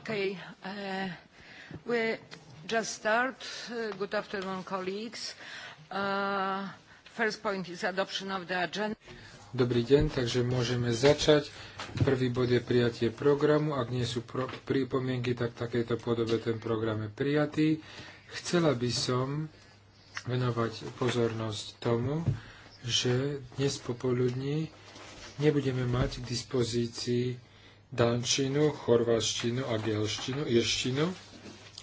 Okay, uh, we just start. Uh, good afternoon, colleagues. Uh, first point is adoption of the agenda. Dobrý deň, takže môžeme začať. Prvý bod je prijatie programu. Ak nie sú pro- prípomienky, tak v takejto podobe ten program je prijatý. Chcela by som venovať pozornosť tomu, že dnes popoludní nebudeme mať k dispozícii dančinu, chorvaštinu a gelštinu, irštinu,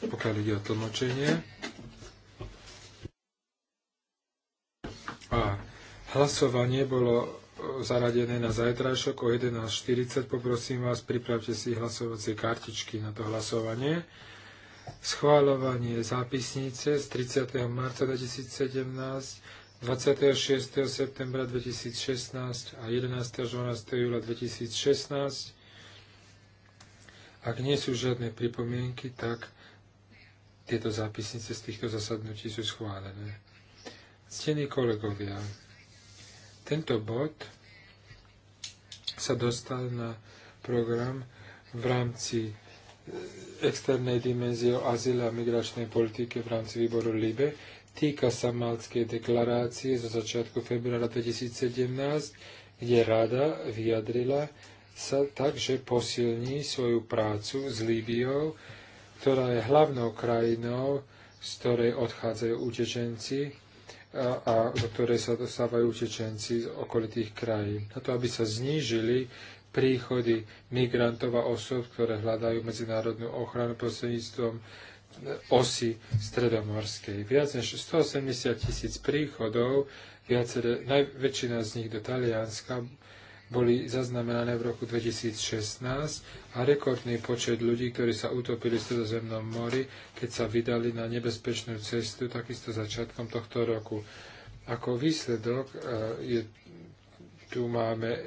pokiaľ ide o tlmočenie. A hlasovanie bolo e, zaradené na zajtrajšok o 11.40. Poprosím vás, pripravte si hlasovacie kartičky na to hlasovanie. Schváľovanie zápisnice z 30. marca 2017, 26. septembra 2016 a 11. 12. júla 2016 ak nie sú žiadne pripomienky, tak tieto zápisnice z týchto zasadnutí sú schválené. Ctení kolegovia, tento bod sa dostal na program v rámci e, externej dimenzie o azyle a migračnej politike v rámci výboru LIBE. Týka sa Malckej deklarácie zo začiatku februára 2017, kde rada vyjadrila, sa tak, že posilní svoju prácu s Líbiou, ktorá je hlavnou krajinou, z ktorej odchádzajú utečenci a, a do ktorej sa dostávajú utečenci z okolitých krajín. Na to, aby sa znížili príchody migrantov a osob, ktoré hľadajú medzinárodnú ochranu prostredníctvom osy stredomorskej. Viac než 180 tisíc príchodov, viacere, najväčšina z nich do Talianska, boli zaznamenané v roku 2016 a rekordný počet ľudí, ktorí sa utopili v Stredozemnom mori, keď sa vydali na nebezpečnú cestu, takisto začiatkom tohto roku. Ako výsledok e, je, tu máme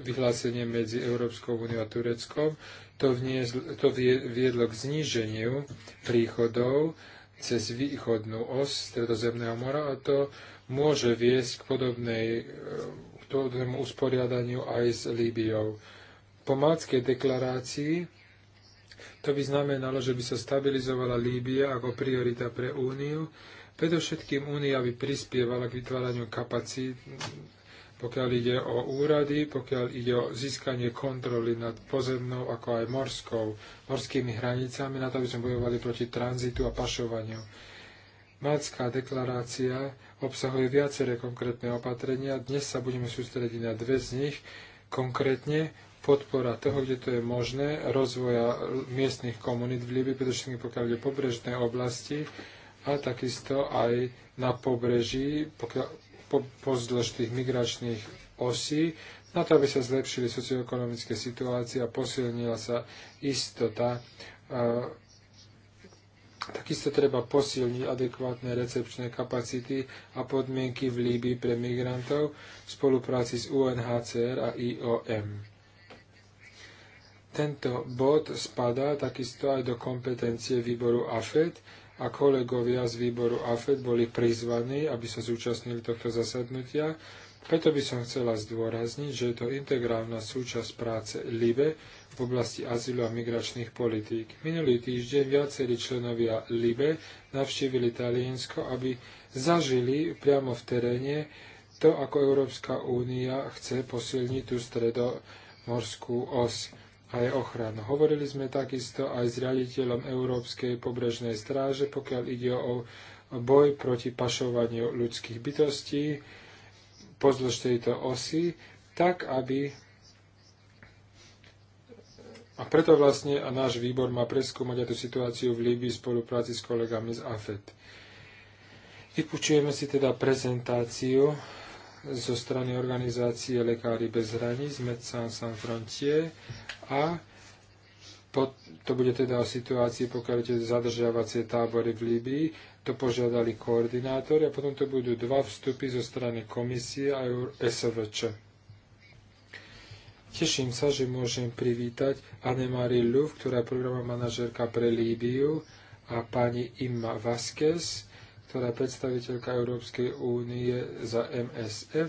vyhlásenie medzi Európskou úniou a Tureckom. To, vniezlo, to viedlo k zníženiu príchodov cez východnú os Stredozemného mora a to môže viesť k podobnej e, dohodnému usporiadaniu aj s Líbiou. Po Malckej deklarácii to by znamenalo, že by sa stabilizovala Líbia ako priorita pre Úniu. Predovšetkým Únia by prispievala k vytváraniu kapacít, pokiaľ ide o úrady, pokiaľ ide o získanie kontroly nad pozemnou ako aj morskou, morskými hranicami, na to by sme bojovali proti tranzitu a pašovaniu Malcká deklarácia obsahuje viaceré konkrétne opatrenia. Dnes sa budeme sústrediť na dve z nich. Konkrétne podpora toho, kde to je možné, rozvoja miestnych komunít v Líbii, predovšetkým pokiaľ ide pobrežné oblasti a takisto aj na pobreží, pokiaľ, po, pozdĺž tých migračných osí, na to, aby sa zlepšili socioekonomické situácie a posilnila sa istota Takisto treba posilniť adekvátne recepčné kapacity a podmienky v Líbii pre migrantov v spolupráci s UNHCR a IOM. Tento bod spadá takisto aj do kompetencie výboru AFED a kolegovia z výboru AFED boli prizvaní, aby sa zúčastnili tohto zasadnutia. Preto by som chcela zdôrazniť, že je to integrálna súčasť práce LIBE v oblasti azylu a migračných politík. Minulý týždeň viacerí členovia LIBE navštívili Taliansko, aby zažili priamo v teréne to, ako Európska únia chce posilniť tú stredomorskú os a je ochranu. Hovorili sme takisto aj s riaditeľom Európskej pobrežnej stráže, pokiaľ ide o boj proti pašovaniu ľudských bytostí pozdĺž tejto osy, tak aby a preto vlastne a náš výbor má preskúmať aj tú situáciu v Líbii v spolupráci s kolegami z AFET. Vypočujeme si teda prezentáciu zo strany organizácie Lekári bez hraníc Médecins Sans Frontier a to bude teda o situácii, pokiaľ tie zadržiavacie tábory v Líbii to požiadali koordinátori a potom to budú dva vstupy zo strany komisie a SVČ. Teším sa, že môžem privítať Anne-Marie Louf, ktorá je programová manažérka pre Líbiu a pani Imma Vasquez, ktorá je predstaviteľka Európskej únie za MSF.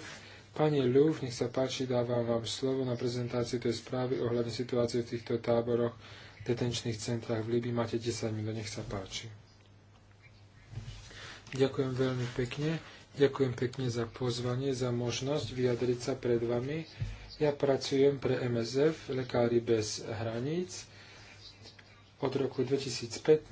Pani Louf, nech sa páči, dávam vám slovo na prezentáciu tej správy ohľadne situácie v týchto táboroch, detenčných centrách v Líbii. Máte 10 minút, nech sa páči. Ďakujem veľmi pekne. Ďakujem pekne za pozvanie, za možnosť vyjadriť sa pred vami. Ja pracujem pre MSF, Lekári bez hraníc. Od roku 2015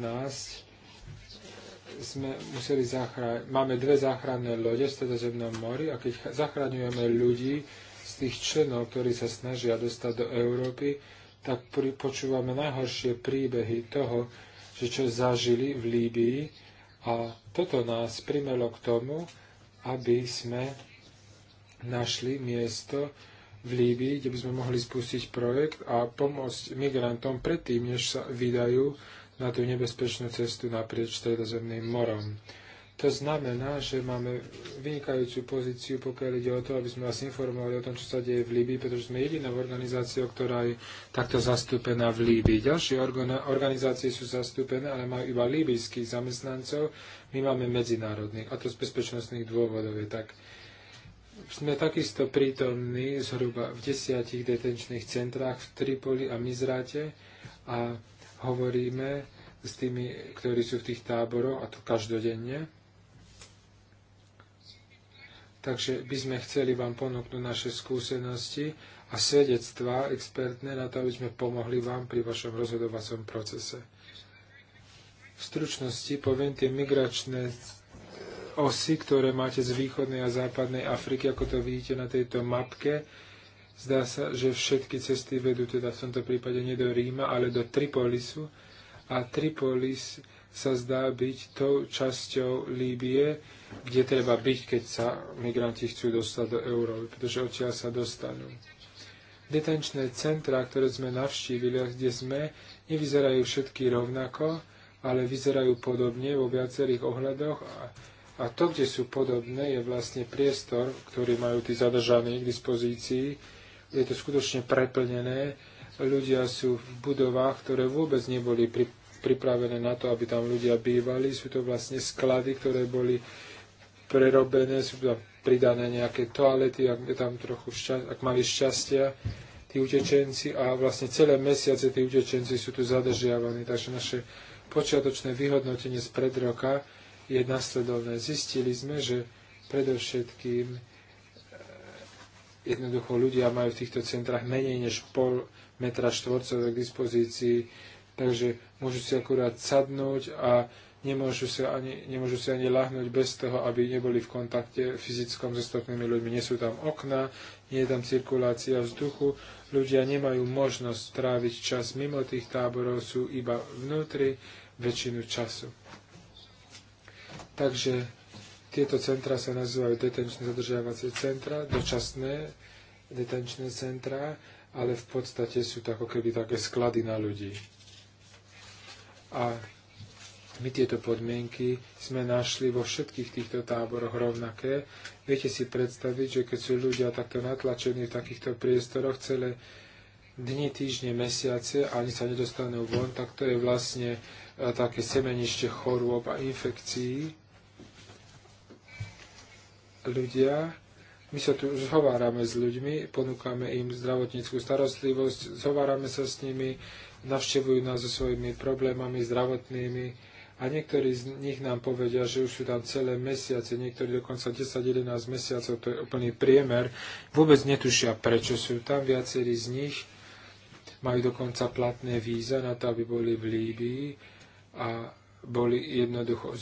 sme museli zachrániť, máme dve záchranné lode v Stredozemnom mori a keď zachraňujeme ľudí z tých členov, ktorí sa snažia dostať do Európy, tak počúvame najhoršie príbehy toho, že čo zažili v Líbii, a toto nás primelo k tomu, aby sme našli miesto v Líbii, kde by sme mohli spustiť projekt a pomôcť migrantom predtým, než sa vydajú na tú nebezpečnú cestu naprieč stredozemným morom. To znamená, že máme vynikajúcu pozíciu, pokiaľ ide o to, aby sme vás informovali o tom, čo sa deje v Líbii, pretože sme jediná organizácia, ktorá je takto zastúpená v Líbii. Ďalšie organizácie sú zastúpené, ale majú iba líbyjských zamestnancov. My máme medzinárodných, a to z bezpečnostných dôvodov je tak. Sme takisto prítomní zhruba v desiatich detenčných centrách v Tripoli a Mizrate a hovoríme s tými, ktorí sú v tých táboroch, a to každodenne, Takže by sme chceli vám ponúknuť naše skúsenosti a svedectvá expertné na to, aby sme pomohli vám pri vašom rozhodovacom procese. V stručnosti poviem tie migračné osy, ktoré máte z východnej a západnej Afriky, ako to vidíte na tejto mapke. Zdá sa, že všetky cesty vedú teda v tomto prípade nie do Ríma, ale do Tripolisu. A Tripolis sa zdá byť tou časťou Líbie, kde treba byť, keď sa migranti chcú dostať do Európy, pretože odtiaľ sa dostanú. Detenčné centra, ktoré sme navštívili, kde sme, nevyzerajú všetky rovnako, ale vyzerajú podobne vo viacerých ohľadoch a, a to, kde sú podobné, je vlastne priestor, ktorý majú tí zadržaní k dispozícii. Je to skutočne preplnené. Ľudia sú v budovách, ktoré vôbec neboli pri, pripravené na to, aby tam ľudia bývali. Sú to vlastne sklady, ktoré boli prerobené, sú tam pridané nejaké toalety, ak, tam trochu šťa- ak mali šťastia tí utečenci a vlastne celé mesiace tí utečenci sú tu zadržiavaní. Takže naše počiatočné vyhodnotenie z pred roka je nasledovné. Zistili sme, že predovšetkým e, jednoducho ľudia majú v týchto centrách menej než pol metra štvorcové k dispozícii takže môžu si akurát sadnúť a nemôžu si ani, nemôžu si ani lahnúť bez toho, aby neboli v kontakte fyzickom s ostatnými ľuďmi. Nie sú tam okna, nie je tam cirkulácia vzduchu, ľudia nemajú možnosť tráviť čas mimo tých táborov, sú iba vnútri väčšinu času. Takže tieto centra sa nazývajú detenčné zadržiavacie centra, dočasné detenčné centra, ale v podstate sú to ako keby také sklady na ľudí. A my tieto podmienky sme našli vo všetkých týchto táboroch rovnaké. Viete si predstaviť, že keď sú ľudia takto natlačení v takýchto priestoroch celé dni, týždne, mesiace a ani sa nedostanú von, tak to je vlastne e, také semenište chorôb a infekcií. Ľudia, my sa tu zhovárame s ľuďmi, ponúkame im zdravotníckú starostlivosť, zhovárame sa s nimi, navštevujú nás so svojimi problémami zdravotnými a niektorí z nich nám povedia, že už sú tam celé mesiace, niektorí dokonca 10-11 mesiacov, to je úplný priemer, vôbec netušia, prečo sú tam. Viacerí z nich majú dokonca platné víza na to, aby boli v Líbii a boli jednoducho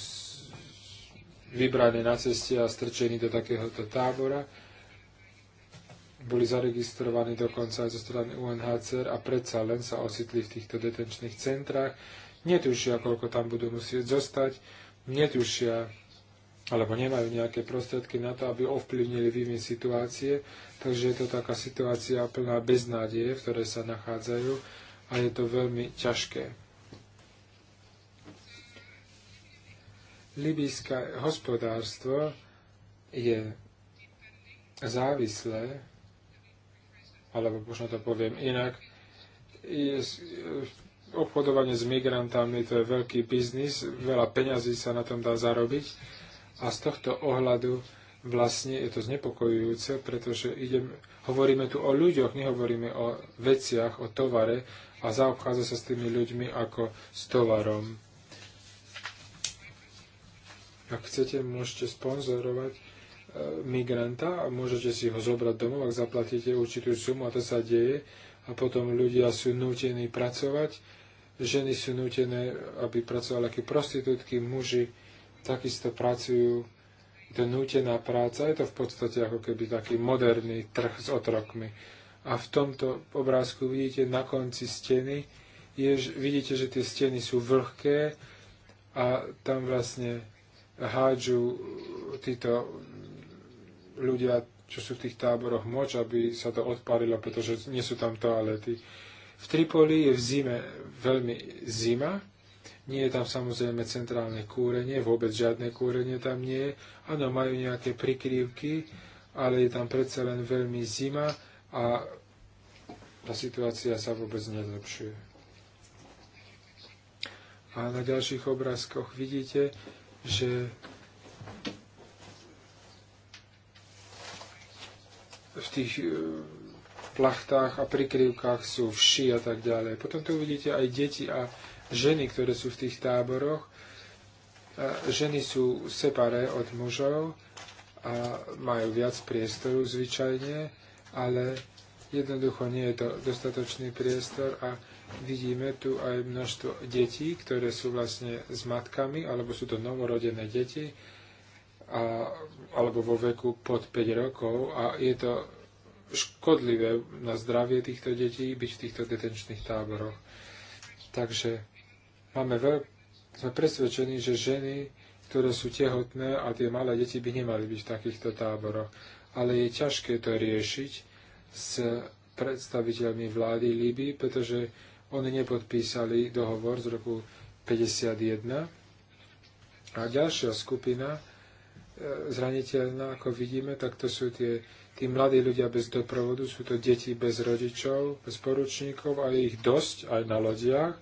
vybrané na ceste a strčení do takéhoto tábora boli zaregistrovaní dokonca aj zo strany UNHCR a predsa len sa ositli v týchto detenčných centrách. Netušia, koľko tam budú musieť zostať, netušia, alebo nemajú nejaké prostriedky na to, aby ovplyvnili vývin situácie, takže je to taká situácia plná beznádeje, v ktorej sa nachádzajú a je to veľmi ťažké. Libijské hospodárstvo je závislé alebo možno to poviem inak, je obchodovanie s migrantami, to je veľký biznis, veľa peňazí sa na tom dá zarobiť a z tohto ohľadu vlastne je to znepokojujúce, pretože idem, hovoríme tu o ľuďoch, nehovoríme o veciach, o tovare a zaobchádza sa s tými ľuďmi ako s tovarom. Ak chcete, môžete sponzorovať migranta a môžete si ho zobrať domov, ak zaplatíte určitú sumu a to sa deje a potom ľudia sú nútení pracovať, ženy sú nútené, aby pracovali ako prostitútky, muži takisto pracujú, je to nútená práca, je to v podstate ako keby taký moderný trh s otrokmi. A v tomto obrázku vidíte na konci steny, je, vidíte, že tie steny sú vlhké a tam vlastne hádžu títo ľudia, čo sú v tých táboroch, moč, aby sa to odparilo, pretože nie sú tam toalety. V Tripoli je v zime veľmi zima, nie je tam samozrejme centrálne kúrenie, vôbec žiadne kúrenie tam nie je. Áno, majú nejaké prikryvky, ale je tam predsa len veľmi zima a tá situácia sa vôbec nezlepšuje. A na ďalších obrázkoch vidíte, že v tých e, plachtách a prikryvkách sú vši a tak ďalej. Potom tu uvidíte aj deti a ženy, ktoré sú v tých táboroch. Ženy sú separé od mužov a majú viac priestoru zvyčajne, ale jednoducho nie je to dostatočný priestor a vidíme tu aj množstvo detí, ktoré sú vlastne s matkami, alebo sú to novorodené deti, a, alebo vo veku pod 5 rokov a je to škodlivé na zdravie týchto detí byť v týchto detenčných táboroch. Takže máme veľ... sme presvedčení, že ženy, ktoré sú tehotné a tie malé deti by nemali byť v takýchto táboroch. Ale je ťažké to riešiť s predstaviteľmi vlády Líby, pretože oni nepodpísali dohovor z roku 51. A ďalšia skupina zraniteľná, ako vidíme, tak to sú tie, tí mladí ľudia bez doprovodu, sú to deti bez rodičov, bez poručníkov a je ich dosť aj na lodiach,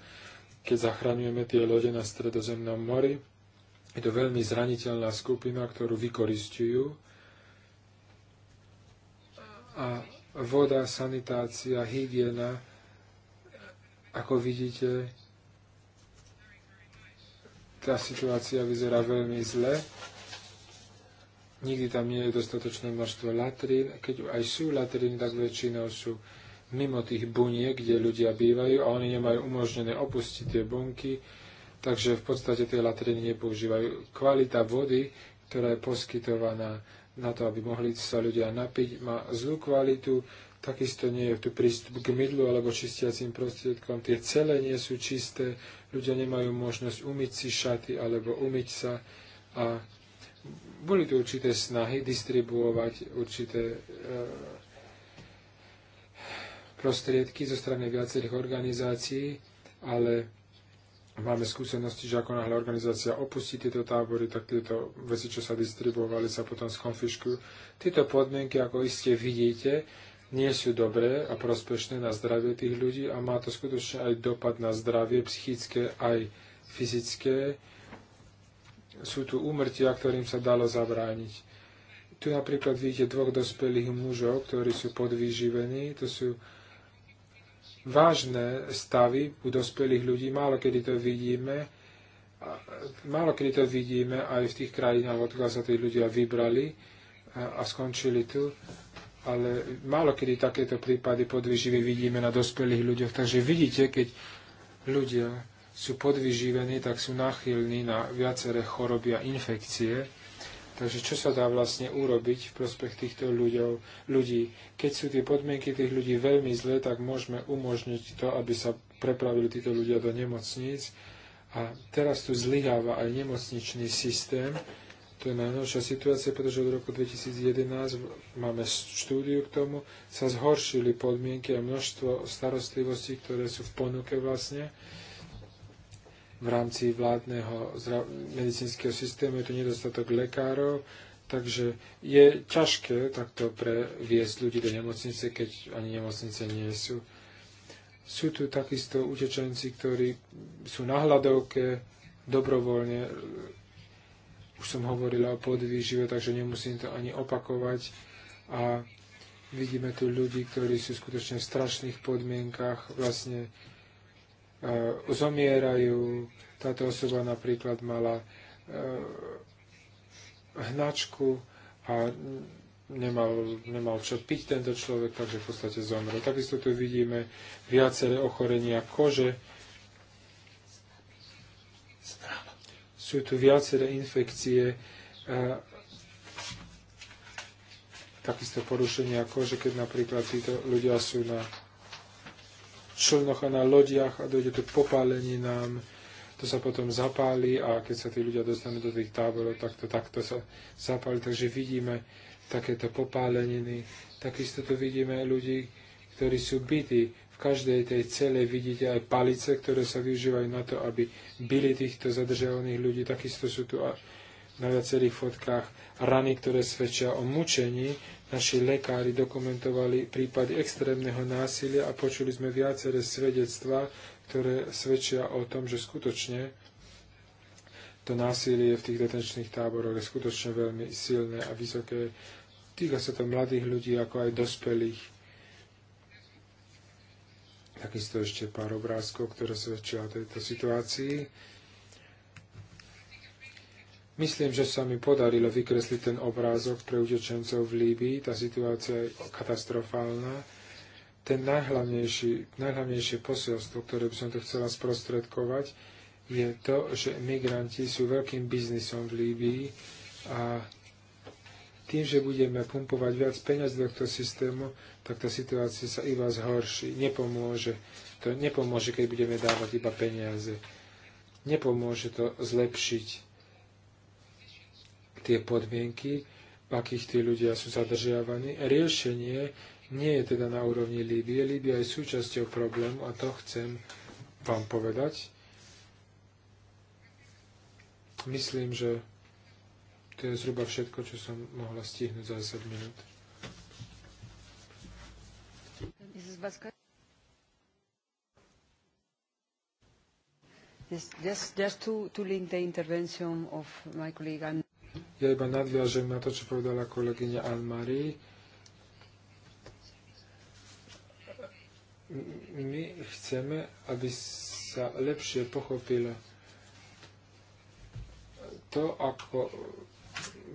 keď zachraňujeme tie lode na stredozemnom mori. Je to veľmi zraniteľná skupina, ktorú vykoristujú. A voda, sanitácia, hygiena, ako vidíte, tá situácia vyzerá veľmi zle nikdy tam nie je dostatočné množstvo latrín. Keď aj sú latriny, tak väčšinou sú mimo tých buniek, kde ľudia bývajú a oni nemajú umožnené opustiť tie bunky, takže v podstate tie latriny nepoužívajú. Kvalita vody, ktorá je poskytovaná na to, aby mohli sa ľudia napiť, má zlú kvalitu, takisto nie je tu prístup k mydlu alebo čistiacim prostriedkom, tie celé nie sú čisté, ľudia nemajú možnosť umyť si šaty alebo umyť sa a boli tu určité snahy distribuovať určité e, prostriedky zo strany viacerých organizácií, ale máme skúsenosti, že ako náhle organizácia opustí tieto tábory, tak tieto veci, čo sa distribuovali, sa potom skonfiškujú. Tieto podmienky, ako iste vidíte, nie sú dobré a prospešné na zdravie tých ľudí a má to skutočne aj dopad na zdravie psychické, aj fyzické sú tu úmrtia, ktorým sa dalo zabrániť. Tu napríklad vidíte dvoch dospelých mužov, ktorí sú podvýživení. To sú vážne stavy u dospelých ľudí. Málo kedy to vidíme. Málo kedy to vidíme aj v tých krajinách, odkiaľ sa tí ľudia vybrali a, a skončili tu. Ale málo kedy takéto prípady podvýživy vidíme na dospelých ľuďoch. Takže vidíte, keď ľudia sú podvyživení, tak sú náchylní na viaceré choroby a infekcie. Takže čo sa dá vlastne urobiť v prospech týchto ľuďov, ľudí? Keď sú tie podmienky tých ľudí veľmi zlé, tak môžeme umožniť to, aby sa prepravili títo ľudia do nemocníc. A teraz tu zlyháva aj nemocničný systém. To je najnovšia situácia, pretože od roku 2011 máme štúdiu k tomu, sa zhoršili podmienky a množstvo starostlivostí, ktoré sú v ponuke vlastne v rámci vládneho medicínskeho systému, je to nedostatok lekárov, takže je ťažké takto previesť ľudí do nemocnice, keď ani nemocnice nie sú. Sú tu takisto utečenci, ktorí sú na hľadovke dobrovoľne. Už som hovorila o podvýžive, takže nemusím to ani opakovať. A vidíme tu ľudí, ktorí sú skutočne v strašných podmienkach, vlastne zomierajú. Táto osoba napríklad mala e, hnačku a nemal, nemal čo piť tento človek, takže v podstate zomrel. Takisto tu vidíme viaceré ochorenia kože. Sú tu viaceré infekcie, e, takisto porušenia kože, keď napríklad títo ľudia sú na člnoch a na lodiach a dojde tu k nám. to sa potom zapáli a keď sa tí ľudia dostanú do tých táborov, tak to takto sa zapáli. Takže vidíme takéto popáleniny. Takisto tu vidíme ľudí, ktorí sú bytí. V každej tej cele vidíte aj palice, ktoré sa využívajú na to, aby byli týchto zadržiavaných ľudí. Takisto sú tu na viacerých fotkách rany, ktoré svedčia o mučení naši lekári dokumentovali prípady extrémneho násilia a počuli sme viaceré svedectvá, ktoré svedčia o tom, že skutočne to násilie v tých detenčných táboroch je skutočne veľmi silné a vysoké. Týka sa to mladých ľudí, ako aj dospelých. Takisto ešte pár obrázkov, ktoré svedčia o tejto situácii. Myslím, že sa mi podarilo vykresliť ten obrázok pre utečencov v Líbii. Tá situácia je katastrofálna. Ten najhlavnejší, najhlavnejšie posolstvo, ktoré by som to chcela sprostredkovať, je to, že migranti sú veľkým biznisom v Líbii a tým, že budeme pumpovať viac peniazí do tohto systému, tak tá situácia sa iba zhorší. Nepomôže. To nepomôže, keď budeme dávať iba peniaze. Nepomôže to zlepšiť tie podmienky, v akých tí ľudia sú zadržiavaní. Riešenie nie je teda na úrovni Líbie. Líbia je súčasťou problému a to chcem vám povedať. Myslím, že to je zhruba všetko, čo som mohla stihnúť za 10 minút. Yes, Just, just to, to link the intervention of my colleague. Ja iba nadviažem na to, čo povedala kolegyňa Anne-Marie. My chceme, aby sa lepšie pochopilo to, ako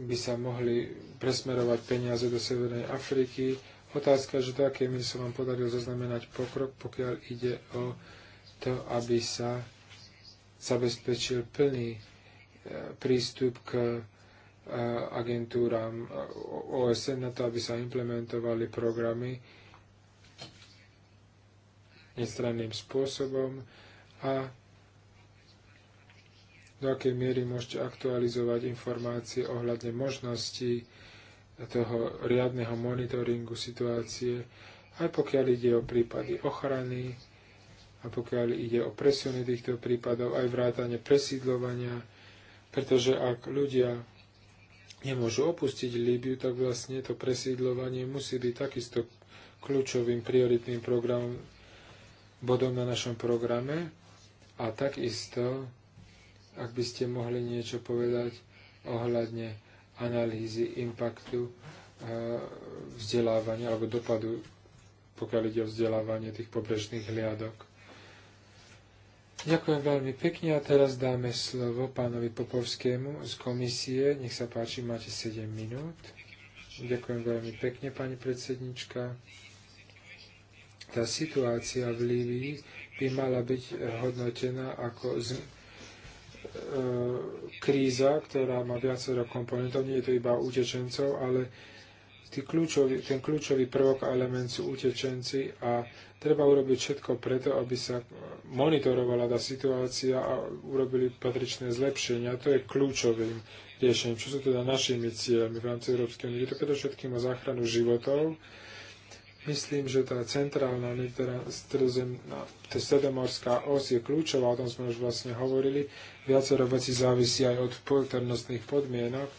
by sa mohli presmerovať peniaze do Severnej Afriky. Otázka, že do akej miery sa vám podarilo zaznamenať pokrok, pokiaľ ide o to, aby sa zabezpečil plný e, prístup k Eh, agentúram eh, OSN na to, aby sa implementovali programy nestranným spôsobom a do akej miery môžete aktualizovať informácie ohľadne možností toho riadneho monitoringu situácie, aj pokiaľ ide o prípady ochrany, a pokiaľ ide o presuny týchto prípadov, aj vrátanie presídlovania, pretože ak ľudia nemôžu opustiť Líbiu, tak vlastne to presídľovanie musí byť takisto kľúčovým prioritným programom, bodom na našom programe. A takisto, ak by ste mohli niečo povedať ohľadne analýzy impaktu eh, vzdelávania alebo dopadu, pokiaľ ide o vzdelávanie tých pobrežných hliadok. Ďakujem veľmi pekne a teraz dáme slovo pánovi Popovskému z komisie. Nech sa páči, máte 7 minút. Ďakujem veľmi pekne, pani predsednička. Tá situácia v Líbii by mala byť hodnotená ako z, e, kríza, ktorá má viacero komponentov. Nie je to iba utečencov, ale kľúčový, ten kľúčový prvok a element sú utečenci a Treba urobiť všetko preto, aby sa monitorovala tá situácia a urobili patričné zlepšenia. To je kľúčovým riešením. Čo sú teda našimi cieľmi v rámci Európskej únie? Je to predovšetkým o záchranu životov. Myslím, že tá centrálna, teda stredozemná, tá stredomorská os je kľúčová, o tom sme už vlastne hovorili. Viacero vecí závisí aj od poternostných podmienok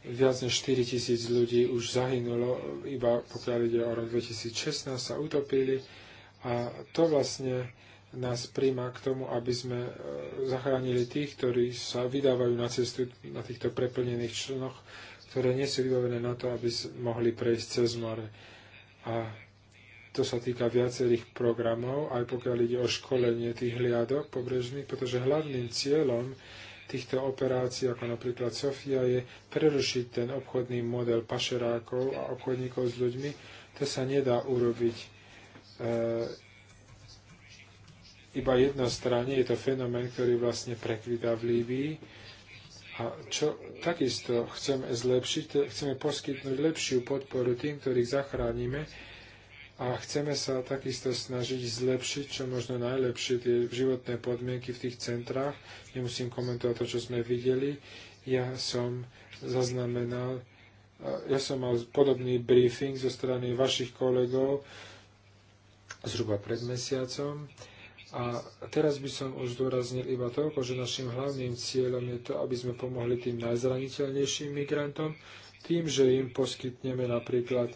Viac než 4 tisíc ľudí už zahynulo, iba pokiaľ ide o rok 2016 sa utopili a to vlastne nás príjma k tomu, aby sme e, zachránili tých, ktorí sa vydávajú na cestu na týchto preplnených člnoch, ktoré nie sú vybavené na to, aby mohli prejsť cez more. A to sa týka viacerých programov, aj pokiaľ ide o školenie tých hliadok pobrežných, pretože hlavným cieľom týchto operácií, ako napríklad Sofia, je prerušiť ten obchodný model pašerákov a obchodníkov s ľuďmi. To sa nedá urobiť e, iba jednostranne. Je to fenomén, ktorý vlastne prekvita v Líbii. A čo takisto chceme zlepšiť, chceme poskytnúť lepšiu podporu tým, ktorých zachránime, a chceme sa takisto snažiť zlepšiť čo možno najlepšie tie životné podmienky v tých centrách. Nemusím komentovať to, čo sme videli. Ja som zaznamenal, ja som mal podobný briefing zo strany vašich kolegov zhruba pred mesiacom. A teraz by som už dôraznil iba toľko, že našim hlavným cieľom je to, aby sme pomohli tým najzraniteľnejším migrantom, tým, že im poskytneme napríklad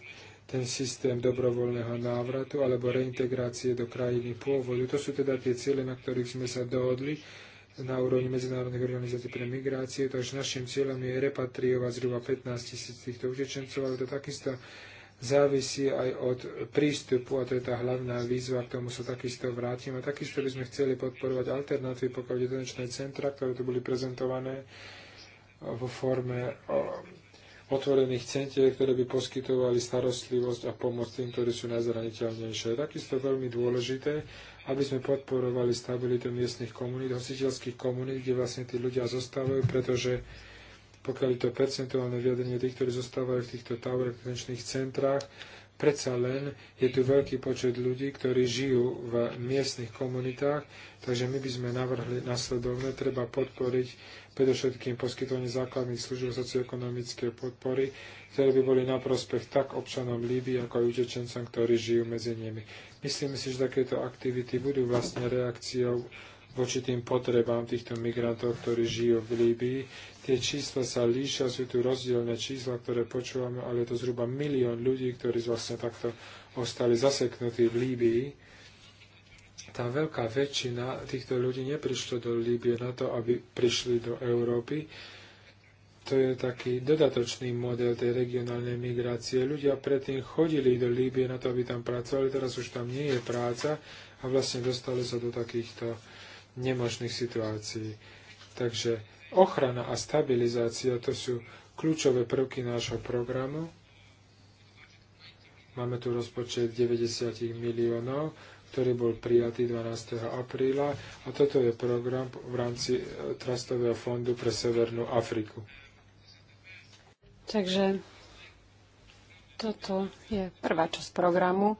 ten systém dobrovoľného návratu alebo reintegrácie do krajiny pôvodu. To sú teda tie ciele, na ktorých sme sa dohodli na úrovni Medzinárodných organizácií pre migráciu, takže našim cieľom je repatriovať zhruba 15 tisíc týchto utečencov, ale to takisto závisí aj od prístupu, a to je tá hlavná výzva, k tomu sa takisto vrátim. A takisto by sme chceli podporovať alternatívy, pokiaľ detenčné centra, ktoré tu boli prezentované vo forme otvorených centier, ktoré by poskytovali starostlivosť a pomoc tým, ktorí sú najzraniteľnejšie. Takisto veľmi dôležité, aby sme podporovali stabilitu miestnych komunít, hostiteľských komunít, kde vlastne tí ľudia zostávajú, pretože pokiaľ je to percentuálne vyjadrenie tých, ktorí zostávajú v týchto tower konečných centrách, predsa len je tu veľký počet ľudí, ktorí žijú v miestnych komunitách, takže my by sme navrhli nasledovne, treba podporiť predovšetkým poskytovanie základných služieb socioekonomickej podpory, ktoré by boli na prospech tak občanom Líby, ako aj utečencom, ktorí žijú medzi nimi. Myslím si, že takéto aktivity budú vlastne reakciou voči tým potrebám týchto migrantov, ktorí žijú v Líbii. Tie čísla sa líšia, sú tu rozdielne čísla, ktoré počúvame, ale je to zhruba milión ľudí, ktorí vlastne takto ostali zaseknutí v Líbii. Tá veľká väčšina týchto ľudí neprišlo do Líbie na to, aby prišli do Európy. To je taký dodatočný model tej regionálnej migrácie. Ľudia predtým chodili do Líbie na to, aby tam pracovali, teraz už tam nie je práca a vlastne dostali sa do takýchto nemožných situácií. Takže Ochrana a stabilizácia to sú kľúčové prvky nášho programu. Máme tu rozpočet 90 miliónov, ktorý bol prijatý 12. apríla a toto je program v rámci e, Trastového fondu pre Severnú Afriku. Takže toto je prvá časť programu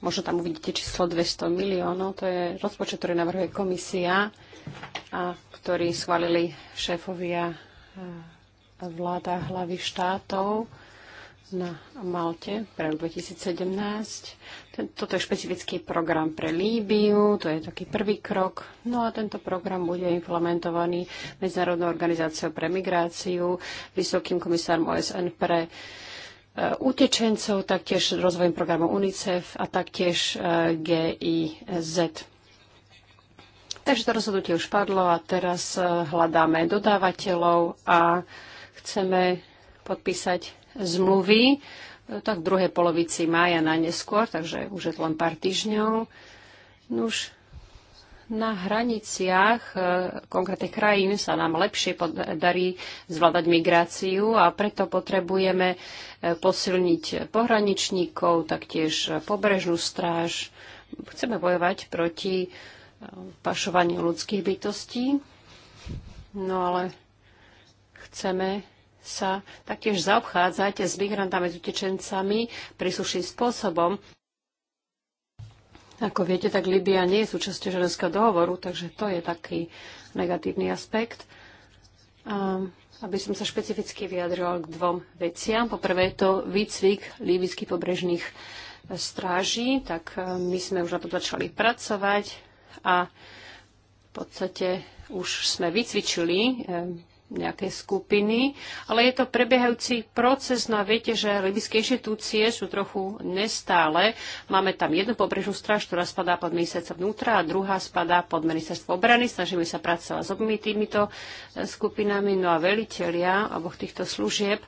Možno tam uvidíte číslo 200 miliónov. To je rozpočet, ktorý navrhuje komisia a ktorý schválili šéfovia eh, vláda hlavy štátov na Malte pre 2017. Toto je špecifický program pre Líbiu, to je taký prvý krok. No a tento program bude implementovaný Medzinárodnou organizáciou pre migráciu, Vysokým komisárom OSN pre Eh, utečencov, taktiež rozvojom programu UNICEF a taktiež eh, GIZ. Takže to rozhodnutie už padlo a teraz eh, hľadáme dodávateľov a chceme podpísať zmluvy tak v druhej polovici mája na neskôr, takže už je to len pár týždňov. Nuž, na hraniciach e, konkrétnych krajín sa nám lepšie darí zvládať migráciu a preto potrebujeme e, posilniť pohraničníkov, taktiež pobrežnú stráž. Chceme bojovať proti e, pašovaniu ľudských bytostí, no ale chceme sa taktiež zaobchádzať s migrantami, s utečencami príslušným spôsobom. Ako viete, tak Libia nie je súčasťou ženského dohovoru, takže to je taký negatívny aspekt. A aby som sa špecificky vyjadrila k dvom veciam. Poprvé je to výcvik líbyských pobrežných stráží, tak e, my sme už na to začali pracovať a v podstate už sme vycvičili e, nejaké skupiny, ale je to prebiehajúci proces. No a viete, že libyské inštitúcie sú trochu nestále. Máme tam jednu pobrežnú stráž, ktorá spadá pod ministerstvo vnútra a druhá spadá pod ministerstvo obrany. Snažíme sa pracovať s obmi týmito e, skupinami. No a velitelia oboch týchto služieb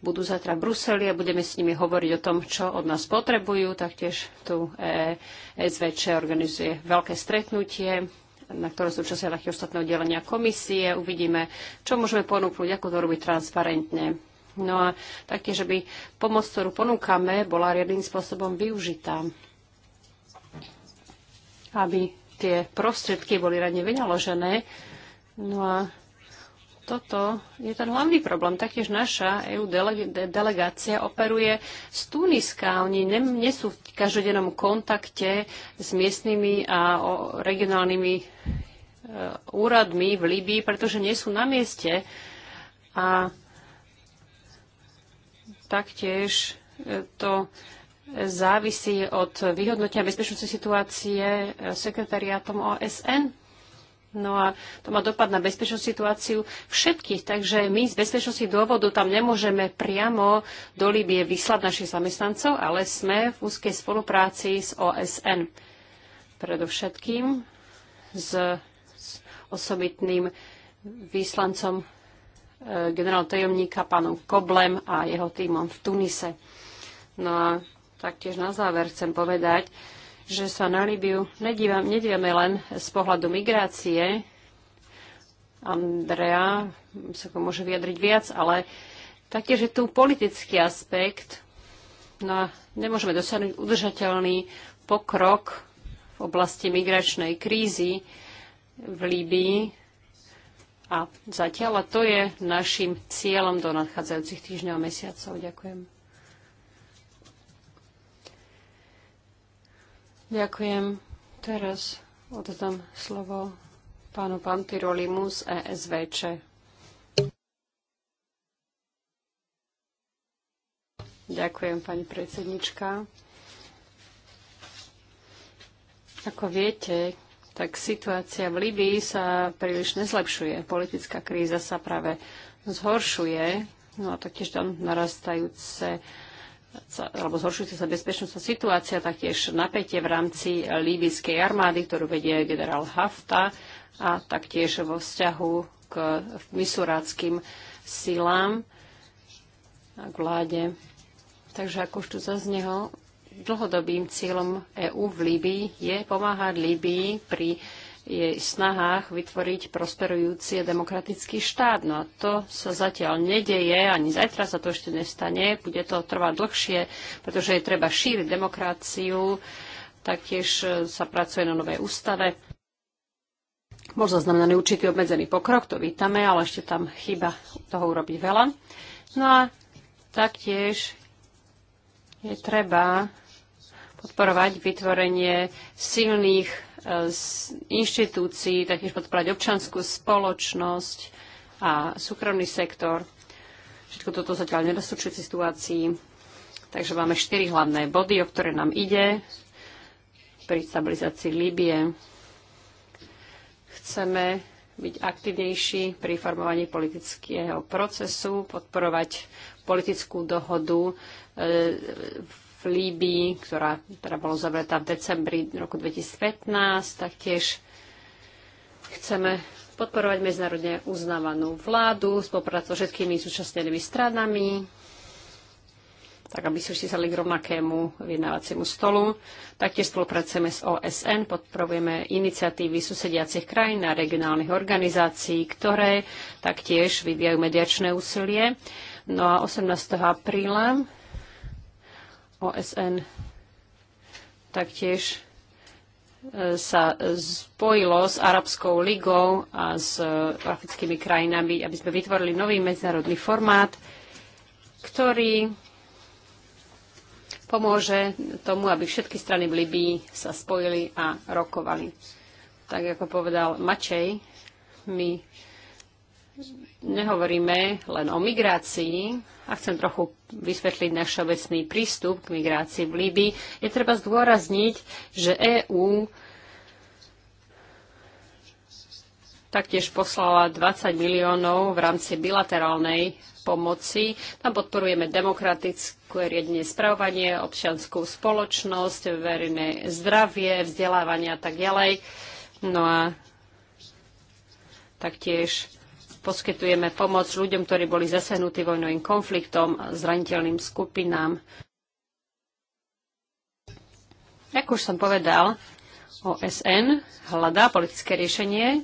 budú zatra v Bruseli a budeme s nimi hovoriť o tom, čo od nás potrebujú. Taktiež tu e, SVČ organizuje veľké stretnutie na ktorom sú časia také ostatné oddelenia komisie. Uvidíme, čo môžeme ponúknuť, ako to robiť transparentne. No a taktiež, by pomoc, ktorú ponúkame, bola riadným spôsobom využitá. Aby tie prostriedky boli radne vynaložené. No a toto je ten hlavný problém. Taktiež naša EU delegácia operuje z Tuniska. Oni ne, nie sú v každodennom kontakte s miestnymi a regionálnymi e, úradmi v Líbii, pretože nie sú na mieste. A taktiež e, to závisí od vyhodnotenia bezpečnostnej situácie e, sekretariátom OSN No a to má dopad na bezpečnú situáciu všetkých. Takže my z bezpečnosti dôvodu tam nemôžeme priamo do Libie vyslať našich zamestnancov, ale sme v úzkej spolupráci s OSN. Predovšetkým s, s osobitným výslancom e, generál tajomníka pánom Koblem a jeho týmom v Tunise. No a taktiež na záver chcem povedať, že sa na Libiu nedívame, nedívame len z pohľadu migrácie. Andrea sa to môže vyjadriť viac, ale taktiež je tu politický aspekt. No a nemôžeme dosiahnuť udržateľný pokrok v oblasti migračnej krízy v Líbii. A zatiaľ a to je našim cieľom do nadchádzajúcich týždňov a mesiacov. Ďakujem. Ďakujem. Teraz oddám slovo pánu Pantirolimu z ESVČ. Ďakujem, pani predsednička. Ako viete, tak situácia v Libii sa príliš nezlepšuje. Politická kríza sa práve zhoršuje. No a taktiež tam narastajúce alebo zhoršujúca sa bezpečnostná situácia, taktiež napätie v rámci líbyskej armády, ktorú vedie generál Hafta a taktiež vo vzťahu k misuráckým silám a k vláde. Takže ako už tu zazneho, dlhodobým cieľom EÚ v Líbii je pomáhať Líbii pri jej snahách vytvoriť prosperujúci demokratický štát. No a to sa zatiaľ nedeje, ani zajtra sa to ešte nestane, bude to trvať dlhšie, pretože je treba šíriť demokraciu, taktiež e, sa pracuje na novej ústave. Bol zaznamenaný určitý obmedzený pokrok, to vítame, ale ešte tam chyba toho urobiť veľa. No a taktiež je treba podporovať vytvorenie silných z inštitúcií, taktiež podporovať občanskú spoločnosť a súkromný sektor. Všetko toto zatiaľ nedostupčujúci situácii. Takže máme štyri hlavné body, o ktoré nám ide pri stabilizácii Líbie. Chceme byť aktivnejší pri formovaní politického procesu, podporovať politickú dohodu e, v Líbii, ktorá teda bola zavretá v decembri roku 2015. Taktiež chceme podporovať medzinárodne uznávanú vládu, spolupracovať so všetkými súčasnenými stranami, tak aby si sali k rovnakému vyjednávaciemu stolu. Taktiež spolupracujeme s OSN, podporujeme iniciatívy susediacich krajín a regionálnych organizácií, ktoré taktiež vyvíjajú mediačné úsilie. No a 18. apríla OSN taktiež e, sa spojilo s Arabskou ligou a s e, africkými krajinami, aby sme vytvorili nový medzinárodný formát, ktorý pomôže tomu, aby všetky strany v Libii sa spojili a rokovali. Tak ako povedal Mačej, my nehovoríme len o migrácii, a chcem trochu vysvetliť náš všeobecný prístup k migrácii v Líbii, je treba zdôrazniť, že EÚ taktiež poslala 20 miliónov v rámci bilaterálnej pomoci. Tam podporujeme demokratické riadenie spravovanie, občianskú spoločnosť, verejné zdravie, vzdelávanie a tak ďalej. No a taktiež poskytujeme pomoc ľuďom, ktorí boli zasehnutí vojnovým konfliktom, a zraniteľným skupinám. Ako už som povedal, OSN hľadá politické riešenie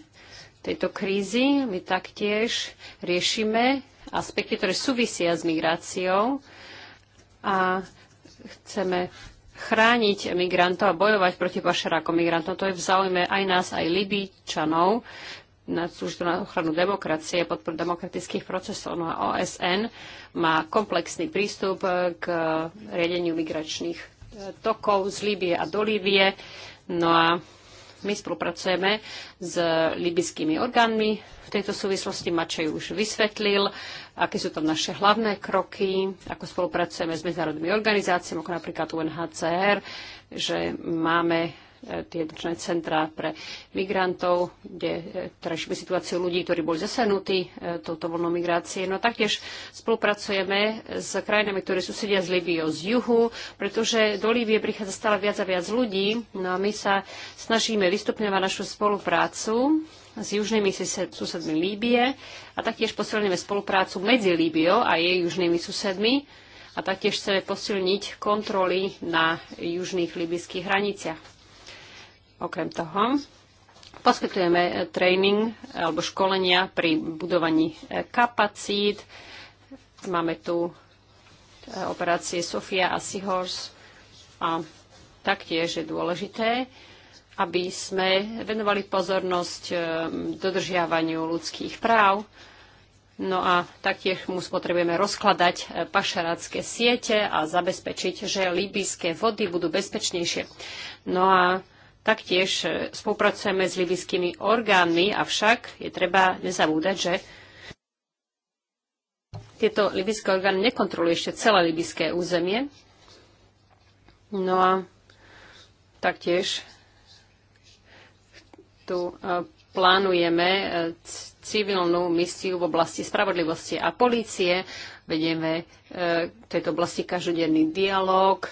tejto krízy. My taktiež riešime aspekty, ktoré súvisia s migráciou a chceme chrániť migrantov a bojovať proti pašerákom migrantov. To je v záujme aj nás, aj Libíčanov na službu na ochranu demokracie, a podporu demokratických procesov. No a OSN má komplexný prístup eh, k eh, riadeniu migračných eh, tokov z Líbie a do Líbie. No a my spolupracujeme s libyskými orgánmi. V tejto súvislosti Mačej už vysvetlil, aké sú tam naše hlavné kroky, ako spolupracujeme s medzinárodnými organizáciami, ako napríklad UNHCR, že máme tie jednotné centrá pre migrantov, kde trešíme teda situáciu ľudí, ktorí boli zasenutí e, touto voľnou migrácie. No a taktiež spolupracujeme s krajinami, ktoré susedia s Libio z juhu, pretože do Líbie prichádza stále viac a viac ľudí. No a my sa snažíme vystupňovať našu spoluprácu s južnými susedmi Líbie a taktiež posilňujeme spoluprácu medzi Líbiou a jej južnými susedmi a taktiež chceme posilniť kontroly na južných libyských hraniciach. Okrem toho poskytujeme eh, tréning eh, alebo školenia pri budovaní eh, kapacít. Máme tu operácie Sofia a Seahorse a taktiež je dôležité, aby sme venovali pozornosť dodržiavaniu ľudských práv. No a taktiež mu potrebujeme rozkladať pašerácké siete a zabezpečiť, že líbyjské vody budú bezpečnejšie. No a Taktiež e, spolupracujeme s libyskými orgánmi, avšak je treba nezabúdať, že tieto libyské orgány nekontrolujú ešte celé libyské územie. No a taktiež tu e, plánujeme e, civilnú misiu v oblasti spravodlivosti a polície. Vedieme v tejto oblasti každodenný dialog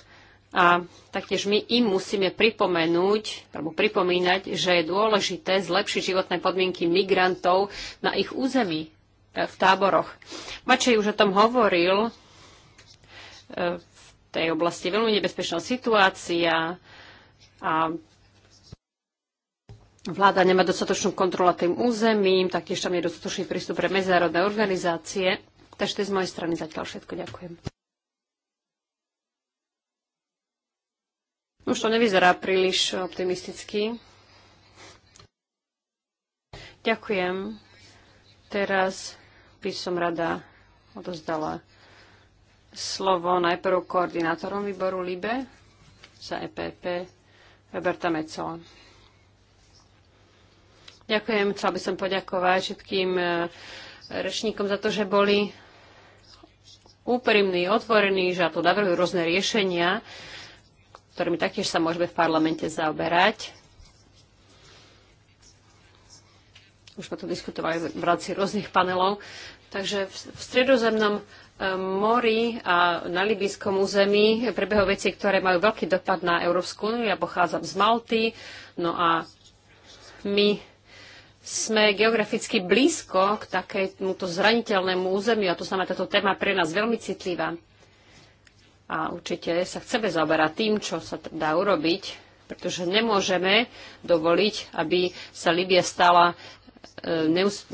a taktiež my im musíme pripomenúť, alebo pripomínať, že je dôležité zlepšiť životné podmienky migrantov na ich území, e, v táboroch. Mačej už o tom hovoril, e, v tej oblasti veľmi nebezpečná situácia a vláda nemá dostatočnú kontrolu tým územím, taktiež tam je dostatočný prístup pre medzinárodné organizácie. Takže to je z mojej strany zatiaľ všetko. Ďakujem. Už to nevyzerá príliš optimisticky. Ďakujem. Teraz by som rada odozdala slovo najprv koordinátorom výboru LIBE za EPP Roberta Mecola. Ďakujem, chcela by som poďakovať všetkým e, rečníkom za to, že boli úprimní, otvorení, že tu navrhujú rôzne riešenia ktorými taktiež sa môžeme v parlamente zaoberať. Už sme to diskutovali v rámci rôznych panelov. Takže v stredozemnom e, mori a na Libijskom území prebehujú veci, ktoré majú veľký dopad na Európsku úniu. Ja pochádzam z Malty, no a my sme geograficky blízko k takémuto zraniteľnému územiu a to znamená, táto téma pre nás veľmi citlivá a určite sa chceme zaoberať tým, čo sa dá urobiť, pretože nemôžeme dovoliť, aby sa Libia stala e, neus-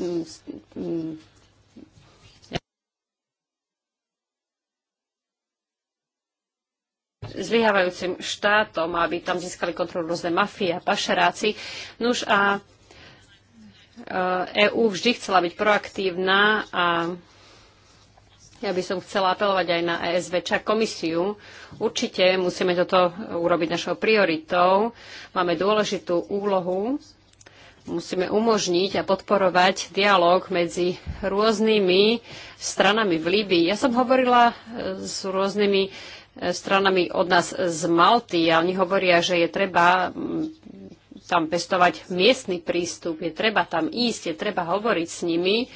zlyhávajúcim štátom, aby tam získali kontrolu rôzne mafie a pašeráci. Nuž a EÚ e vždy chcela byť proaktívna a ja by som chcela apelovať aj na ESV čak komisiu. Určite musíme toto urobiť našou prioritou. Máme dôležitú úlohu. Musíme umožniť a podporovať dialog medzi rôznymi stranami v Líbii. Ja som hovorila e, s rôznymi e, stranami od nás z Malty a oni hovoria, že je treba mm, tam pestovať miestny prístup, je treba tam ísť, je treba hovoriť s nimi.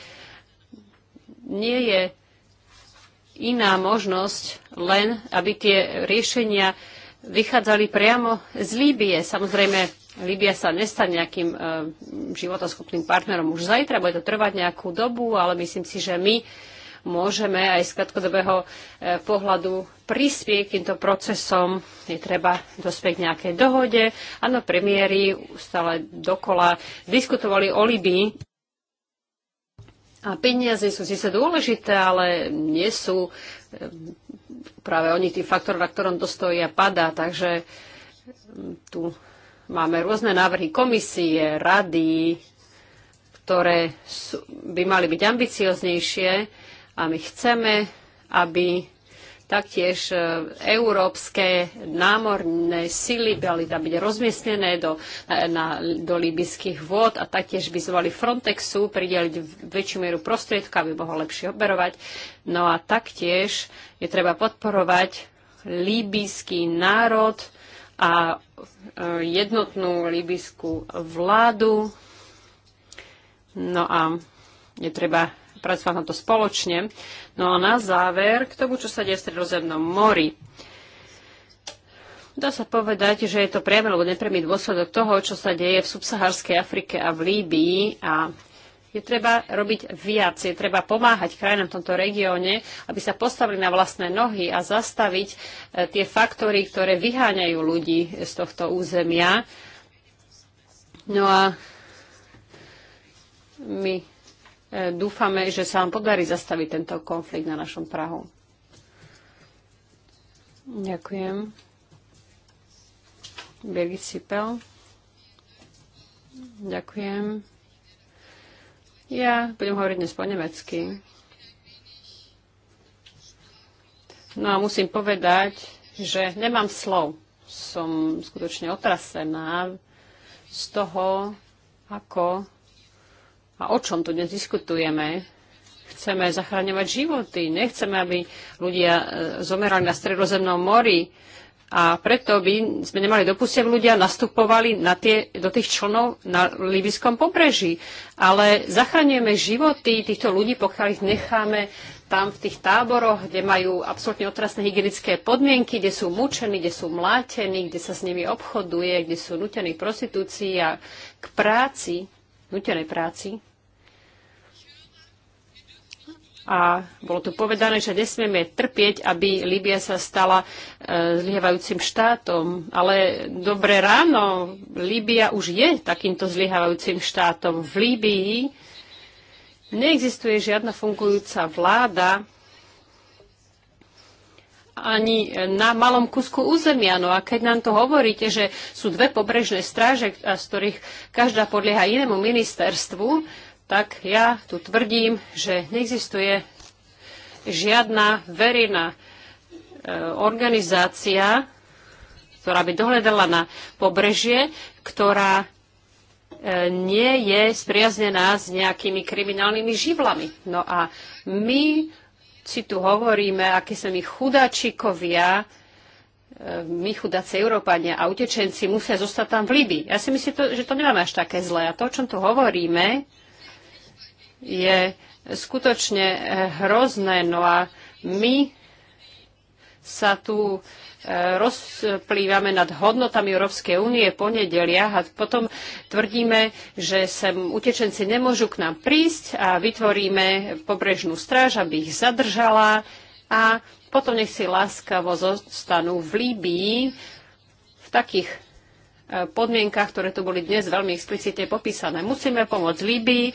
Nie je iná možnosť, len aby tie riešenia vychádzali priamo z Líbie. Samozrejme, Líbia sa nestane nejakým e, životoschopným partnerom už zajtra, bude to trvať nejakú dobu, ale myslím si, že my môžeme aj z krátkodobého e, pohľadu prispieť týmto procesom. Je treba dospieť nejakej dohode. Áno, premiéry stále dokola diskutovali o Líbii. A peniaze sú síce dôležité, ale nie sú eh, práve oni tým faktorom, na ktorom to stojí a padá. Takže hm, tu máme rôzne návrhy komisie, rady, ktoré sú, by mali byť ambicioznejšie a my chceme, aby Taktiež e, európske námorné sily boli tam byť rozmiestnené do, na, do líbyských vôd a taktiež by sme Frontexu prideliť väčšiu mieru prostriedka, aby mohol lepšie operovať. No a taktiež je treba podporovať líbyský národ a e, jednotnú líbyskú vládu. No a je treba pracovať na to spoločne. No a na záver k tomu, čo sa deje v Stredozemnom mori. Dá sa povedať, že je to priamy alebo nepriamy dôsledok toho, čo sa deje v subsaharskej Afrike a v Líbii a je treba robiť viac, je treba pomáhať krajinám v tomto regióne, aby sa postavili na vlastné nohy a zastaviť e, tie faktory, ktoré vyháňajú ľudí z tohto územia. No a my dúfame, že sa vám podarí zastaviť tento konflikt na našom Prahu. Ďakujem. Birgit Sipel. Ďakujem. Ja budem hovoriť dnes po nemecky. No a musím povedať, že nemám slov. Som skutočne otrasená z toho, ako a o čom tu dnes diskutujeme? Chceme zachráňovať životy, nechceme, aby ľudia e, zomerali na stredozemnom mori. A preto by sme nemali dopustiť, aby ľudia nastupovali na tie, do tých člnov na libyskom pobreží. Ale zachraňujeme životy týchto ľudí, pokiaľ ich necháme tam v tých táboroch, kde majú absolútne otrasné hygienické podmienky, kde sú mučení, kde sú mlátení, kde sa s nimi obchoduje, kde sú nutení k prostitúcii a k práci, nutenej práci a bolo tu povedané, že nesmieme trpieť, aby Líbia sa stala e, zlyhávajúcim štátom. Ale dobre ráno, Líbia už je takýmto zlyhávajúcim štátom. V Líbii neexistuje žiadna fungujúca vláda, ani na malom kusku územia. No a keď nám to hovoríte, že sú dve pobrežné stráže, z ktorých každá podlieha inému ministerstvu, tak ja tu tvrdím, že neexistuje žiadna verejná e, organizácia, ktorá by dohľadala na pobrežie, ktorá e, nie je spriaznená s nejakými kriminálnymi živlami. No a my si tu hovoríme, akí sme my chudáčikovia, e, my chudáci Európania a utečenci musia zostať tam v Líbii. Ja si myslím, že to nemáme až také zlé. A to, o čom tu hovoríme, je skutočne eh, hrozné. No a my sa tu eh, rozplývame nad hodnotami Európskej únie po nedeliach a potom tvrdíme, že sem utečenci nemôžu k nám prísť a vytvoríme pobrežnú stráž, aby ich zadržala a potom nech si láskavo zostanú v Líbii v takých podmienkach, ktoré tu boli dnes veľmi explicitne popísané. Musíme pomôcť Líbii,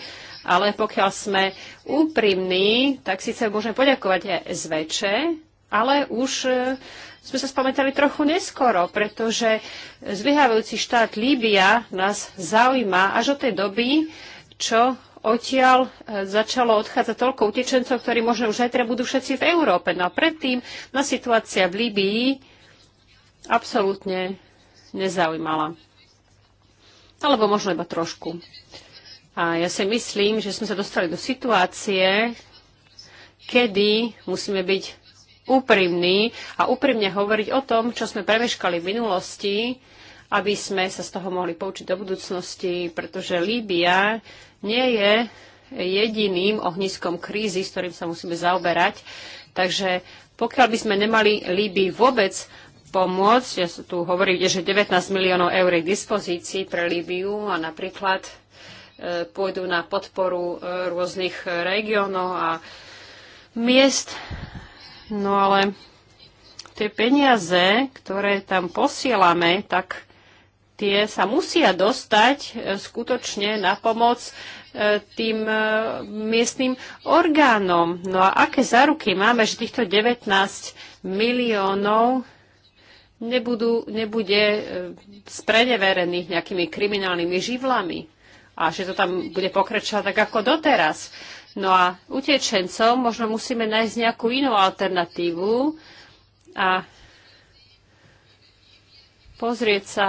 ale pokiaľ sme úprimní, tak síce môžeme poďakovať aj SVČ, ale už e, sme sa spamätali trochu neskoro, pretože zlyhávajúci štát Líbia nás zaujíma až od tej doby, čo odtiaľ e, začalo odchádzať toľko utečencov, ktorí možno už zajtra budú všetci v Európe. No a predtým na situácia v Líbii absolútne nezaujímala. Alebo možno iba trošku. A ja si myslím, že sme sa dostali do situácie, kedy musíme byť úprimní a úprimne hovoriť o tom, čo sme premeškali v minulosti, aby sme sa z toho mohli poučiť do budúcnosti, pretože Líbia nie je jediným ohniskom krízy, s ktorým sa musíme zaoberať. Takže pokiaľ by sme nemali Líbii vôbec pomôcť. Ja tu hovorí, že 19 miliónov eur je k dispozícii pre Líbiu a napríklad e, pôjdu na podporu e, rôznych regiónov a miest. No ale tie peniaze, ktoré tam posielame, tak tie sa musia dostať e, skutočne na pomoc tým miestnym orgánom. No a aké záruky máme, že týchto 19 miliónov nebudú, nebude e, spreneverených nejakými kriminálnymi živlami a že to tam bude pokračovať tak ako doteraz. No a utečencom možno musíme nájsť nejakú inú alternatívu a pozrieť sa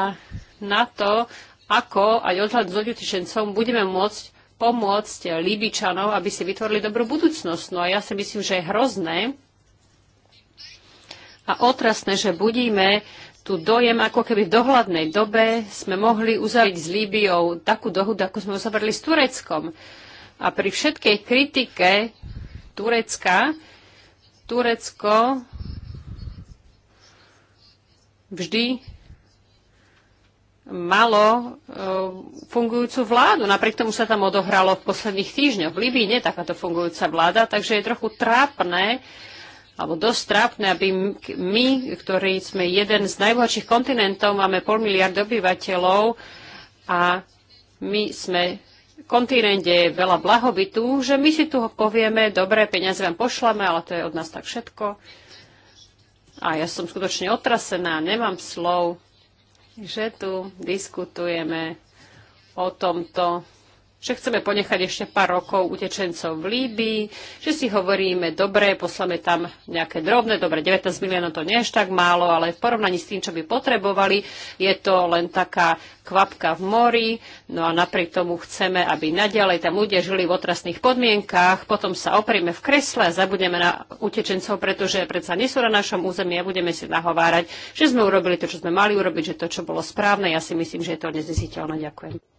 na to, ako aj odhľad s utečencom budeme môcť pomôcť Libičanov, aby si vytvorili dobrú budúcnosť. No a ja si myslím, že je hrozné, a otrasné, že budíme tu dojem, ako keby v dohľadnej dobe sme mohli uzavrieť s Líbiou takú dohodu, ako sme uzavreli s Tureckom. A pri všetkej kritike Turecka, Turecko vždy malo e, fungujúcu vládu. Napriek tomu sa tam odohralo v posledných týždňoch. V Libii nie je takáto fungujúca vláda, takže je trochu trápne, alebo dosť trápne, aby my, ktorí sme jeden z najbohatších kontinentov, máme pol miliard obyvateľov a my sme kontinent, kde je veľa blahobytu, že my si tu povieme, dobre, peniaze vám pošlame, ale to je od nás tak všetko. A ja som skutočne otrasená, nemám slov, že tu diskutujeme o tomto že chceme ponechať ešte pár rokov utečencov v Líbii, že si hovoríme, dobre, poslame tam nejaké drobné, dobre, 19 miliónov to nie je tak málo, ale v porovnaní s tým, čo by potrebovali, je to len taká kvapka v mori, no a napriek tomu chceme, aby naďalej tam ľudia žili v otrasných podmienkách, potom sa oprieme v kresle a zabudeme na utečencov, pretože predsa nie sú na našom území a budeme si nahovárať, že sme urobili to, čo sme mali urobiť, že to, čo bolo správne, ja si myslím, že je to neznesiteľné. Ďakujem.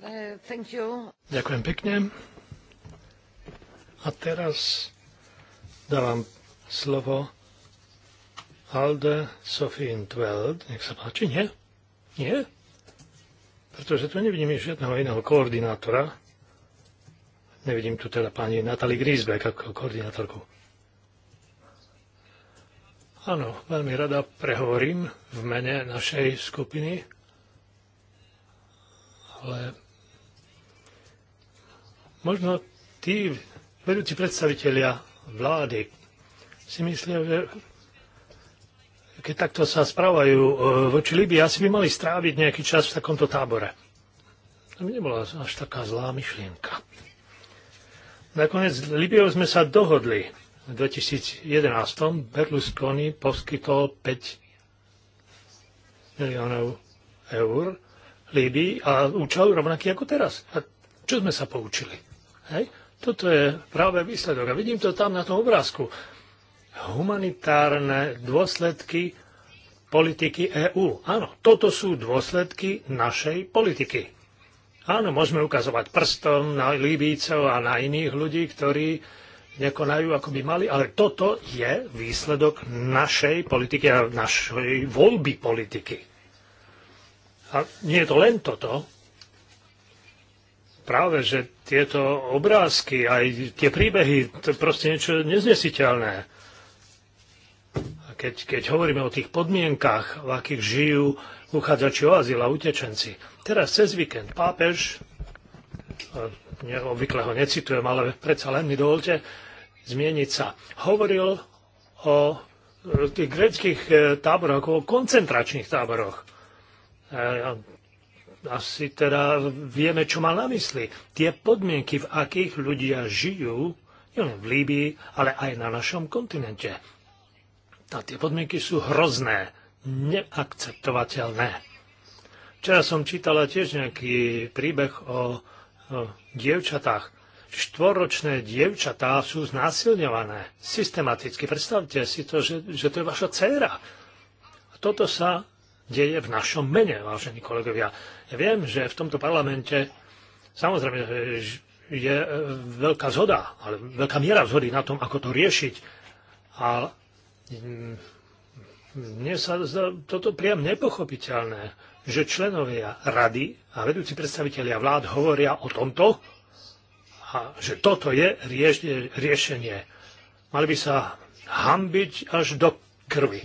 Uh, Ďakujem pekne. A teraz dávam slovo Alde Sophie Tweld. Nech sa páči, nie? Nie? Pretože tu nevidím žiadneho iného koordinátora. Nevidím tu teda pani Natali Grisbeck ako koordinátorku. Áno, veľmi rada prehovorím v mene našej skupiny, ale Možno tí vedúci predstavitelia vlády si myslia, že keď takto sa správajú e, voči Libii, asi by mali stráviť nejaký čas v takomto tábore. To by nebola až taká zlá myšlienka. Nakoniec s Libiou sme sa dohodli. V 2011 Berlusconi poskytol 5 miliónov eur Líbii a účel rovnaký ako teraz. A čo sme sa poučili? Hej? Toto je práve výsledok. A vidím to tam na tom obrázku. Humanitárne dôsledky politiky EÚ. Áno, toto sú dôsledky našej politiky. Áno, môžeme ukazovať prstom na Líbícov a na iných ľudí, ktorí nekonajú, ako by mali, ale toto je výsledok našej politiky a našej voľby politiky. A nie je to len toto, práve, že tieto obrázky, aj tie príbehy, to proste niečo neznesiteľné. A keď, keď hovoríme o tých podmienkach, v akých žijú uchádzači o azyl a utečenci. Teraz cez víkend pápež, obvykle ho necitujem, ale predsa len mi dovolte zmieniť sa, hovoril o e, tých greckých e, táboroch, o koncentračných táboroch. E, asi teda vieme, čo má na mysli. Tie podmienky, v akých ľudia žijú, nielen v Líbii, ale aj na našom kontinente. A tie podmienky sú hrozné, neakceptovateľné. Včera som čítala tiež nejaký príbeh o, o dievčatách. Štvoročné dievčatá sú znásilňované systematicky. Predstavte si to, že, že to je vaša dcéra. A toto sa deje v našom mene, vážení kolegovia. Ja viem, že v tomto parlamente samozrejme e, je e, veľká zhoda, ale veľká miera zhody na tom, ako to riešiť. A mm, mne sa zda toto priam nepochopiteľné, že členovia rady a vedúci predstavitelia vlád hovoria o tomto a že toto je rieš- riešenie. Mali by sa hambiť až do krvi.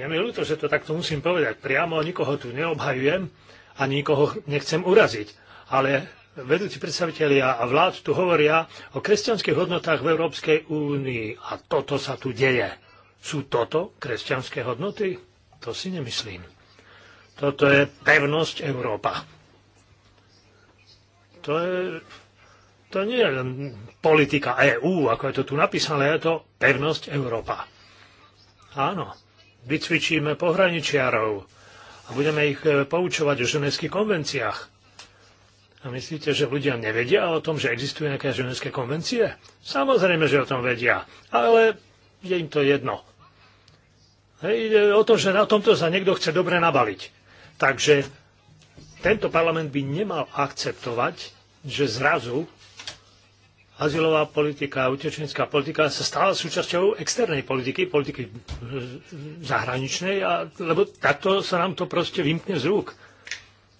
Je mi ľúto, že to takto musím povedať. Priamo nikoho tu neobhajujem a nikoho nechcem uraziť. Ale vedúci predstavitelia a vlád tu hovoria o kresťanských hodnotách v Európskej únii. A toto sa tu deje. Sú toto kresťanské hodnoty? To si nemyslím. Toto je pevnosť Európa. To je to nie je len politika EÚ, ako je to tu napísané, je to pevnosť Európa. Áno, vycvičíme pohraničiarov a budeme ich e, poučovať o ženevských konvenciách. A myslíte, že ľudia nevedia o tom, že existujú nejaké ženevské konvencie? Samozrejme, že o tom vedia, ale je im to jedno. Hej, e, o to, že na tomto sa niekto chce dobre nabaliť. Takže tento parlament by nemal akceptovať, že zrazu azylová politika a utečenská politika sa stala súčasťou externej politiky, politiky zahraničnej, a, lebo takto sa nám to proste vymkne z rúk.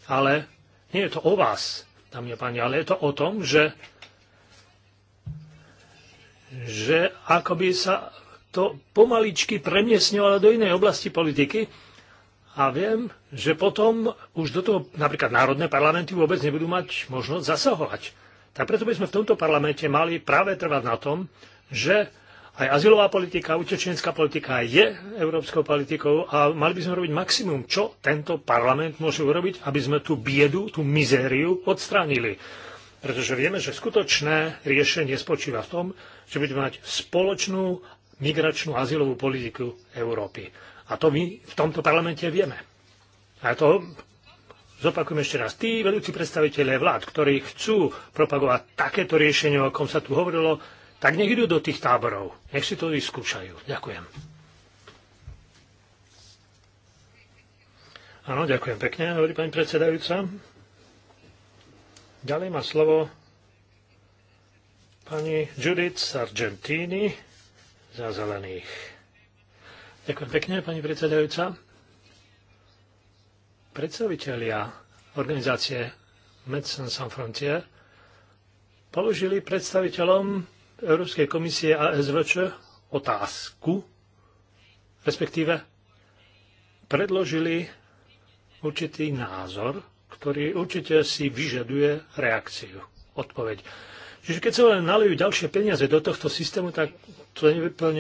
Ale nie je to o vás, tam je pani, ale je to o tom, že, že ako by sa to pomaličky premiesňovalo do inej oblasti politiky, a viem, že potom už do toho napríklad národné parlamenty vôbec nebudú mať možnosť zasahovať. Tak preto by sme v tomto parlamente mali práve trvať na tom, že aj azylová politika, utečenská politika je európskou politikou a mali by sme robiť maximum, čo tento parlament môže urobiť, aby sme tú biedu, tú mizériu odstránili. Pretože vieme, že skutočné riešenie spočíva v tom, že budeme mať spoločnú migračnú azylovú politiku Európy. A to my v tomto parlamente vieme. A to Zopakujem ešte raz. Tí vedúci predstaviteľe vlád, ktorí chcú propagovať takéto riešenie, o akom sa tu hovorilo, tak nech idú do tých táborov. Nech si to vyskúšajú. Ďakujem. Áno, ďakujem pekne, hovorí pani predsedajúca. Ďalej má slovo pani Judith Sargentini za zelených. Ďakujem pekne, pani predsedajúca predstavitelia organizácie Medicine Sans Frontier položili predstaviteľom Európskej komisie a SVČ otázku, respektíve predložili určitý názor, ktorý určite si vyžaduje reakciu, odpoveď. Čiže keď sa len nalejú ďalšie peniaze do tohto systému, tak to mm,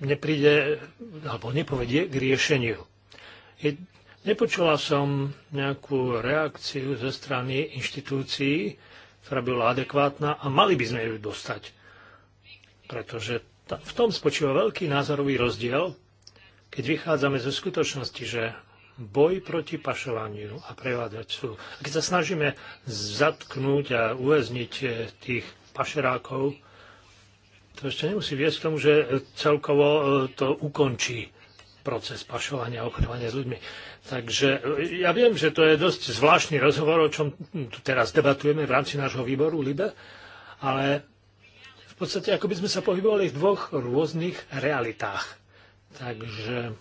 nepríde alebo nepovedie k riešeniu. Je Nepočula som nejakú reakciu ze strany inštitúcií, ktorá by bola adekvátna a mali by sme ju dostať. Pretože v tom spočíva veľký názorový rozdiel, keď vychádzame zo skutočnosti, že boj proti pašovaniu a prevádzačstvu. A keď sa snažíme zatknúť a uväzniť eh, tých pašerákov, to ešte nemusí viesť k tomu, že celkovo eh, to ukončí proces pašovania a obchodovania s ľuďmi. Takže e, ja viem, že to je dosť zvláštny rozhovor, o čom tu teraz debatujeme v rámci nášho výboru LIBE, ale v podstate ako by sme sa pohybovali v dvoch rôznych realitách. Takže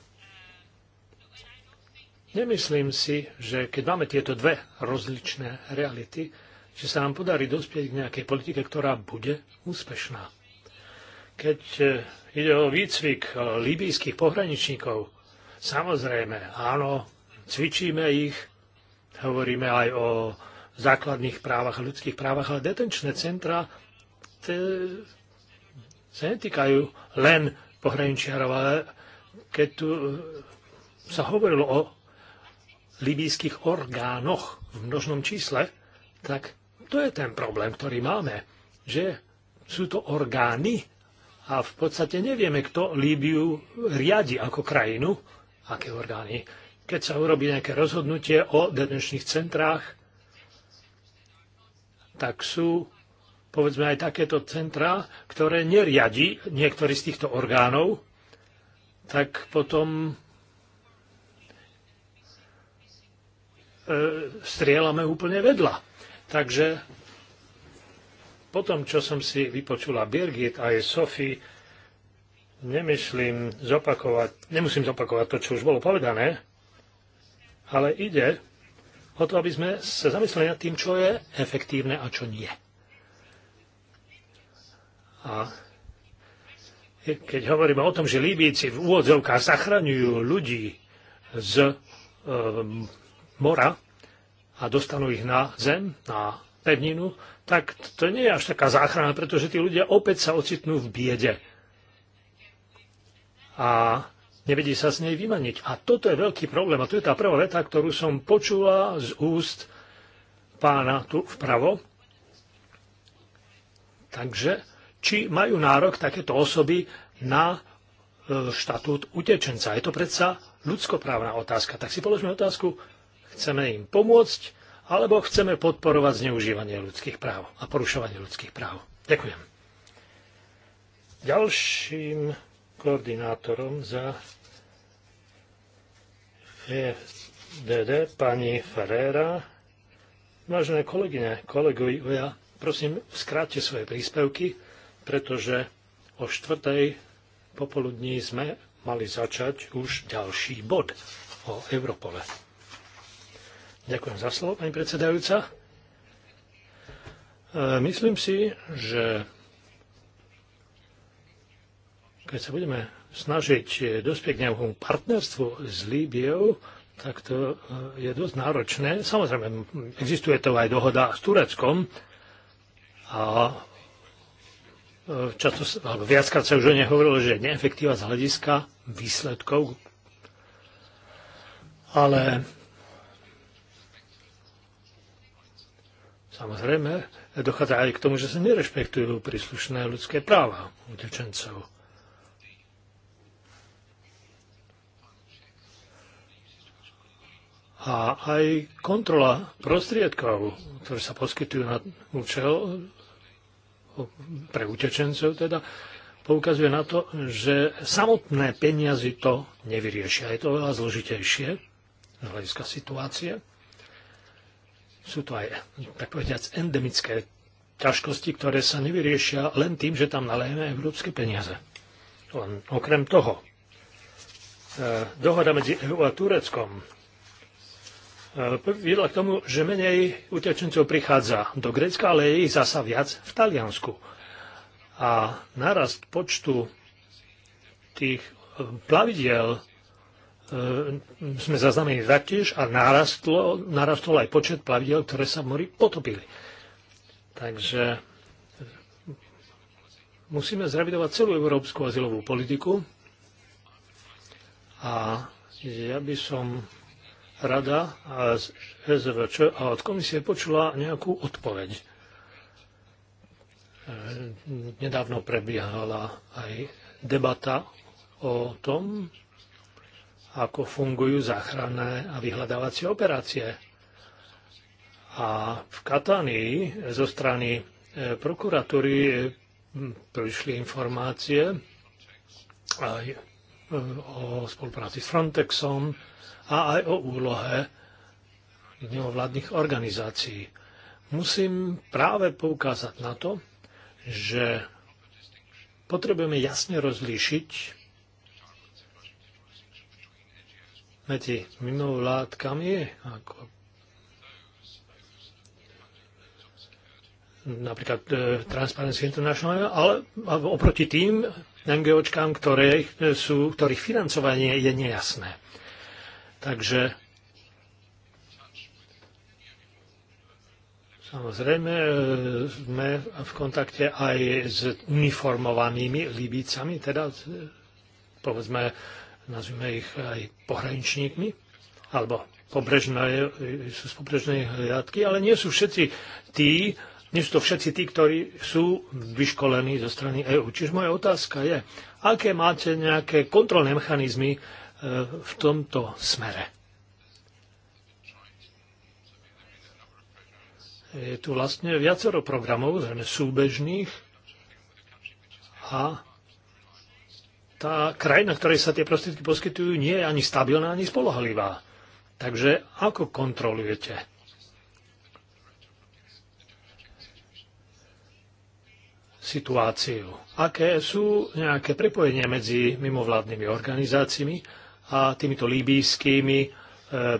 nemyslím si, že keď máme tieto dve rozličné reality, že sa nám podarí dospieť k nejakej politike, ktorá bude úspešná. Keď e, ide o výcvik e, líbyjských pohraničníkov, Samozrejme, áno, cvičíme ich, hovoríme aj o základných právach a ľudských právach, ale detenčné centra sa netýkajú len pohraničiarov, ale keď tu e, sa hovorilo o libijských orgánoch v množnom čísle, tak to je ten problém, ktorý máme, že sú to orgány a v podstate nevieme, kto Líbiu riadi ako krajinu, aké orgány keď sa urobí nejaké rozhodnutie o detenčných centrách, tak sú povedzme aj takéto centrá, ktoré neriadi niektorý z týchto orgánov, tak potom e, strieľame úplne vedľa. Takže po tom, čo som si vypočula Birgit a aj Sophie, nemyslím zopakovať, nemusím zopakovať to, čo už bolo povedané, ale ide o to, aby sme sa zamysleli nad tým, čo je efektívne a čo nie. A keď hovoríme o tom, že Líbíci v úvodzovkách zachraňujú ľudí z e, mora a dostanú ich na zem, na pevninu, tak to nie je až taká záchrana, pretože tí ľudia opäť sa ocitnú v biede. A Nevedí sa z nej vymaniť. A toto je veľký problém. A to je tá prvá veta, ktorú som počula z úst pána tu vpravo. Takže, či majú nárok takéto osoby na e, štatút utečenca. Je to predsa ľudskoprávna otázka. Tak si položme otázku, chceme im pomôcť, alebo chceme podporovať zneužívanie ľudských práv a porušovanie ľudských práv. Ďakujem. Ďalším koordinátorom za FDD, pani Ferreira. Vážené kolegyne, kolegovia, prosím, skráťte svoje príspevky, pretože o štvrtej popoludní sme mali začať už ďalší bod o Europole. Ďakujem za slovo, pani predsedajúca. E, myslím si, že keď sa budeme snažiť e, dospieť k partnerstvu s Líbiou, tak to e, je dosť náročné. Samozrejme, existuje to aj dohoda s Tureckom a e, často, alebo viackrát sa už o nej hovorilo, že je neefektíva z hľadiska výsledkov. Ale samozrejme, dochádza aj k tomu, že sa nerešpektujú príslušné ľudské práva utečencov. a aj kontrola prostriedkov, ktoré sa poskytujú na účel pre utečencov, teda poukazuje na to, že samotné peniazy to nevyriešia. Je to veľa zložitejšie z hľadiska situácie. Sú to aj, tak povediac, endemické ťažkosti, ktoré sa nevyriešia len tým, že tam nalejeme európske peniaze. Len okrem toho, eh, dohoda medzi EU a Tureckom E, viedla k tomu, že menej utečencov prichádza do Grécka, ale je ich zasa viac v Taliansku. A narast počtu tých e, plavidiel e, sme zaznamenali taktiež a narastlo, narastol aj počet plavidel, ktoré sa v mori potopili. Takže musíme zrevidovať celú európsku azylovú politiku a ja by som rada a z SVČ a od komisie počula nejakú odpoveď. E, nedávno prebiehala aj debata o tom, ako fungujú záchranné a vyhľadávacie operácie. A v Katánii zo strany e, prokuratúry e, prišli informácie aj o spolupráci s Frontexom, a aj o úlohe mimovládnych organizácií. Musím práve poukázať na to, že potrebujeme jasne rozlíšiť medzi mimovládkami, ako napríklad e, Transparency International, ale oproti tým NGOčkám, ktoré e, sú, ktorých financovanie je nejasné. Takže Samozrejme, e, sme v kontakte aj s uniformovanými Libícami, teda e, povedzme, nazvime ich aj pohraničníkmi, alebo pobrežné, e, sú z pobrežnej hliadky, ale nie sú všetci tí, nie sú to všetci tí, ktorí sú vyškolení zo strany EÚ. Čiže moja otázka je, aké máte nejaké kontrolné mechanizmy E, v tomto smere. Je tu vlastne viacero programov, zrejme súbežných, a tá krajina, ktorej sa tie prostriedky poskytujú, nie je ani stabilná, ani spolahlivá. Takže ako kontrolujete? situáciu. Aké sú nejaké prepojenia medzi mimovládnymi organizáciami a týmito líbijskými e,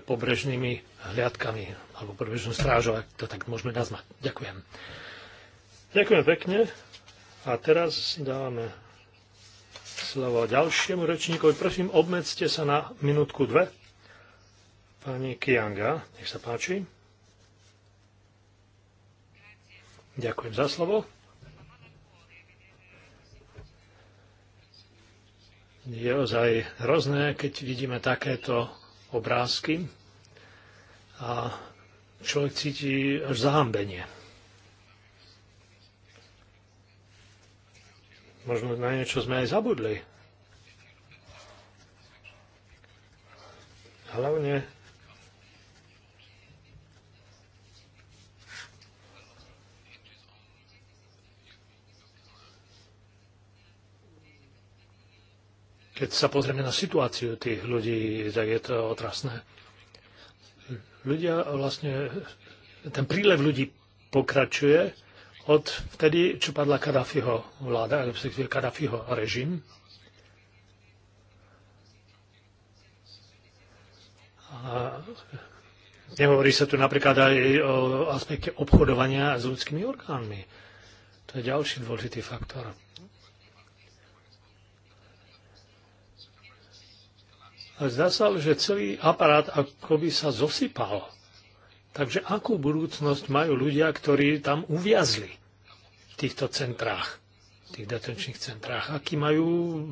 pobrežnými hliadkami alebo pobrežnou strážou, ak to tak môžeme nazvať. Ďakujem. Ďakujem pekne a teraz dávame slovo ďalšiemu rečníkovi. Prosím, obmedzte sa na minútku dve. Pani Kianga, nech sa páči. Ďakujem za slovo. je ozaj hrozné, keď vidíme takéto obrázky a človek cíti až zahambenie. Možno na niečo sme aj zabudli. Hlavne Keď sa pozrieme na situáciu tých ľudí, tak je to otrasné. Ľudia vlastne, ten prílev ľudí pokračuje od vtedy, čo padla Kadafiho vláda, respektíve Kadafiho režim. A Nehovorí sa tu napríklad aj o aspekte obchodovania s ľudskými orgánmi. To je ďalší dôležitý faktor. ale zdá sa, že celý aparát akoby sa zosypal. Takže akú budúcnosť majú ľudia, ktorí tam uviazli v týchto centrách, v tých detenčných centrách? Aký majú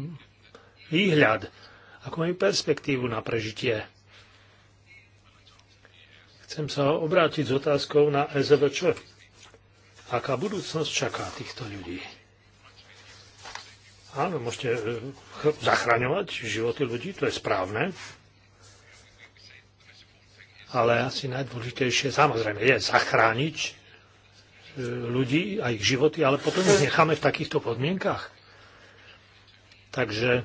výhľad? Ako majú perspektívu na prežitie? Chcem sa obrátiť s otázkou na SVČ. Aká budúcnosť čaká týchto ľudí? Áno, môžete e, zachraňovať životy ľudí, to je správne. Ale asi najdôležitejšie samozrejme je zachrániť e, ľudí a ich životy, ale potom ich necháme v takýchto podmienkach. Takže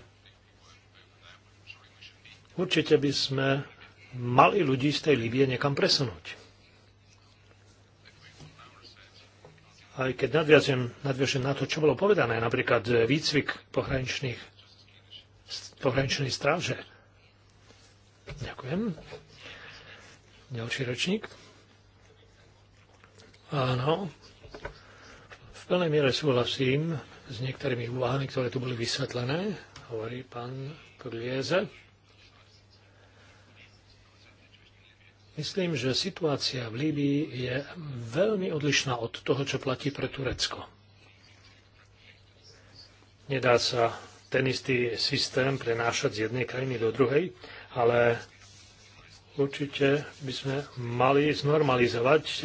určite by sme mali ľudí z tej Libie niekam presunúť. aj keď nadviažem, nadviažem na to, čo bolo povedané, napríklad e, výcvik pohraničných, pohraničnej stráže. Ďakujem. Ďalší ročník. Áno. V plnej miere súhlasím s niektorými úvahami, ktoré tu boli vysvetlené, hovorí pán Pugliese. Myslím, že situácia v Líbii je veľmi odlišná od toho, čo platí pre Turecko. Nedá sa ten istý systém prenášať z jednej krajiny do druhej, ale určite by sme mali znormalizovať eh,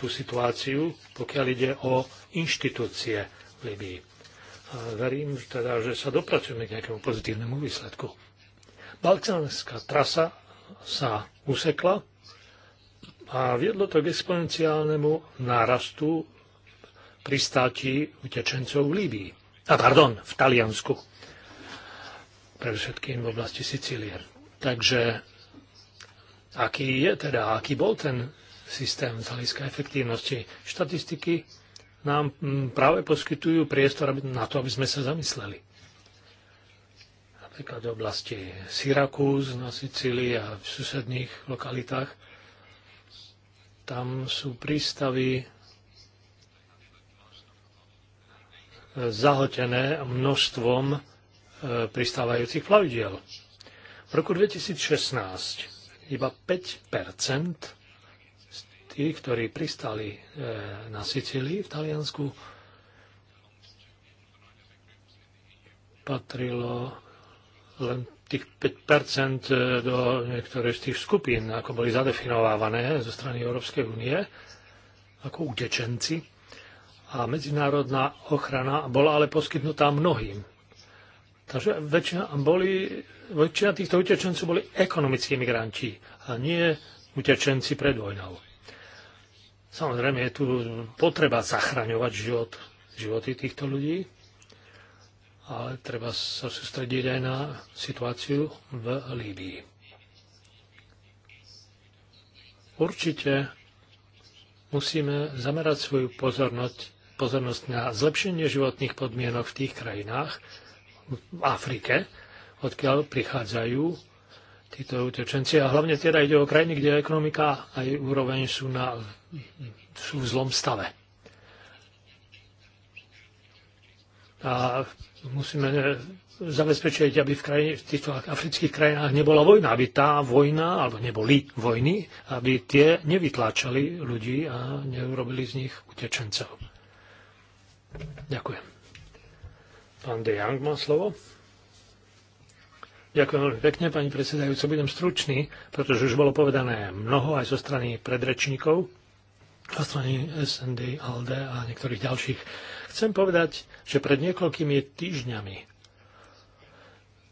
tú situáciu, pokiaľ ide o inštitúcie v Libii. A verím teda, že sa dopracujeme k nejakému pozitívnemu výsledku. Balkánska trasa sa usekla a viedlo to k exponenciálnemu nárastu pristátí utečencov v Líbii. A pardon, v Taliansku. Pre všetkým v oblasti Sicílie. Takže aký je teda, aký bol ten systém z hľadiska efektívnosti. Štatistiky nám mm, práve poskytujú priestor na to, aby sme sa zamysleli. Napríklad v oblasti Syrakúz na Sicílii a v susedných lokalitách tam sú prístavy zahotené množstvom e, pristávajúcich plavidiel. V roku 2016 iba 5 z tých, ktorí pristali e, na Sicílii v Taliansku, patrilo len tých 5 e, do niektorých z tých skupín, ako boli zadefinovávané zo strany Európskej únie, ako utečenci. A medzinárodná ochrana bola ale poskytnutá mnohým. Takže väčšina, boli, väčšina týchto utečencov boli ekonomickí migranti a nie utečenci pred vojnou. Samozrejme je tu potreba zachraňovať život, životy týchto ľudí, ale treba sa sústrediť aj na situáciu v Líbii. Určite musíme zamerať svoju pozornosť, pozornosť na zlepšenie životných podmienok v tých krajinách, v Afrike, odkiaľ prichádzajú títo utečenci. A hlavne teda ide o krajiny, kde ekonomika aj úroveň sú, na, sú v zlom stave. a musíme zabezpečiť, aby v, krajine, v týchto afrických krajinách nebola vojna, aby tá vojna, alebo neboli vojny, aby tie nevytláčali ľudí a neurobili z nich utečencov. Ďakujem. Pán De Jong má slovo. Ďakujem veľmi pekne, pani predsedajúca. Budem stručný, pretože už bolo povedané mnoho aj zo strany predrečníkov, zo strany SND, ALDE a niektorých ďalších Chcem povedať, že pred niekoľkými týždňami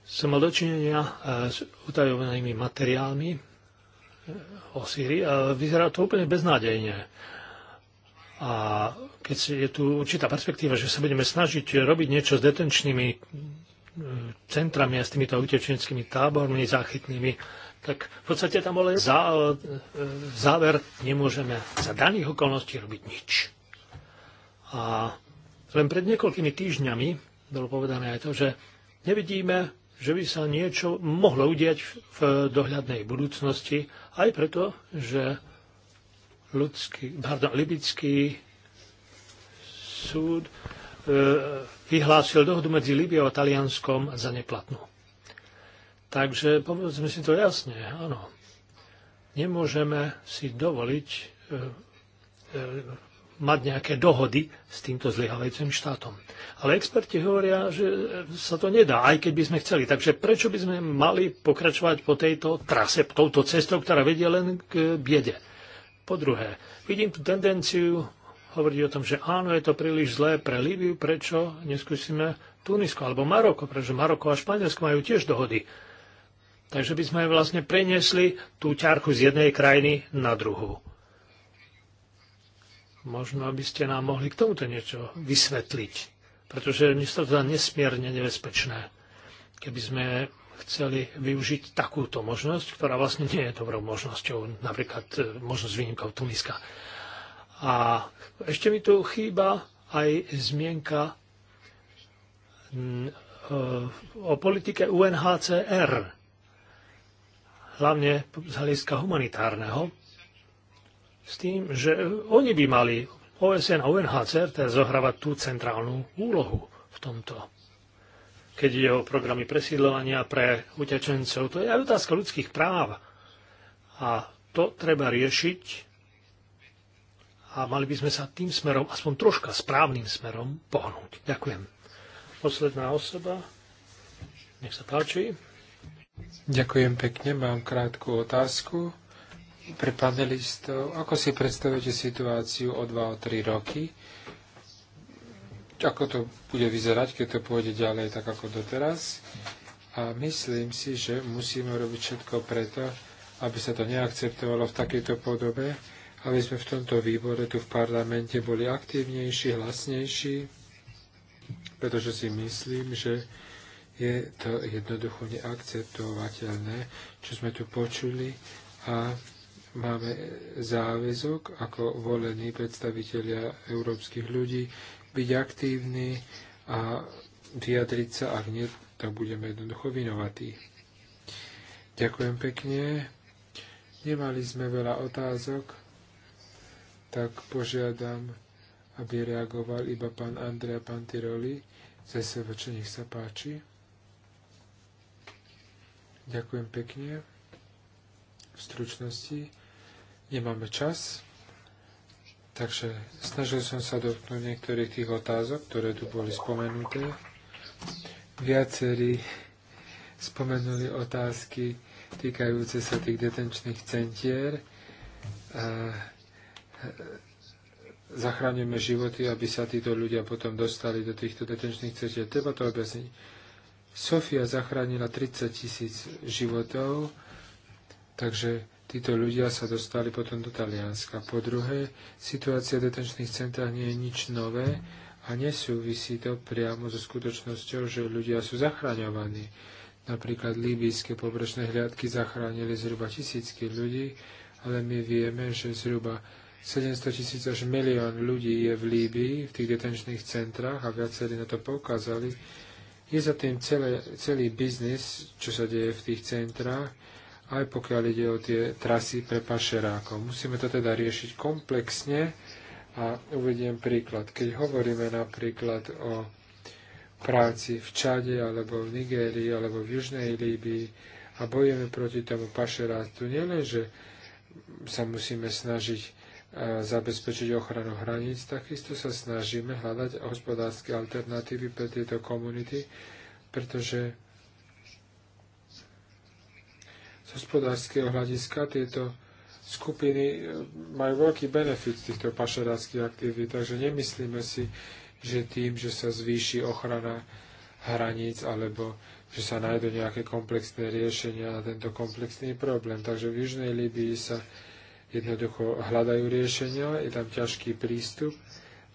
som mal dočinenia e, s utajovanými materiálmi e, o Syrii a vyzerá to úplne beznádejne. A keď je tu určitá perspektíva, že sa budeme snažiť robiť niečo s detenčnými e, centrami a s týmito utečenskými tábormi záchytnými, tak v podstate tam ale za, záver nemôžeme za daných okolností robiť nič. A len pred niekoľkými týždňami bolo povedané aj to, že nevidíme, že by sa niečo mohlo udiať v dohľadnej budúcnosti, aj preto, že ľudský, pardon, libický súd e, vyhlásil dohodu medzi Libiou a Talianskom za neplatnú. Takže povedzme si to jasne, áno. Nemôžeme si dovoliť e, e, mať nejaké dohody s týmto zlyhavajúcim štátom. Ale experti hovoria, že sa to nedá, aj keď by sme chceli. Takže prečo by sme mali pokračovať po tejto trase, po touto cestou, ktorá vedie len k biede? Po druhé, vidím tú tendenciu hovoriť o tom, že áno, je to príliš zlé pre Líbiu, prečo neskúsime Tunisko alebo Maroko, pretože Maroko a Španielsko majú tiež dohody. Takže by sme vlastne preniesli tú ťarchu z jednej krajiny na druhú. Možno by ste nám mohli k tomuto niečo vysvetliť, pretože mi to teda nesmierne nebezpečné, keby sme chceli využiť takúto možnosť, ktorá vlastne nie je dobrou možnosťou, napríklad e, možnosť výnimkov Tuniska. A ešte mi tu chýba aj zmienka e, o politike UNHCR, hlavne z hľadiska humanitárneho, s tým, že oni by mali OSN a UNHCR teda zohrávať tú centrálnu úlohu v tomto. Keď ide o programy presídľovania pre utečencov, to je aj otázka ľudských práv. A to treba riešiť a mali by sme sa tým smerom, aspoň troška správnym smerom, pohnúť. Ďakujem. Posledná osoba. Nech sa páči. Ďakujem pekne. Mám krátku otázku pre panelistov, ako si predstavujete situáciu o 2 o 3 roky? Ako to bude vyzerať, keď to pôjde ďalej tak ako doteraz? A myslím si, že musíme robiť všetko preto, aby sa to neakceptovalo v takejto podobe, aby sme v tomto výbore tu v parlamente boli aktívnejší, hlasnejší, pretože si myslím, že je to jednoducho neakceptovateľné, čo sme tu počuli a máme záväzok ako volení predstavitelia európskych ľudí byť aktívni a vyjadriť sa, ak nie, tak budeme jednoducho vinovatí. Ďakujem pekne. Nemali sme veľa otázok, tak požiadam, aby reagoval iba pán Andrea Pantiroli. Zase voči nech sa páči. Ďakujem pekne. V stručnosti nemáme čas, takže snažil som sa dotknúť niektorých tých otázok, ktoré tu boli spomenuté. Viacerí spomenuli otázky týkajúce sa tých detenčných centier. E, Zachránime životy, aby sa títo ľudia potom dostali do týchto detenčných centier. Treba to objasniť. Sofia zachránila 30 tisíc životov, takže títo ľudia sa dostali potom do Talianska. Po druhé, situácia v detenčných centrách nie je nič nové a nesúvisí to priamo so skutočnosťou, že ľudia sú zachraňovaní. Napríklad líbyjské pobrečné hliadky zachránili zhruba tisícky ľudí, ale my vieme, že zhruba 700 tisíc až milión ľudí je v Líbii, v tých detenčných centrách a viacerí na to poukázali. Je za tým celé, celý biznis, čo sa deje v tých centrách aj pokiaľ ide o tie trasy pre pašerákov. Musíme to teda riešiť komplexne a uvediem príklad. Keď hovoríme napríklad o práci v Čade alebo v Nigérii alebo v Južnej Líbii a bojujeme proti tomu pašerátu, nielen, že sa musíme snažiť e, zabezpečiť ochranu hraníc, takisto sa snažíme hľadať hospodárske alternatívy pre tieto komunity, pretože hospodárskeho hľadiska tieto skupiny e, majú veľký benefit z týchto pašeráckých aktivít, takže nemyslíme si, že tým, že sa zvýši ochrana hraníc alebo že sa nájdú nejaké komplexné riešenia na tento komplexný problém. Takže v Južnej Líbii sa jednoducho hľadajú riešenia, je tam ťažký prístup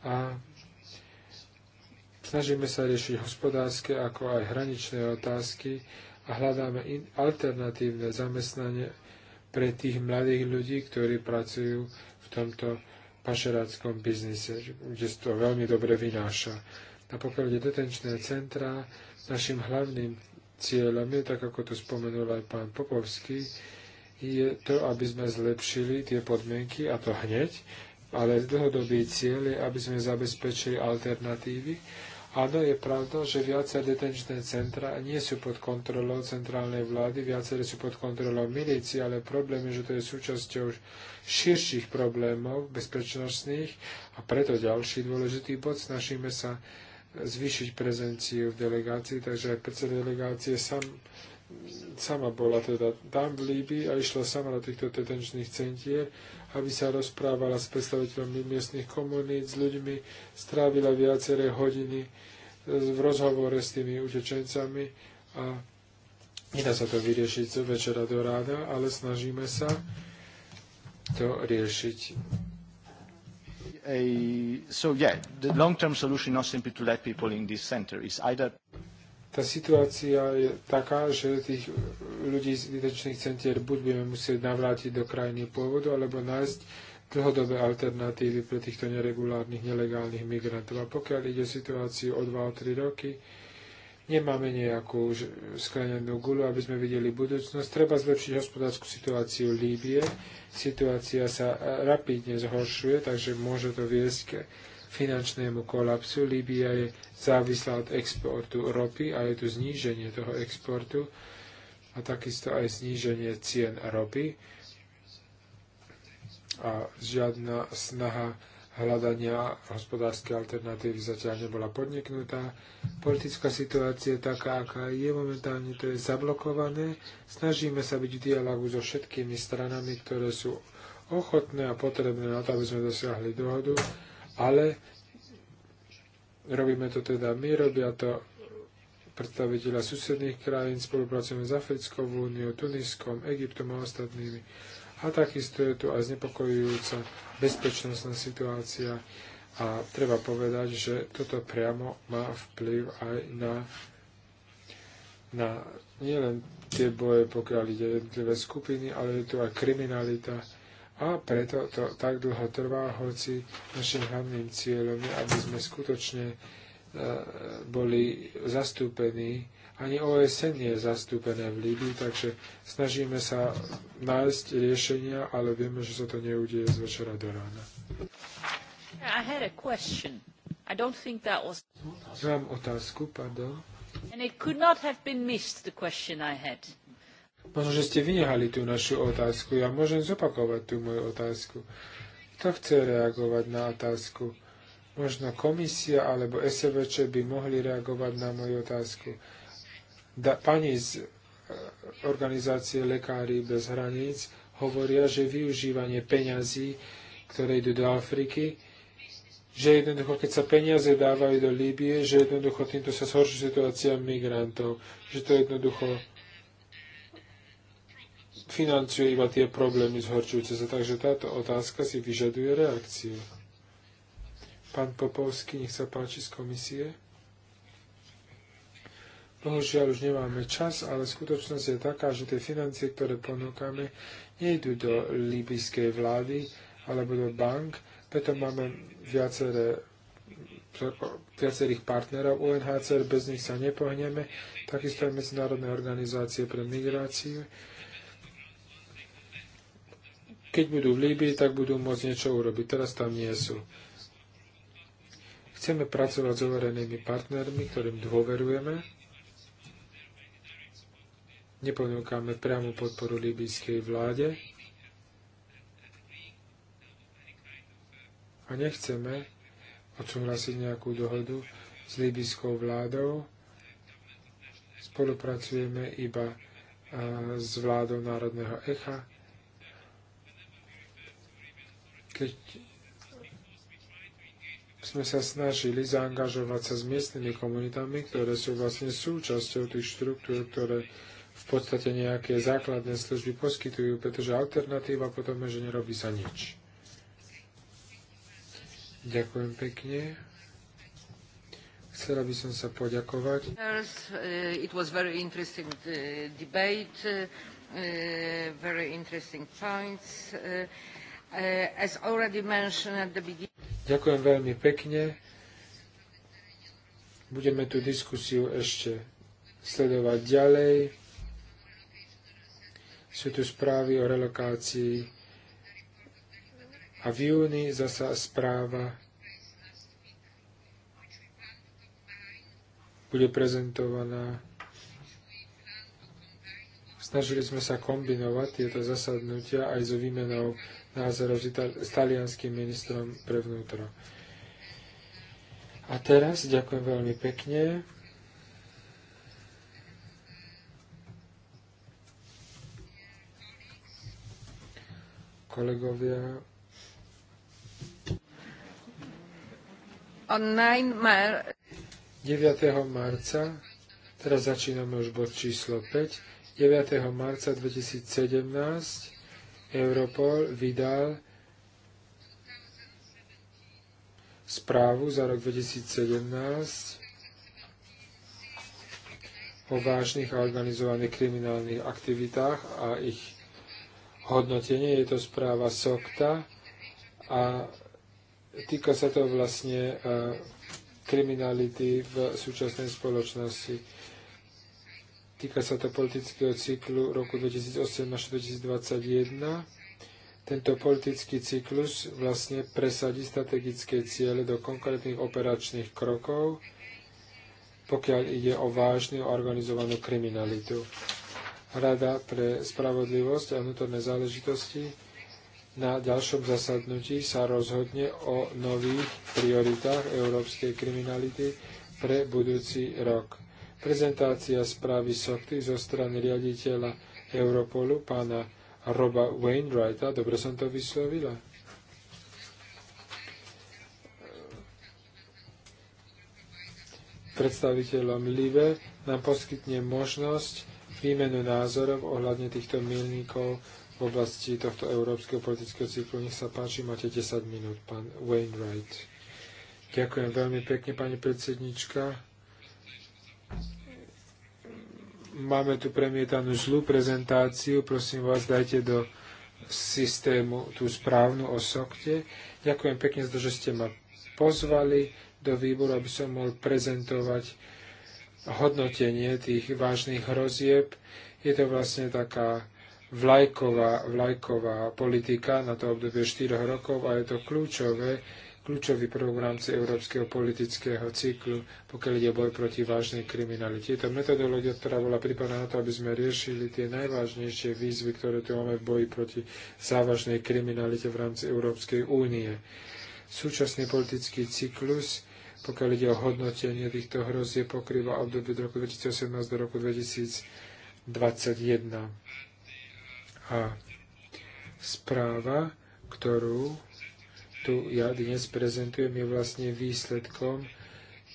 a snažíme sa riešiť hospodárske ako aj hraničné otázky a hľadáme in, alternatívne zamestnanie pre tých mladých ľudí, ktorí pracujú v tomto pašeráckom biznise, kde to veľmi dobre vynáša. A pokiaľ je detenčné centra našim hlavným cieľom je, tak ako to spomenul aj pán Popovský, je to, aby sme zlepšili tie podmienky, a to hneď, ale dlhodobý cieľ je, aby sme zabezpečili alternatívy, Áno, je pravda, že viaceré detenčné centra nie sú pod kontrolou centrálnej vlády, viaceré sú pod kontrolou milícii, ale problém je, že to je súčasťou širších problémov bezpečnostných a preto ďalší dôležitý bod snažíme sa zvýšiť prezenciu v delegácii, takže aj predseda delegácie sam, sama bola teda tam v Líbii a išla sama do týchto detenčných centier aby sa rozprávala s predstaviteľmi miestnych komunít, s ľuďmi, strávila viaceré hodiny eh, v rozhovore s tými utečencami a nedá sa to vyriešiť z večera do rána, ale snažíme sa to riešiť. A, so yeah, the long-term solution not simply to let people in this center is either tá situácia je taká, že tých ľudí z detenčných centier buď budeme musieť navrátiť do krajiny pôvodu, alebo nájsť dlhodobé alternatívy pre týchto neregulárnych, nelegálnych migrantov. A pokiaľ ide o situáciu o 2-3 roky, nemáme nejakú sklenenú gulu, aby sme videli budúcnosť. Treba zlepšiť hospodárskú situáciu Líbie. Situácia sa rapidne zhoršuje, takže môže to viesť ke finančnému kolapsu. Líbia je závislá od exportu ropy a je tu zníženie toho exportu a takisto aj zníženie cien ropy a žiadna snaha hľadania hospodárskej alternatívy zatiaľ nebola podniknutá. Politická situácia je taká, aká je momentálne, to je zablokované. Snažíme sa byť v dialogu so všetkými stranami, ktoré sú ochotné a potrebné na to, aby sme dosiahli dohodu ale robíme to teda my, robia to predstaviteľa susedných krajín, spolupracujeme s Africkou úniou, Tuniskom, Egyptom a ostatnými. A takisto je tu aj znepokojujúca bezpečnostná situácia a treba povedať, že toto priamo má vplyv aj na, na nielen tie boje, pokiaľ ide jednotlivé skupiny, ale je tu aj kriminalita, a preto to tak dlho trvá, hoci našim hlavným cieľom je, aby sme skutočne e, boli zastúpení. Ani OSN nie je zastúpené v Líbii, takže snažíme sa nájsť riešenia, ale vieme, že sa to neudeje z večera do rána. I had a question. I don't think that was... Mám otázku, pardon. And it could not have been missed, the question I had. Možno, že ste vynehali tú našu otázku. Ja môžem zopakovať tú moju otázku. Kto chce reagovať na otázku? Možno komisia alebo SVČ by mohli reagovať na moju otázku. Da, pani z e, organizácie Lekári bez hraníc hovoria, že využívanie peňazí, ktoré idú do Afriky, že jednoducho, keď sa peniaze dávajú do Líbie, že jednoducho týmto sa zhorší situácia migrantov, že to jednoducho financuje iba tie problémy zhorčujúce sa. Takže táto otázka si vyžaduje reakciu. Pán Popovský, nech sa páči z komisie. Bohužiaľ už nemáme čas, ale skutočnosť je taká, že tie financie, ktoré ponúkame, nejdu do líbyskej vlády alebo do bank, preto máme viaceré viacerých partnerov UNHCR, bez nich sa nepohneme, takisto aj medzinárodné organizácie pre migráciu, keď budú v Líbii, tak budú môcť niečo urobiť. Teraz tam nie sú. Chceme pracovať s overenými partnermi, ktorým dôverujeme. Neponúkame priamu podporu líbyjskej vláde. A nechceme odsúhlasiť nejakú dohodu s líbyjskou vládou. Spolupracujeme iba s vládou národného echa keď sme sa snažili zaangažovať sa s miestnymi komunitami, ktoré sú vlastne súčasťou tých štruktúr, ktoré v podstate nejaké základné služby poskytujú, pretože alternatíva potom je, že nerobí sa nič. Ďakujem pekne. Chcela by som sa poďakovať. Eh, it was very interesting eh, debate, eh, very interesting points. Eh, Ďakujem veľmi pekne. Budeme tú diskusiu ešte sledovať ďalej. Sú tu správy o relokácii a v júni zasa správa bude prezentovaná. Snažili sme sa kombinovať tieto zasadnutia aj so výmenou názorov s, s talianským ministrom pre vnútro. A teraz ďakujem veľmi pekne. Kolegovia. On 9. Mar- 9. marca, teraz začíname už bod číslo 5, 9. marca 2017 Europol vydal správu za rok 2017 o vážnych a organizovaných kriminálnych aktivitách a ich hodnotenie. Je to správa SOKTA a týka sa to vlastne eh, kriminality v súčasnej spoločnosti. Týka sa to politického cyklu roku 2008 až 2021. Tento politický cyklus vlastne presadí strategické ciele do konkrétnych operačných krokov, pokiaľ ide o vážnu organizovanú kriminalitu. Rada pre spravodlivosť a vnútorné záležitosti na ďalšom zasadnutí sa rozhodne o nových prioritách európskej kriminality pre budúci rok. Prezentácia správy SOCTY zo strany riaditeľa Europolu, pána Roba Wainwrighta. Dobre som to vyslovila? Predstaviteľom LIVE nám poskytne možnosť výmenu názorov ohľadne týchto milníkov v oblasti tohto európskeho politického cyklu. Nech sa páči, máte 10 minút, pán Wainwright. Ďakujem veľmi pekne, pani predsednička. Máme tu premietanú zlú prezentáciu. Prosím vás, dajte do systému tú správnu osobte. Ďakujem pekne za to, že ste ma pozvali do výboru, aby som mohol prezentovať hodnotenie tých vážnych hrozieb. Je to vlastne taká vlajková, vlajková politika na to obdobie 4 rokov a je to kľúčové, kľúčový prvok v rámci európskeho politického cyklu, pokiaľ ide boj proti vážnej kriminalite. Je to metodológia, ktorá bola pripravená na to, aby sme riešili tie najvážnejšie výzvy, ktoré tu máme v boji proti závažnej kriminalite v rámci Európskej únie. Súčasný politický cyklus pokiaľ ide o hodnotenie týchto hrozie, pokrýva obdobie od roku 2018 do roku 2021. A správa, ktorú tu ja dnes prezentujem, je vlastne výsledkom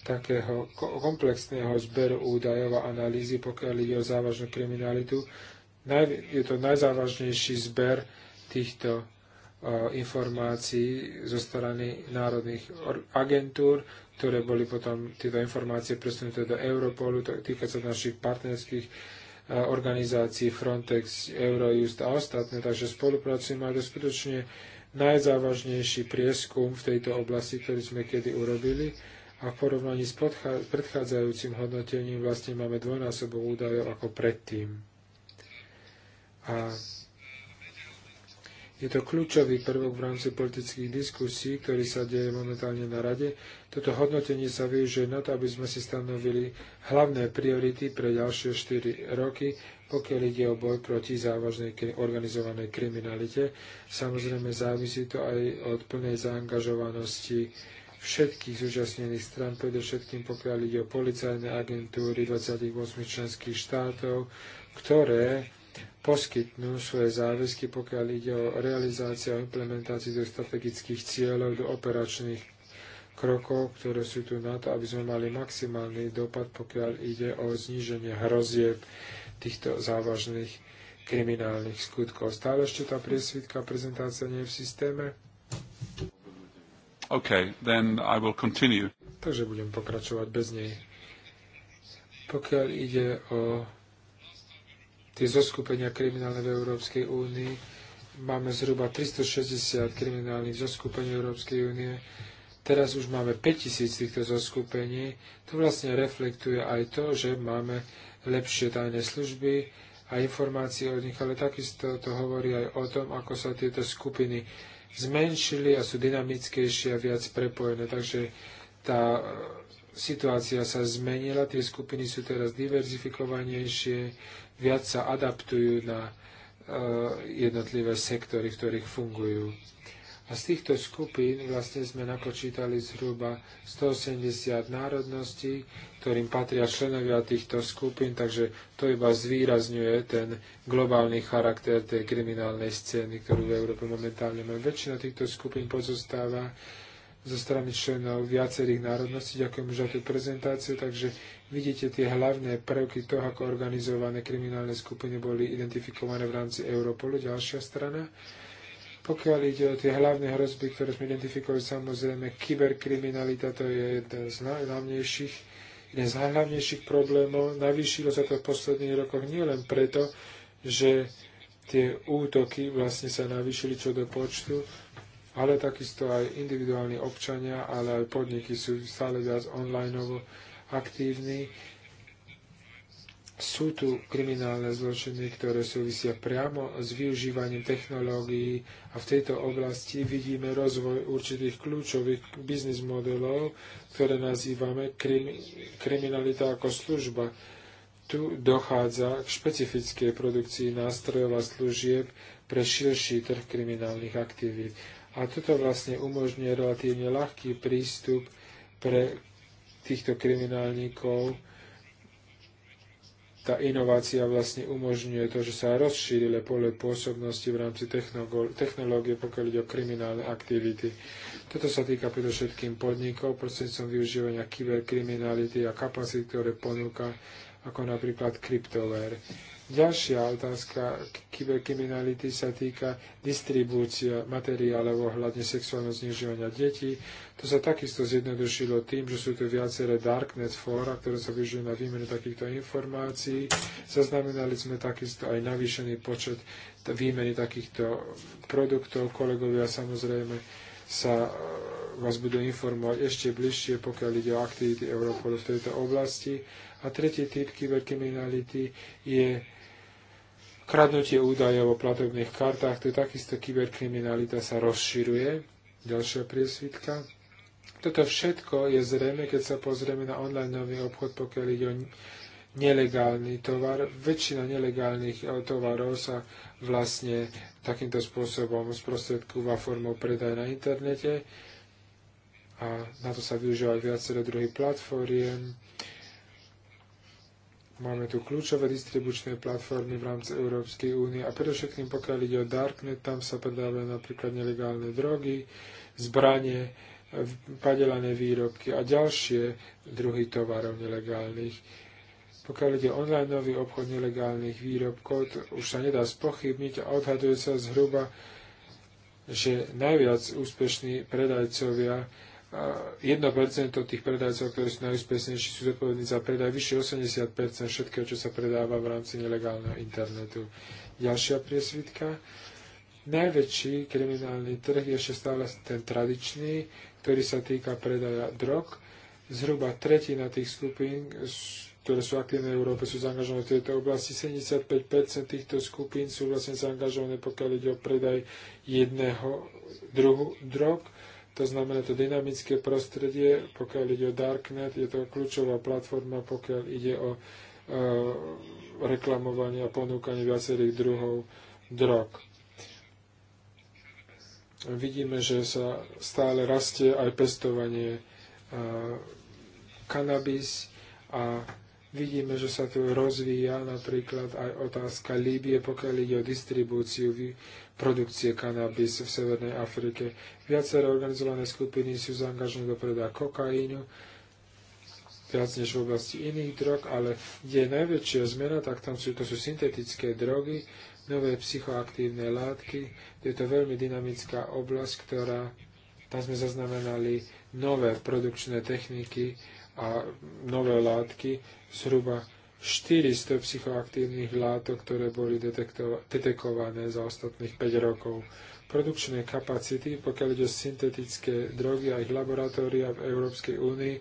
takého komplexného zberu údajov a analýzy, pokiaľ ide o závažnú kriminalitu. je to najzávažnejší zber týchto e, informácií zo strany národných agentúr, ktoré boli potom tieto informácie presunuté do Europolu, týka sa našich partnerských e, organizácií Frontex, Eurojust a ostatné, takže spolupracujeme, ale skutočne najzávažnejší prieskum v tejto oblasti, ktorý sme kedy urobili a v porovnaní s predchádzajúcim hodnotením vlastne máme dvojnásobok údajov ako predtým. A je to kľúčový prvok v rámci politických diskusí, ktorý sa deje momentálne na Rade. Toto hodnotenie sa využije na to, aby sme si stanovili hlavné priority pre ďalšie 4 roky, pokiaľ ide o boj proti závažnej organizovanej kriminalite. Samozrejme závisí to aj od plnej zaangažovanosti všetkých zúčastnených stran, predovšetkým pokiaľ ide o policajné agentúry 28 členských štátov, ktoré poskytnú svoje záväzky, pokiaľ ide o realizáciu a implementáciu do strategických cieľov, do operačných krokov, ktoré sú tu na to, aby sme mali maximálny dopad, pokiaľ ide o zníženie hrozieb týchto závažných kriminálnych skutkov. Stále ešte tá priesvitka prezentácia nie je v systéme? OK, then I will continue. Takže budem pokračovať bez nej. Pokiaľ ide o tie zoskupenia kriminálne v Európskej únii. Máme zhruba 360 kriminálnych zoskupení Európskej únie. Teraz už máme 5000 týchto zoskupení. To vlastne reflektuje aj to, že máme lepšie tajné služby a informácie o nich, ale takisto to hovorí aj o tom, ako sa tieto skupiny zmenšili a sú dynamickejšie a viac prepojené. Takže tá situácia sa zmenila, tie skupiny sú teraz diverzifikovanejšie, viac sa adaptujú na e, jednotlivé sektory, v ktorých fungujú. A z týchto skupín vlastne sme napočítali zhruba 180 národností, ktorým patria členovia týchto skupín, takže to iba zvýrazňuje ten globálny charakter tej kriminálnej scény, ktorú v Európe momentálne máme. Väčšina týchto skupín pozostáva zo strany členov viacerých národností. Ďakujem už za tú prezentáciu, takže vidíte tie hlavné prvky toho, ako organizované kriminálne skupiny boli identifikované v rámci Europolu. Ďalšia strana. Pokiaľ ide o tie hlavné hrozby, ktoré sme identifikovali, samozrejme kyberkriminalita, to je jeden z najhlavnejších, jeden z najhlavnejších problémov. Navýšilo sa to v posledných rokoch nielen preto, že tie útoky vlastne sa navýšili čo do počtu, ale takisto aj individuálni občania, ale aj podniky sú stále viac online aktívni. Sú tu kriminálne zločiny, ktoré súvisia priamo s využívaním technológií a v tejto oblasti vidíme rozvoj určitých kľúčových biznis modelov, ktoré nazývame krim, kriminalita ako služba. Tu dochádza k špecifickej produkcii nástrojov a služieb pre širší trh kriminálnych aktivít. A toto vlastne umožňuje relatívne ľahký prístup pre týchto kriminálnikov. Tá inovácia vlastne umožňuje to, že sa rozšírile pole pôsobnosti v rámci technológie, pokiaľ ide o kriminálne aktivity. Toto sa týka predovšetkým podnikov prostredníctvom využívania kyberkriminality a kapacity, ktoré ponúka, ako napríklad kryptover. Ďalšia otázka kyberkriminality sa týka distribúcia materiálov ohľadne sexuálneho znižovania detí. To sa takisto zjednodušilo tým, že sú tu viaceré darknet fóra, ktoré sa využijú na výmenu takýchto informácií. Zaznamenali sme takisto aj navýšený počet výmeny takýchto produktov. Kolegovia samozrejme sa e, vás budú informovať ešte bližšie, pokiaľ ide o aktivity Europolu v tejto oblasti. A tretí typ kyberkriminality je Kradnutie údajov o platobných kartách, tu takisto kyberkriminalita sa rozširuje. Ďalšia priesvitka. Toto všetko je zrejme, keď sa pozrieme na online nový obchod, pokiaľ ide o nelegálny tovar. Väčšina nelegálnych eh, tovarov sa vlastne takýmto spôsobom sprostredkúva formou predaj na internete a na to sa využívajú viaceré druhy platformiem Máme tu kľúčové distribučné platformy v rámci Európskej únie a predovšetkým pokiaľ ide o Darknet, tam sa predávajú napríklad nelegálne drogy, zbranie, padelané výrobky a ďalšie druhy tovarov nelegálnych. Pokiaľ ide online nový obchod nelegálnych výrobkov, to už sa nedá spochybniť a odhaduje sa zhruba, že najviac úspešní predajcovia 1% tých predajcov, ktorí sú najúspešnejší, sú zodpovední za predaj vyššie 80% všetkého, čo sa predáva v rámci nelegálneho internetu. Ďalšia priesvitka. Najväčší kriminálny trh je ešte stále ten tradičný, ktorý sa týka predaja drog. Zhruba tretina tých skupín, ktoré sú aktívne v Európe, sú zaangažované v tejto oblasti. 75% týchto skupín sú vlastne zaangažované, pokiaľ ide o predaj jedného druhu drog to znamená, to dynamické prostredie, pokiaľ ide o Darknet, je to kľúčová platforma, pokiaľ ide o e, reklamovanie a ponúkanie viacerých druhov drog. Vidíme, že sa stále rastie aj pestovanie e, kanabis a vidíme, že sa tu rozvíja napríklad aj otázka Líbie, pokiaľ ide o distribúciu produkcie kanabis v Severnej Afrike. Viaceré organizované skupiny sú zaangažované do predaja kokainu, viac než v oblasti iných drog, ale kde je najväčšia zmena, tak tam sú, to sú syntetické drogy, nové psychoaktívne látky. Je to veľmi dynamická oblasť, ktorá tam sme zaznamenali nové produkčné techniky a nové látky. Zhruba 400 psychoaktívnych látok, ktoré boli detekované za ostatných 5 rokov. Produkčné kapacity, pokiaľ ide o syntetické drogy a ich laboratória v Európskej únii,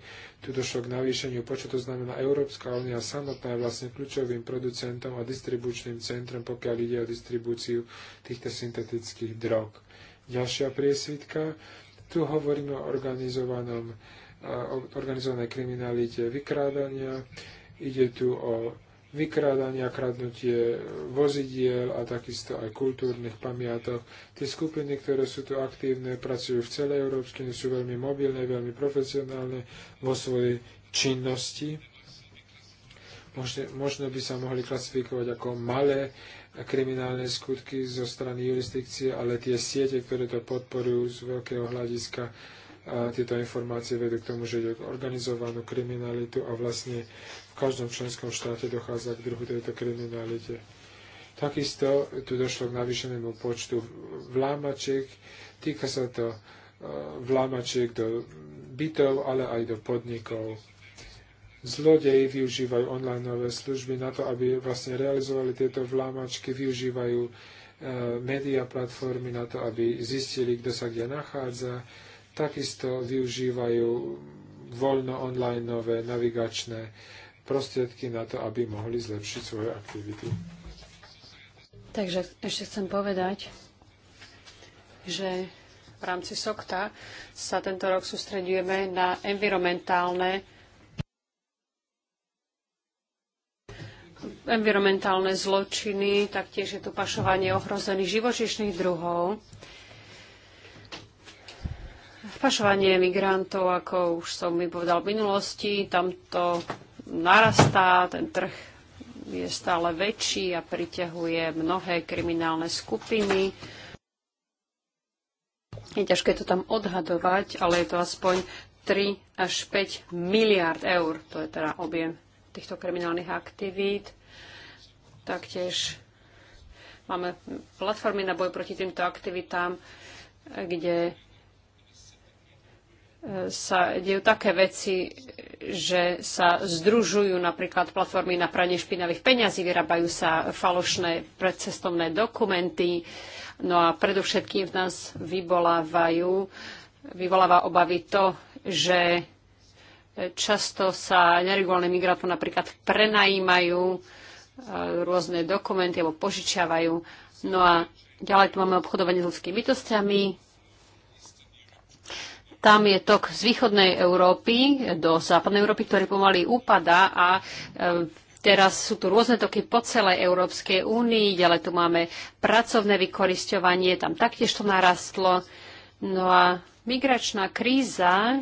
tu došlo k navýšeniu počtu, to znamená Európska únia samotná je vlastne kľúčovým producentom a distribučným centrom, pokiaľ ide o distribúciu týchto syntetických drog. Ďalšia priesvitka, tu hovoríme o organizovanom, organizovanej kriminalite vykrádania, Ide tu o vykrádanie a kradnutie vozidiel a takisto aj kultúrnych pamiatok. Tie skupiny, ktoré sú tu aktívne, pracujú v celej Európskej, sú veľmi mobilné, veľmi profesionálne vo svojej činnosti. Možno, možno by sa mohli klasifikovať ako malé kriminálne skutky zo strany jurisdikcie, ale tie siete, ktoré to podporujú z veľkého hľadiska, a tieto informácie vedú k tomu, že ide organizovanú kriminalitu a vlastne v každom členskom štáte dochádza k druhu tejto kriminalite. Takisto tu došlo k navýšenému počtu vlámačiek. Týka sa to e, vlámačiek do bytov, ale aj do podnikov. Zlodeji využívajú online služby na to, aby vlastne realizovali tieto vlámačky, využívajú e, média platformy na to, aby zistili, kto sa kde nachádza, takisto využívajú voľno online nové navigačné prostriedky na to, aby mohli zlepšiť svoje aktivity. Takže ešte chcem povedať, že v rámci SOKTA sa tento rok sústredujeme na environmentálne environmentálne zločiny, taktiež je tu pašovanie ohrozených živočišných druhov. Pašovanie migrantov, ako už som mi povedal v minulosti, tam to narastá, ten trh je stále väčší a priťahuje mnohé kriminálne skupiny. Je ťažké to tam odhadovať, ale je to aspoň 3 až 5 miliard eur. To je teda objem týchto kriminálnych aktivít. Taktiež máme platformy na boj proti týmto aktivitám, kde sa dejú také veci, že sa združujú napríklad platformy na pranie špinavých peňazí, vyrábajú sa falošné predcestovné dokumenty, no a predovšetkým v nás vyvolávajú, vyvoláva obavy to, že často sa neregulárne migrátu napríklad prenajímajú e, rôzne dokumenty alebo požičiavajú. No a ďalej tu máme obchodovanie s ľudskými bytostiami, tam je tok z východnej Európy do západnej Európy, ktorý pomaly upadá a e, Teraz sú tu rôzne toky po celej Európskej únii, ďalej tu máme pracovné vykorisťovanie, tam taktiež to narastlo. No a migračná kríza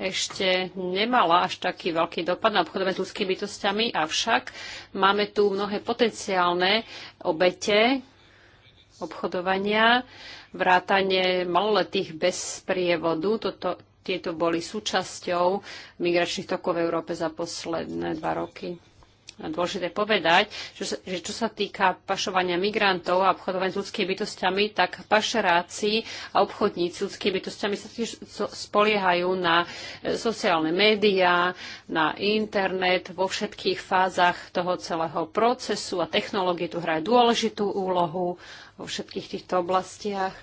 ešte nemala až taký veľký dopad na obchodové s ľudskými bytostiami, avšak máme tu mnohé potenciálne obete obchodovania vrátane maloletých bez prievodu. Toto, tieto boli súčasťou migračných tokov v Európe za posledné dva roky. A dôležité povedať, že, že čo sa týka pašovania migrantov a obchodovania s ľudskými bytostiami, tak pašeráci a obchodníci s ľudskými bytostiami sa tiež spoliehajú na e, sociálne médiá, na internet vo všetkých fázach toho celého procesu a technológie tu hrajú dôležitú úlohu vo všetkých týchto oblastiach.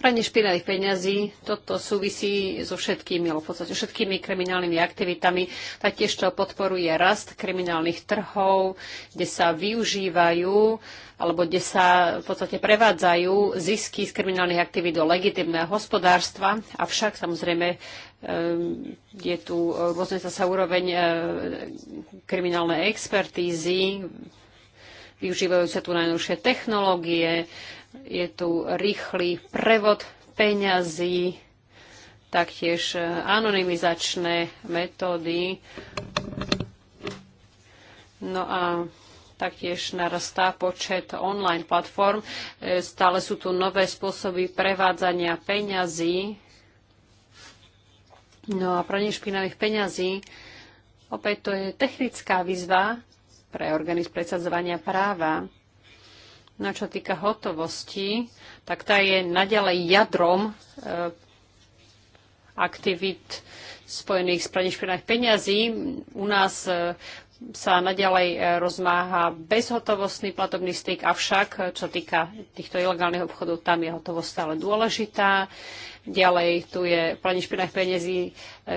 Pranie špinavých peňazí, toto súvisí so všetkými, v podstate všetkými kriminálnymi aktivitami. Taktiež to podporuje rast kriminálnych trhov, kde sa využívajú alebo kde sa v podstate prevádzajú zisky z kriminálnych aktivít do legitimného hospodárstva. Avšak samozrejme je tu e, rôzne zasa úroveň e, kriminálnej expertízy, využívajú sa tu najnovšie technológie, je tu rýchly prevod peňazí, taktiež e, anonymizačné metódy. No a taktiež narastá počet online platform. E, stále sú tu nové spôsoby prevádzania peňazí. No a pranie špinavých peňazí, opäť to je technická výzva, pre orgány presadzovania práva. No čo týka hotovosti, tak tá je naďalej jadrom e, aktivít spojených s praním špinavých peňazí. U nás e, sa naďalej e, rozmáha bezhotovostný platobný styk, avšak e, čo týka týchto ilegálnych obchodov, tam je hotovosť stále dôležitá. Ďalej tu je planie špinavých peniazí, e,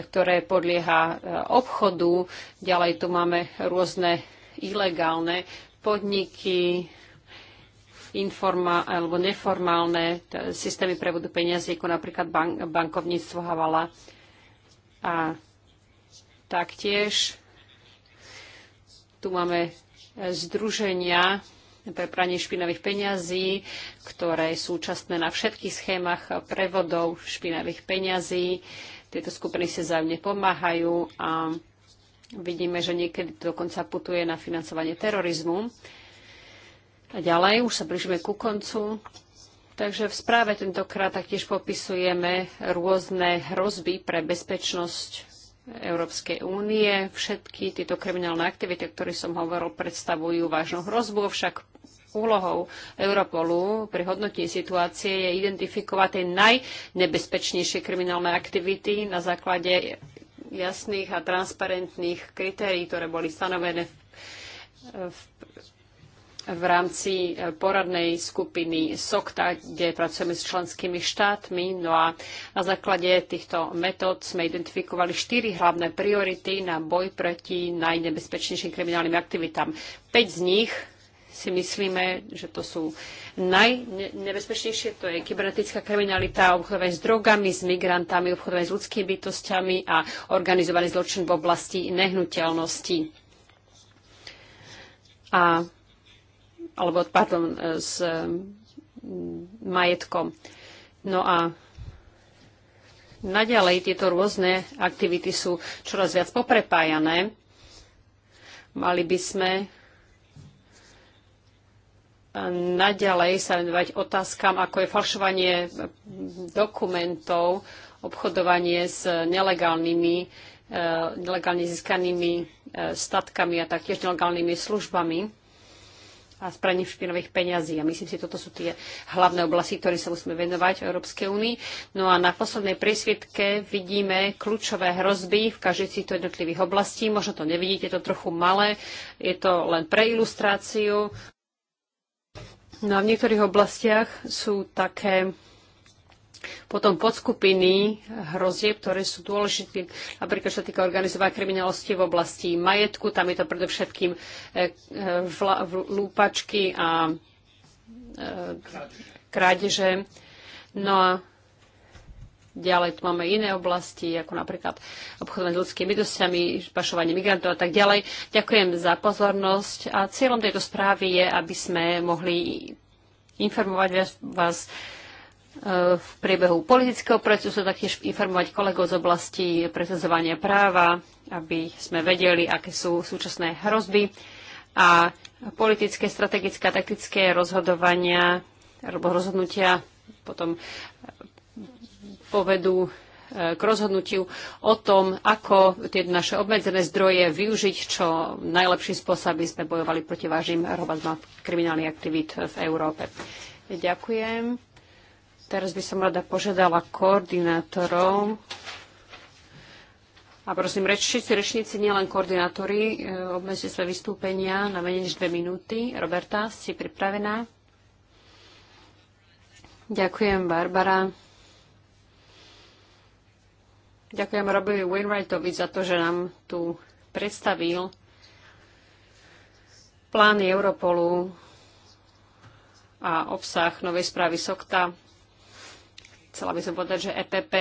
ktoré podlieha obchodu. Ďalej tu máme rôzne ilegálne podniky, informa, alebo neformálne systémy prevodu peniazy, ako napríklad bank, bankovníctvo Havala. A taktiež tu máme združenia pre pranie špinavých peňazí, ktoré sú účastné na všetkých schémach prevodov špinavých peňazí. Tieto skupiny si zájemne pomáhajú a Vidíme, že niekedy to dokonca putuje na financovanie terorizmu. A ďalej, už sa blížime ku koncu. Takže v správe tentokrát taktiež popisujeme rôzne hrozby pre bezpečnosť Európskej únie. Všetky tieto kriminálne aktivity, o ktorých som hovoril, predstavujú vážnu hrozbu, však úlohou Europolu pri hodnotení situácie je identifikovať tie najnebezpečnejšie kriminálne aktivity na základe jasných a transparentných kritérií, ktoré boli stanovené v, v, v rámci eh, poradnej skupiny SOCTA, kde pracujeme s členskými štátmi. No a na základe týchto metód sme identifikovali štyri hlavné priority na boj proti najnebezpečnejším kriminálnym aktivitám. Päť z nich si myslíme, že to sú najnebezpečnejšie, to je kybernetická kriminalita, obchodovanie s drogami, s migrantami, obchodovanie s ľudskými bytostiami a organizovaný zločin v oblasti nehnuteľnosti. A, alebo, pardon, s mm, majetkom. No a naďalej tieto rôzne aktivity sú čoraz viac poprepájané. Mali by sme naďalej sa venovať otázkam, ako je falšovanie dokumentov, obchodovanie s nelegálnymi, eh, nelegálne získanými eh, statkami a taktiež nelegálnymi službami a spraním špinových peňazí. A myslím si, toto sú tie hlavné oblasti, ktoré sa musíme venovať v Európskej únii. No a na poslednej presvietke vidíme kľúčové hrozby v každej z týchto jednotlivých oblastí. Možno to nevidíte, je to trochu malé, je to len pre ilustráciu. No a v niektorých oblastiach sú také potom podskupiny hrozieb, ktoré sú dôležité, napríklad čo sa týka organizovať kriminalosti v oblasti majetku, tam je to predovšetkým e, e, vla, lúpačky a e, krádeže. No a Ďalej tu máme iné oblasti, ako napríklad obchodovanie s ľudskými bytostiami, pašovanie migrantov a tak ďalej. Ďakujem za pozornosť a cieľom tejto správy je, aby sme mohli informovať vás e, v priebehu politického procesu, taktiež informovať kolegov z oblasti presadzovania práva, aby sme vedeli, aké sú súčasné hrozby a politické, strategické a taktické rozhodovania alebo rozhodnutia potom povedú e, k rozhodnutiu o tom, ako tie naše obmedzené zdroje využiť čo najlepší spôsob, aby sme bojovali proti vážnym robotma kriminálnych aktivít v Európe. Ďakujem. Teraz by som rada požiadala koordinátorov. A prosím, rečníci, rečníci, nielen koordinátori, e, obmedzte svoje vystúpenia na menej než dve minúty. Roberta, si pripravená? Ďakujem, Barbara. Ďakujem Robovi Wainwrightovi za to, že nám tu predstavil plány Europolu a obsah novej správy SOKTA. Chcela by som povedať, že EPP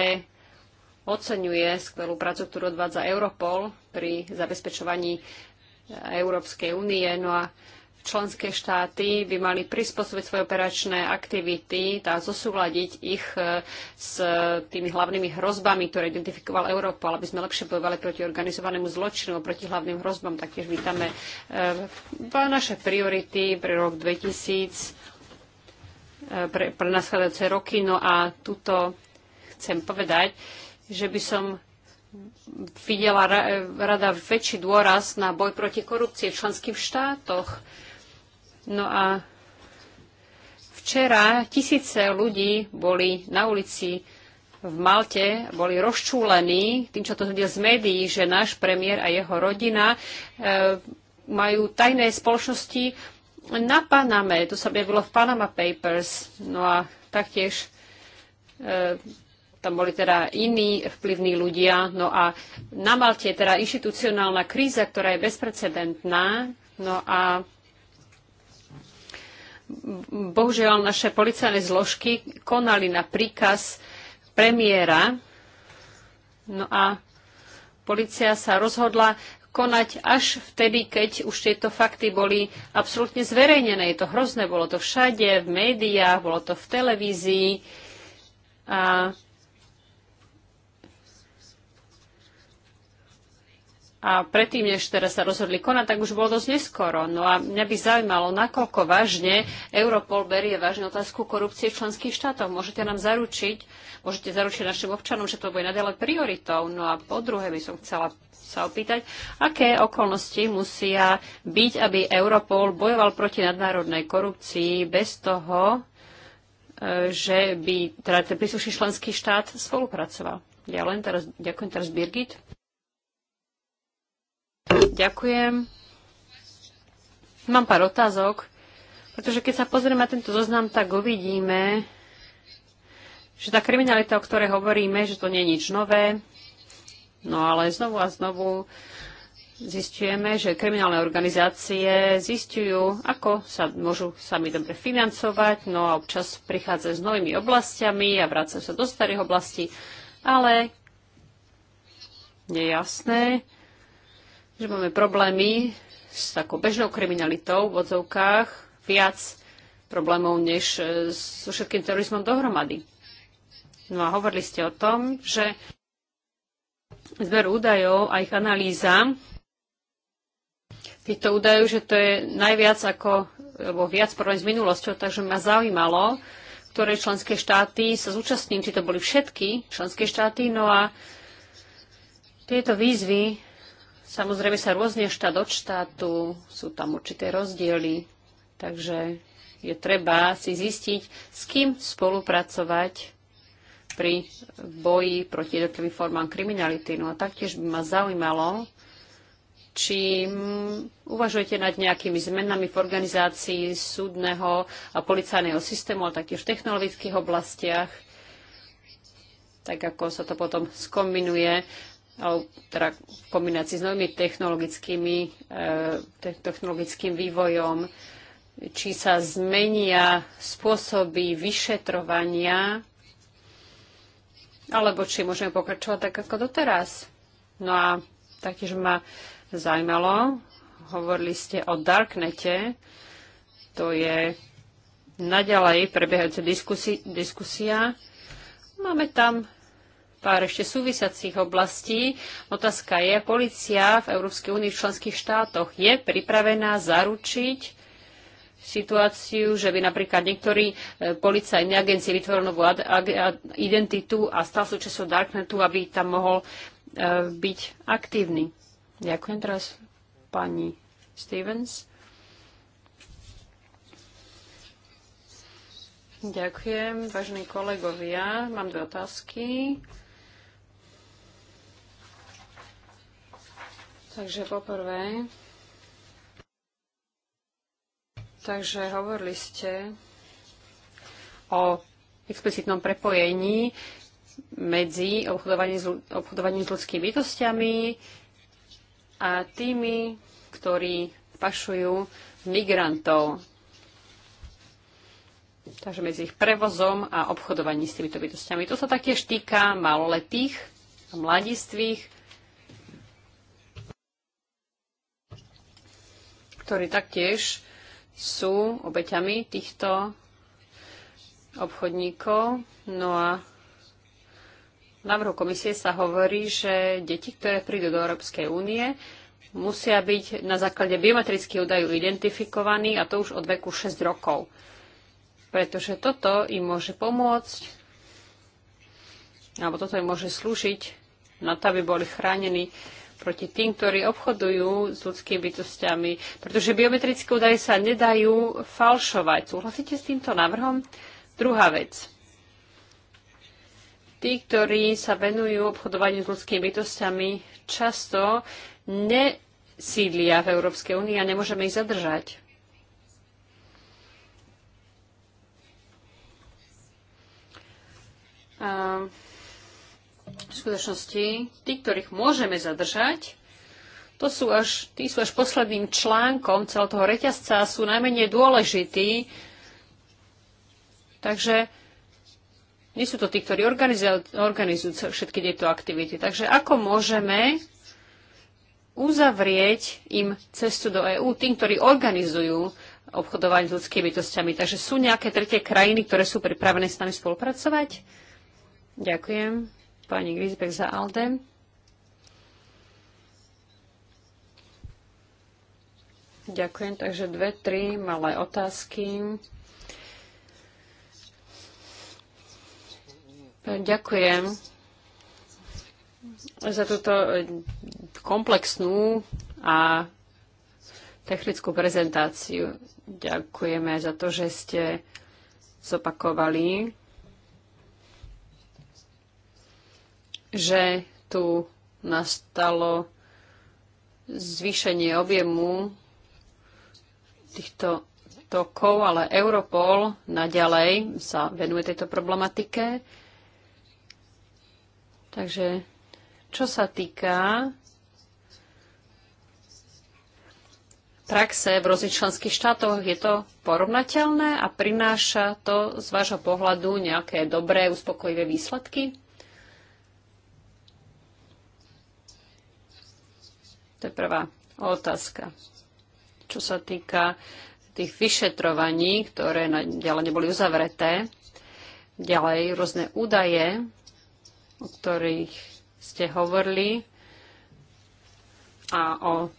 oceňuje skvelú prácu, ktorú odvádza Europol pri zabezpečovaní Európskej únie. No a členské štáty by mali prispôsobiť svoje operačné aktivity a zosúľadiť ich e, s tými hlavnými hrozbami, ktoré identifikoval Europol, aby sme lepšie bojovali proti organizovanému zločinu a proti hlavným hrozbám. Taktiež vítame e, naše priority pre rok 2000, e, pre, pre nasledujúce roky. No a tuto chcem povedať, že by som videla rada väčší dôraz na boj proti korupcii v členských štátoch. No a včera tisíce ľudí boli na ulici v Malte boli rozčúlení tým, čo to zvedel z médií, že náš premiér a jeho rodina e, majú tajné spoločnosti na Paname. To sa objavilo v Panama Papers. No a taktiež e, tam boli teda iní vplyvní ľudia. No a na Malte je teda inštitucionálna kríza, ktorá je bezprecedentná. No a bohužiaľ naše policajné zložky konali na príkaz premiéra. No a policia sa rozhodla konať až vtedy, keď už tieto fakty boli absolútne zverejnené. Je to hrozné, bolo to všade, v médiách, bolo to v televízii. A a predtým, než teraz sa rozhodli konať, tak už bolo dosť neskoro. No a mňa by zaujímalo, nakoľko vážne Europol berie vážne otázku korupcie v členských štátoch. Môžete nám zaručiť, môžete zaručiť našim občanom, že to bude nadalej prioritou. No a po druhé by som chcela sa opýtať, aké okolnosti musia byť, aby Europol bojoval proti nadnárodnej korupcii bez toho, e, že by teda ten príslušný členský štát spolupracoval. Ja len teraz, ďakujem teraz Birgit. Ďakujem. Mám pár otázok, pretože keď sa pozrieme na tento zoznam, tak uvidíme, že tá kriminalita, o ktorej hovoríme, že to nie je nič nové, no ale znovu a znovu zistujeme, že kriminálne organizácie zistujú, ako sa môžu sami dobre financovať, no a občas prichádza s novými oblastiami a vracajú sa do starých oblastí, ale nejasné, že máme problémy s takou bežnou kriminalitou v odzovkách, viac problémov než e, so všetkým terorizmom dohromady. No a hovorili ste o tom, že zber údajov a ich analýza týchto údajov, že to je najviac ako, alebo viac problém s minulosťou, takže ma zaujímalo, ktoré členské štáty sa zúčastní, či to boli všetky členské štáty, no a tieto výzvy Samozrejme sa rôzne štát od štátu, sú tam určité rozdiely, takže je treba si zistiť, s kým spolupracovať pri boji proti jednotlivým formám kriminality. No a taktiež by ma zaujímalo, či uvažujete nad nejakými zmenami v organizácii súdneho a policajného systému, ale taktiež v technologických oblastiach, tak ako sa to potom skombinuje alebo teda v kombinácii s novými technologickými, eh, technologickým vývojom, či sa zmenia spôsoby vyšetrovania, alebo či môžeme pokračovať tak ako doteraz. No a taktiež ma zaujímalo, hovorili ste o Darknete, to je naďalej prebiehajúca diskusia. Máme tam pár ešte súvisiacich oblastí. Otázka je, policia v Európskej únii v členských štátoch je pripravená zaručiť situáciu, že by napríklad niektorí e, policajní agencie vytvorili novú identitu a stal súčasťou Darknetu, aby tam mohol e, byť aktívny. Ďakujem teraz pani Stevens. Ďakujem, vážení kolegovia. Mám dve otázky. Takže poprvé, takže hovorili ste o explicitnom prepojení medzi obchodovaním s, obchodovaním s ľudskými bytostiami a tými, ktorí pašujú migrantov. Takže medzi ich prevozom a obchodovaním s týmito bytostiami. To sa taktiež týka maloletých a mladistvých, ktorí taktiež sú obeťami týchto obchodníkov. No a v návrhu komisie sa hovorí, že deti, ktoré prídu do Európskej únie, musia byť na základe biometrických údajov identifikovaní a to už od veku 6 rokov. Pretože toto im môže pomôcť, alebo toto im môže slúžiť na to, aby boli chránení proti tým, ktorí obchodujú s ľudskými bytostiami, pretože biometrické údaje sa nedajú falšovať. Súhlasíte s týmto návrhom? Druhá vec. Tí, ktorí sa venujú obchodovaniu s ľudskými bytostiami, často nesídlia v Európskej únii a nemôžeme ich zadržať. Uh, v skutočnosti tí, ktorých môžeme zadržať, to sú až, tí sú až posledným článkom celého toho reťazca a sú najmenej dôležití. Takže nie sú to tí, ktorí organizujú, organizujú všetky tieto aktivity. Takže ako môžeme uzavrieť im cestu do EÚ tým, ktorí organizujú obchodovanie s ľudskými bytostiami. Takže sú nejaké tretie krajiny, ktoré sú pripravené s nami spolupracovať? Ďakujem pani Grisbeck za ALDE. Ďakujem, takže dve, tri malé otázky. Ďakujem za túto e, komplexnú a technickú prezentáciu. Ďakujeme za to, že ste zopakovali že tu nastalo zvýšenie objemu týchto tokov, ale Europol naďalej sa venuje tejto problematike. Takže čo sa týka praxe v rôznych členských štátoch, je to porovnateľné a prináša to z vášho pohľadu nejaké dobré, uspokojivé výsledky? To je prvá otázka. Čo sa týka tých vyšetrovaní, ktoré ďalej neboli uzavreté, ďalej rôzne údaje, o ktorých ste hovorili a o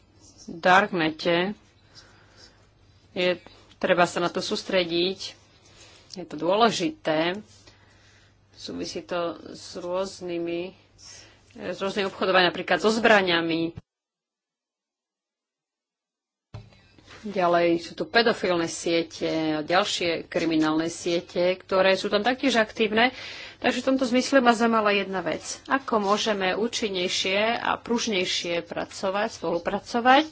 darknete, je, treba sa na to sústrediť, je to dôležité, súvisí to s rôznymi, s rôznymi obchodovaním napríklad so zbraniami, Ďalej sú tu pedofilné siete a ďalšie kriminálne siete, ktoré sú tam taktiež aktívne. Takže v tomto zmysle ma zaujímala jedna vec. Ako môžeme účinnejšie a pružnejšie pracovať, spolupracovať?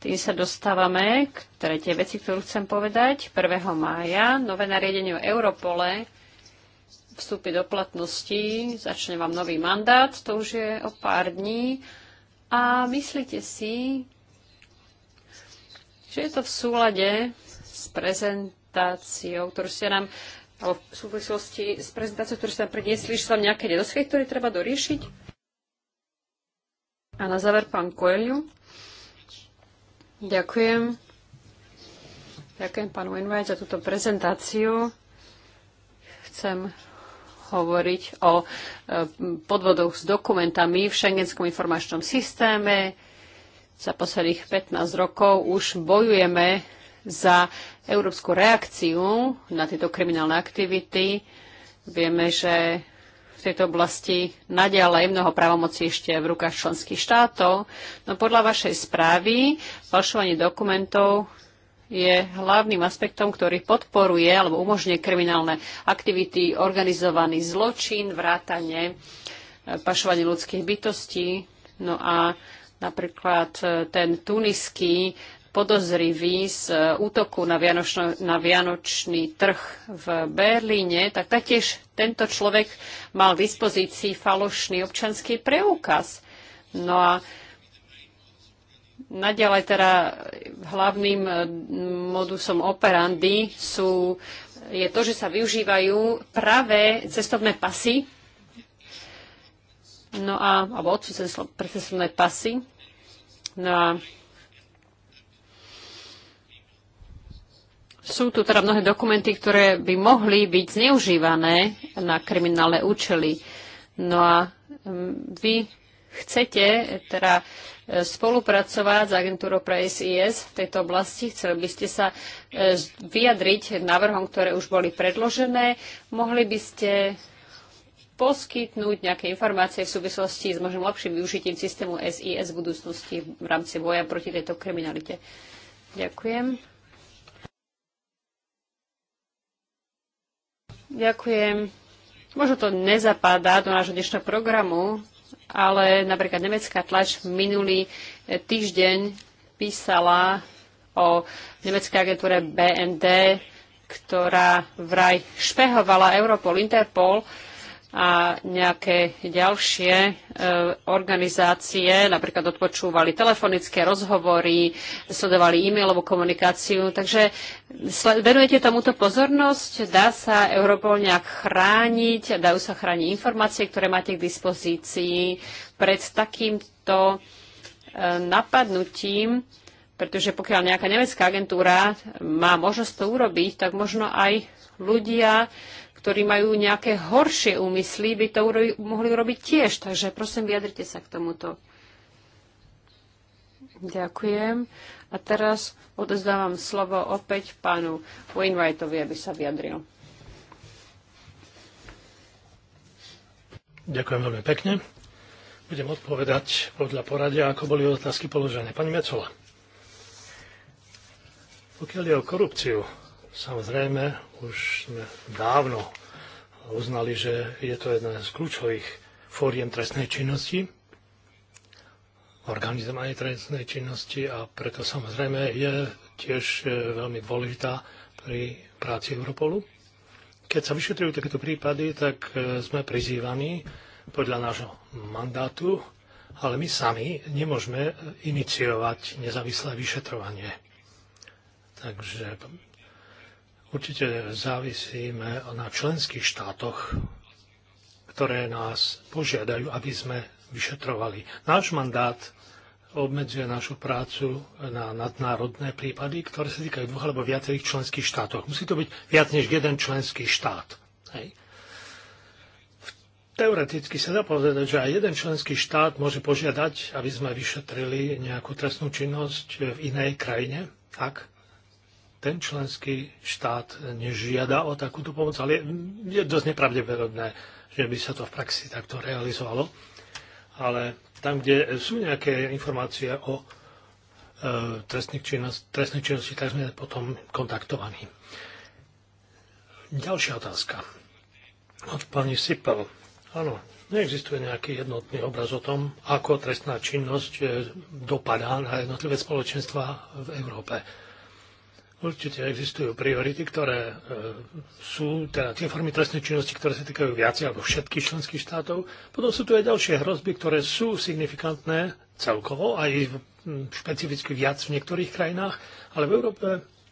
Tým sa dostávame k tretej veci, ktorú chcem povedať. 1. mája nové nariadenie o Europole vstúpi do platnosti, začne vám nový mandát, to už je o pár dní. A myslíte si, Čiže je to v súlade s prezentáciou, ktorú ste nám alebo v súvislosti s prezentáciou, ktorú ste nám predniesli, sú tam nejaké nedostatky, ktoré treba doriešiť? A na záver pán Koeliu. Ďakujem. Ďakujem pán Wainwright za túto prezentáciu. Chcem hovoriť o e, podvodoch s dokumentami v šengenskom informačnom systéme, za posledných 15 rokov už bojujeme za európsku reakciu na tieto kriminálne aktivity. Vieme, že v tejto oblasti naďalej mnoho právomocí ešte v rukách členských štátov. No podľa vašej správy falšovanie dokumentov je hlavným aspektom, ktorý podporuje alebo umožňuje kriminálne aktivity, organizovaný zločin, vrátanie, pašovanie ľudských bytostí. No a Napríklad e, ten tuniský podozrivý z e, útoku na, vianočno, na vianočný trh v Berlíne, tak taktiež tento človek mal v dispozícii falošný občanský preukaz. No a Naďalej teda hlavným e, modusom operandy sú, je to, že sa využívajú práve cestovné pasy, no a, alebo odsú cestovné pasy, No sú tu teda mnohé dokumenty, ktoré by mohli byť zneužívané na kriminálne účely. No a mm, vy chcete teda e, spolupracovať s agentúrou pre SIS v tejto oblasti. Chceli by ste sa e, vyjadriť návrhom, ktoré už boli predložené. Mohli by ste poskytnúť nejaké informácie v súvislosti s možným lepším využitím systému SIS v budúcnosti v rámci boja proti tejto kriminalite. Ďakujem. Ďakujem. Možno to nezapadá do nášho dnešného programu, ale napríklad nemecká tlač minulý týždeň písala o nemeckej agentúre BND, ktorá vraj špehovala Europol, Interpol a nejaké ďalšie e, organizácie napríklad odpočúvali telefonické rozhovory, sledovali e-mailovú komunikáciu. Takže venujete tomuto pozornosť? Dá sa Europol nejak chrániť? Dajú sa chrániť informácie, ktoré máte k dispozícii pred takýmto e, napadnutím? Pretože pokiaľ nejaká nemecká agentúra má možnosť to urobiť, tak možno aj ľudia ktorí majú nejaké horšie úmysly, by to mohli urobiť tiež. Takže prosím, vyjadrite sa k tomuto. Ďakujem. A teraz odozdávam slovo opäť pánu Wainwrightovi, aby sa vyjadril. Ďakujem veľmi pekne. Budem odpovedať podľa poradia, ako boli otázky položené. Pani Mecola, pokiaľ je o korupciu, Samozrejme, už sme dávno uznali, že je to jedna z kľúčových fóriem trestnej činnosti, organizovanej trestnej činnosti a preto samozrejme je tiež e, veľmi dôležitá pri práci Europolu. Keď sa vyšetrujú takéto prípady, tak e, sme prizývaní podľa nášho mandátu, ale my sami nemôžeme iniciovať nezávislé vyšetrovanie. Takže Určite závisíme na členských štátoch, ktoré nás požiadajú, aby sme vyšetrovali. Náš mandát obmedzuje našu prácu na nadnárodné prípady, ktoré sa týkajú dvoch alebo viacerých členských štátov. Musí to byť viac než jeden členský štát. Hej. Teoreticky sa dá povedať, že aj jeden členský štát môže požiadať, aby sme vyšetrili nejakú trestnú činnosť v inej krajine, ak ten členský štát nežiada o takúto pomoc, ale je dosť nepravdepodobné, že by sa to v praxi takto realizovalo. Ale tam, kde sú nejaké informácie o e, trestných, činnosti, trestných činnosti, tak sme potom kontaktovaní. Ďalšia otázka. Od pani Sipel. Áno, neexistuje nejaký jednotný obraz o tom, ako trestná činnosť e, dopadá na jednotlivé spoločenstva v Európe. Určite existujú priority, ktoré e, sú, teda tie formy trestnej činnosti, ktoré sa týkajú viac alebo všetkých členských štátov. Potom sú tu aj ďalšie hrozby, ktoré sú signifikantné celkovo, aj špecificky viac v niektorých krajinách, ale v Európe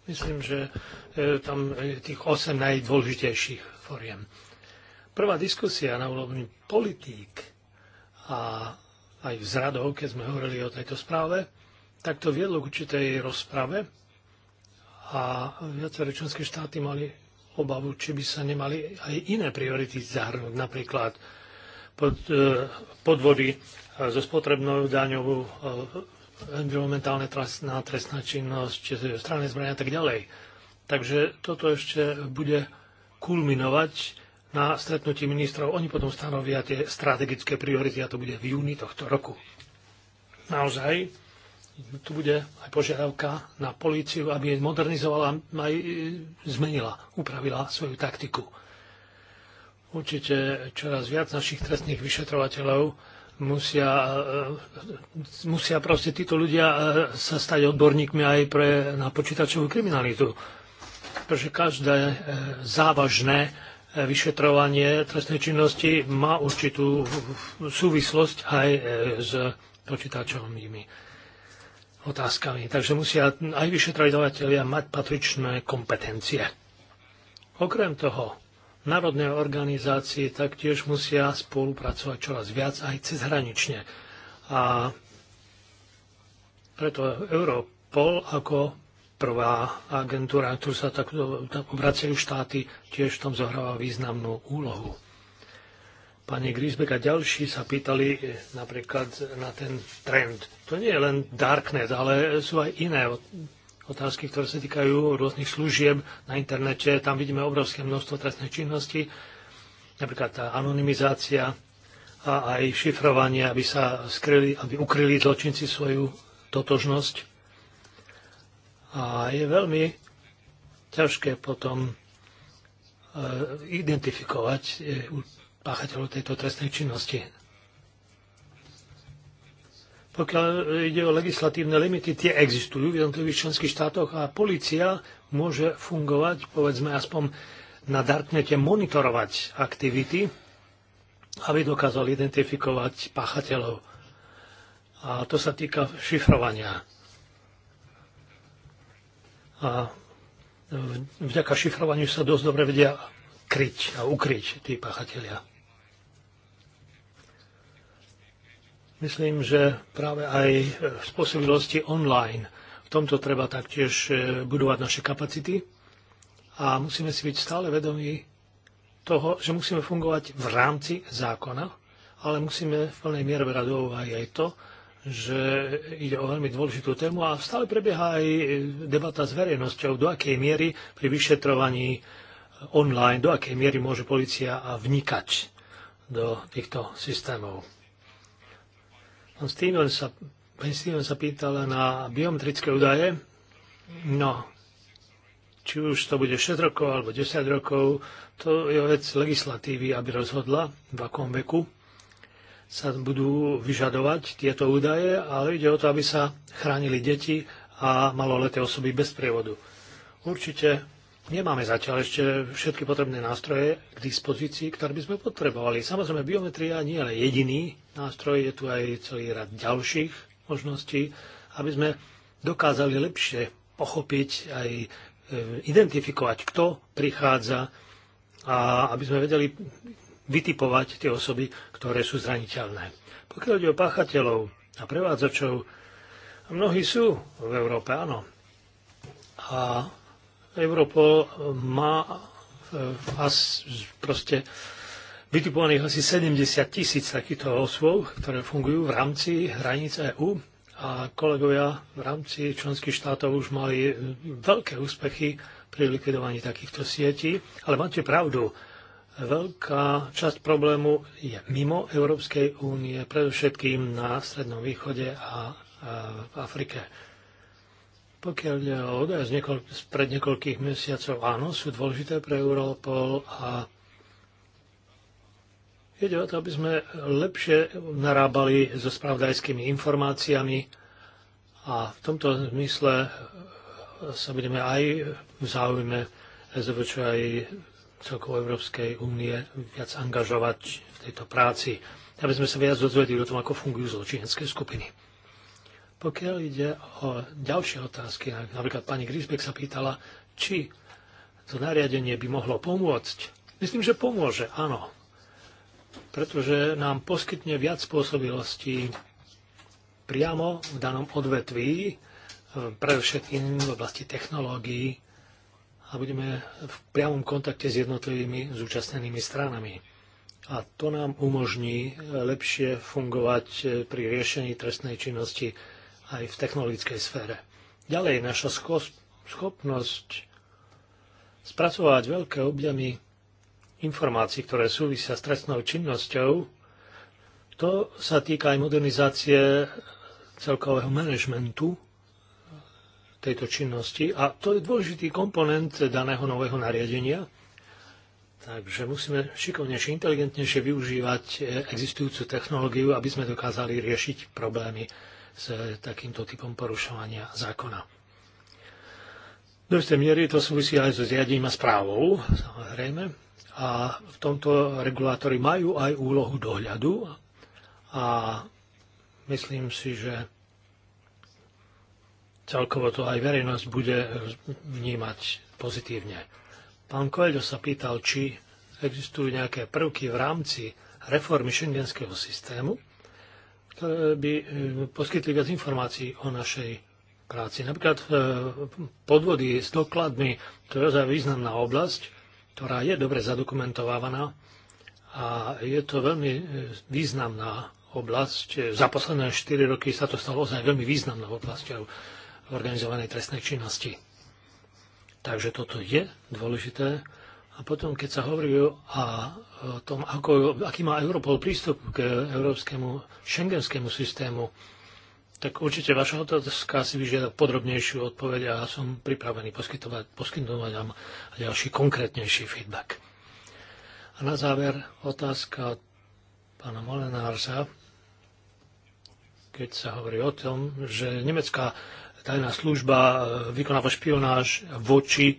myslím, že e, tam je tých 8 najdôležitejších foriem. Prvá diskusia na úrovni politík a aj vzradov, keď sme hovorili o tejto správe, tak to viedlo k určitej rozprave, a viaceré členské štáty mali obavu, či by sa nemali aj iné priority zahrnúť, napríklad pod, e, podvody so spotrebnou daňovú, e, environmentálne trestná, trestná činnosť, e, strany zbrania a tak ďalej. Takže toto ešte bude kulminovať na stretnutí ministrov. Oni potom stanovia tie strategické priority a to bude v júni tohto roku. Naozaj, tu bude aj požiadavka na políciu, aby modernizovala, aj zmenila, upravila svoju taktiku. Určite čoraz viac našich trestných vyšetrovateľov musia, e, musia proste títo ľudia e, sa stať odborníkmi aj pre, na počítačovú kriminalitu. Pretože každé e, závažné vyšetrovanie trestnej činnosti má určitú súvislosť aj s počítačovými otázkami. Takže musia aj vyšetrovateľia mať patričné kompetencie. Okrem toho, národné organizácie taktiež musia spolupracovať čoraz viac aj cezhranične. A preto Europol ako prvá agentúra, ktorú sa takto obracajú štáty, tiež tam zohráva významnú úlohu. Pani Grisbeck a ďalší sa pýtali napríklad na ten trend to nie je len darknet, ale sú aj iné otázky, ktoré sa týkajú rôznych služieb na internete. Tam vidíme obrovské množstvo trestnej činnosti, napríklad tá anonymizácia a aj šifrovanie, aby sa skryli, aby ukryli zločinci svoju totožnosť. A je veľmi ťažké potom eh, identifikovať eh, páchateľov tejto trestnej činnosti. Pokiaľ ide o legislatívne limity, tie existujú v jednotlivých členských štátoch a policia môže fungovať, povedzme aspoň na Darknete monitorovať aktivity, aby dokázal identifikovať páchateľov. A to sa týka šifrovania. A vďaka šifrovaniu sa dosť dobre vedia kryť a ukryť tí páchatelia. Myslím, že práve aj e, spôsobilosti online. V tomto treba taktiež e, budovať naše kapacity a musíme si byť stále vedomí toho, že musíme fungovať v rámci zákona, ale musíme v plnej miere brať do úvahy aj to, že ide o veľmi dôležitú tému a stále prebieha aj e, debata s verejnosťou, do akej miery pri vyšetrovaní online, do akej miery môže policia vnikať do týchto systémov. No, Steven sa, pani Steven sa pýtala na biometrické údaje. No, či už to bude 6 rokov alebo 10 rokov, to je vec legislatívy, aby rozhodla, v akom veku sa budú vyžadovať tieto údaje, ale ide o to, aby sa chránili deti a maloleté osoby bez prievodu. Určite Nemáme zatiaľ ešte všetky potrebné nástroje k dispozícii, ktoré by sme potrebovali. Samozrejme, biometria nie je ale jediný nástroj, je tu aj celý rad ďalších možností, aby sme dokázali lepšie pochopiť aj e, identifikovať, kto prichádza a aby sme vedeli vytipovať tie osoby, ktoré sú zraniteľné. Pokiaľ ide o páchateľov a prevádzačov, mnohí sú v Európe, áno. A Europol má eh, as, proste vytipovaných asi 70 tisíc takýchto osôb, ktoré fungujú v rámci hraníc EÚ a kolegovia v rámci členských štátov už mali veľké úspechy pri likvidovaní takýchto sietí. Ale máte pravdu, veľká časť problému je mimo Európskej únie, predovšetkým na Strednom východe a v Afrike. Pokiaľ ide o ODS, z niekoľk- pred niekoľkých mesiacov, áno, sú dôležité pre Europol a ide o to, aby sme lepšie narábali so spravodajskými informáciami a v tomto zmysle sa budeme aj v záujme SVČ aj celkovo Európskej únie viac angažovať v tejto práci, aby sme sa viac dozvedeli o tom, ako fungujú zločinecké skupiny. Pokiaľ ide o ďalšie otázky, napríklad pani Grisbeck sa pýtala, či to nariadenie by mohlo pomôcť. Myslím, že pomôže, áno. Pretože nám poskytne viac spôsobilostí priamo v danom odvetví, e, pre všetkým v oblasti technológií a budeme v priamom kontakte s jednotlivými zúčastnenými stranami a to nám umožní e, lepšie fungovať e, pri riešení trestnej činnosti aj v technologickej sfére. Ďalej naša schopnosť spracovať veľké objemy informácií, ktoré súvisia s trestnou činnosťou, to sa týka aj modernizácie celkového manažmentu tejto činnosti a to je dôležitý komponent daného nového nariadenia. Takže musíme šikovnejšie, inteligentnejšie využívať existujúcu technológiu, aby sme dokázali riešiť problémy s takýmto typom porušovania zákona. Do istej miery to súvisí aj so zriadením a správou, samozrejme. A v tomto regulátori majú aj úlohu dohľadu a myslím si, že celkovo to aj verejnosť bude vnímať pozitívne. Pán Koeľo sa pýtal, či existujú nejaké prvky v rámci reformy šengenského systému, ktoré by e, poskytli viac informácií o našej práci. Napríklad e, podvody s dokladmi, to je naozaj významná oblasť, ktorá je dobre zadokumentovávaná a je to veľmi e, významná oblasť. Za posledné 4 roky sa to stalo ozaj veľmi významnou oblasťou organizovanej trestnej činnosti. Takže toto je dôležité. A potom, keď sa hovorí o, a, o tom, ako, aký má Europol prístup k európskemu šengenskému systému, tak určite vaša otázka si vyžiada podrobnejšiu odpoveď a som pripravený poskytovať, poskytovať vám ďalší konkrétnejší feedback. A na záver otázka od pána Molenársa, keď sa hovorí o tom, že nemecká tajná služba e, vykonáva špionáž voči e,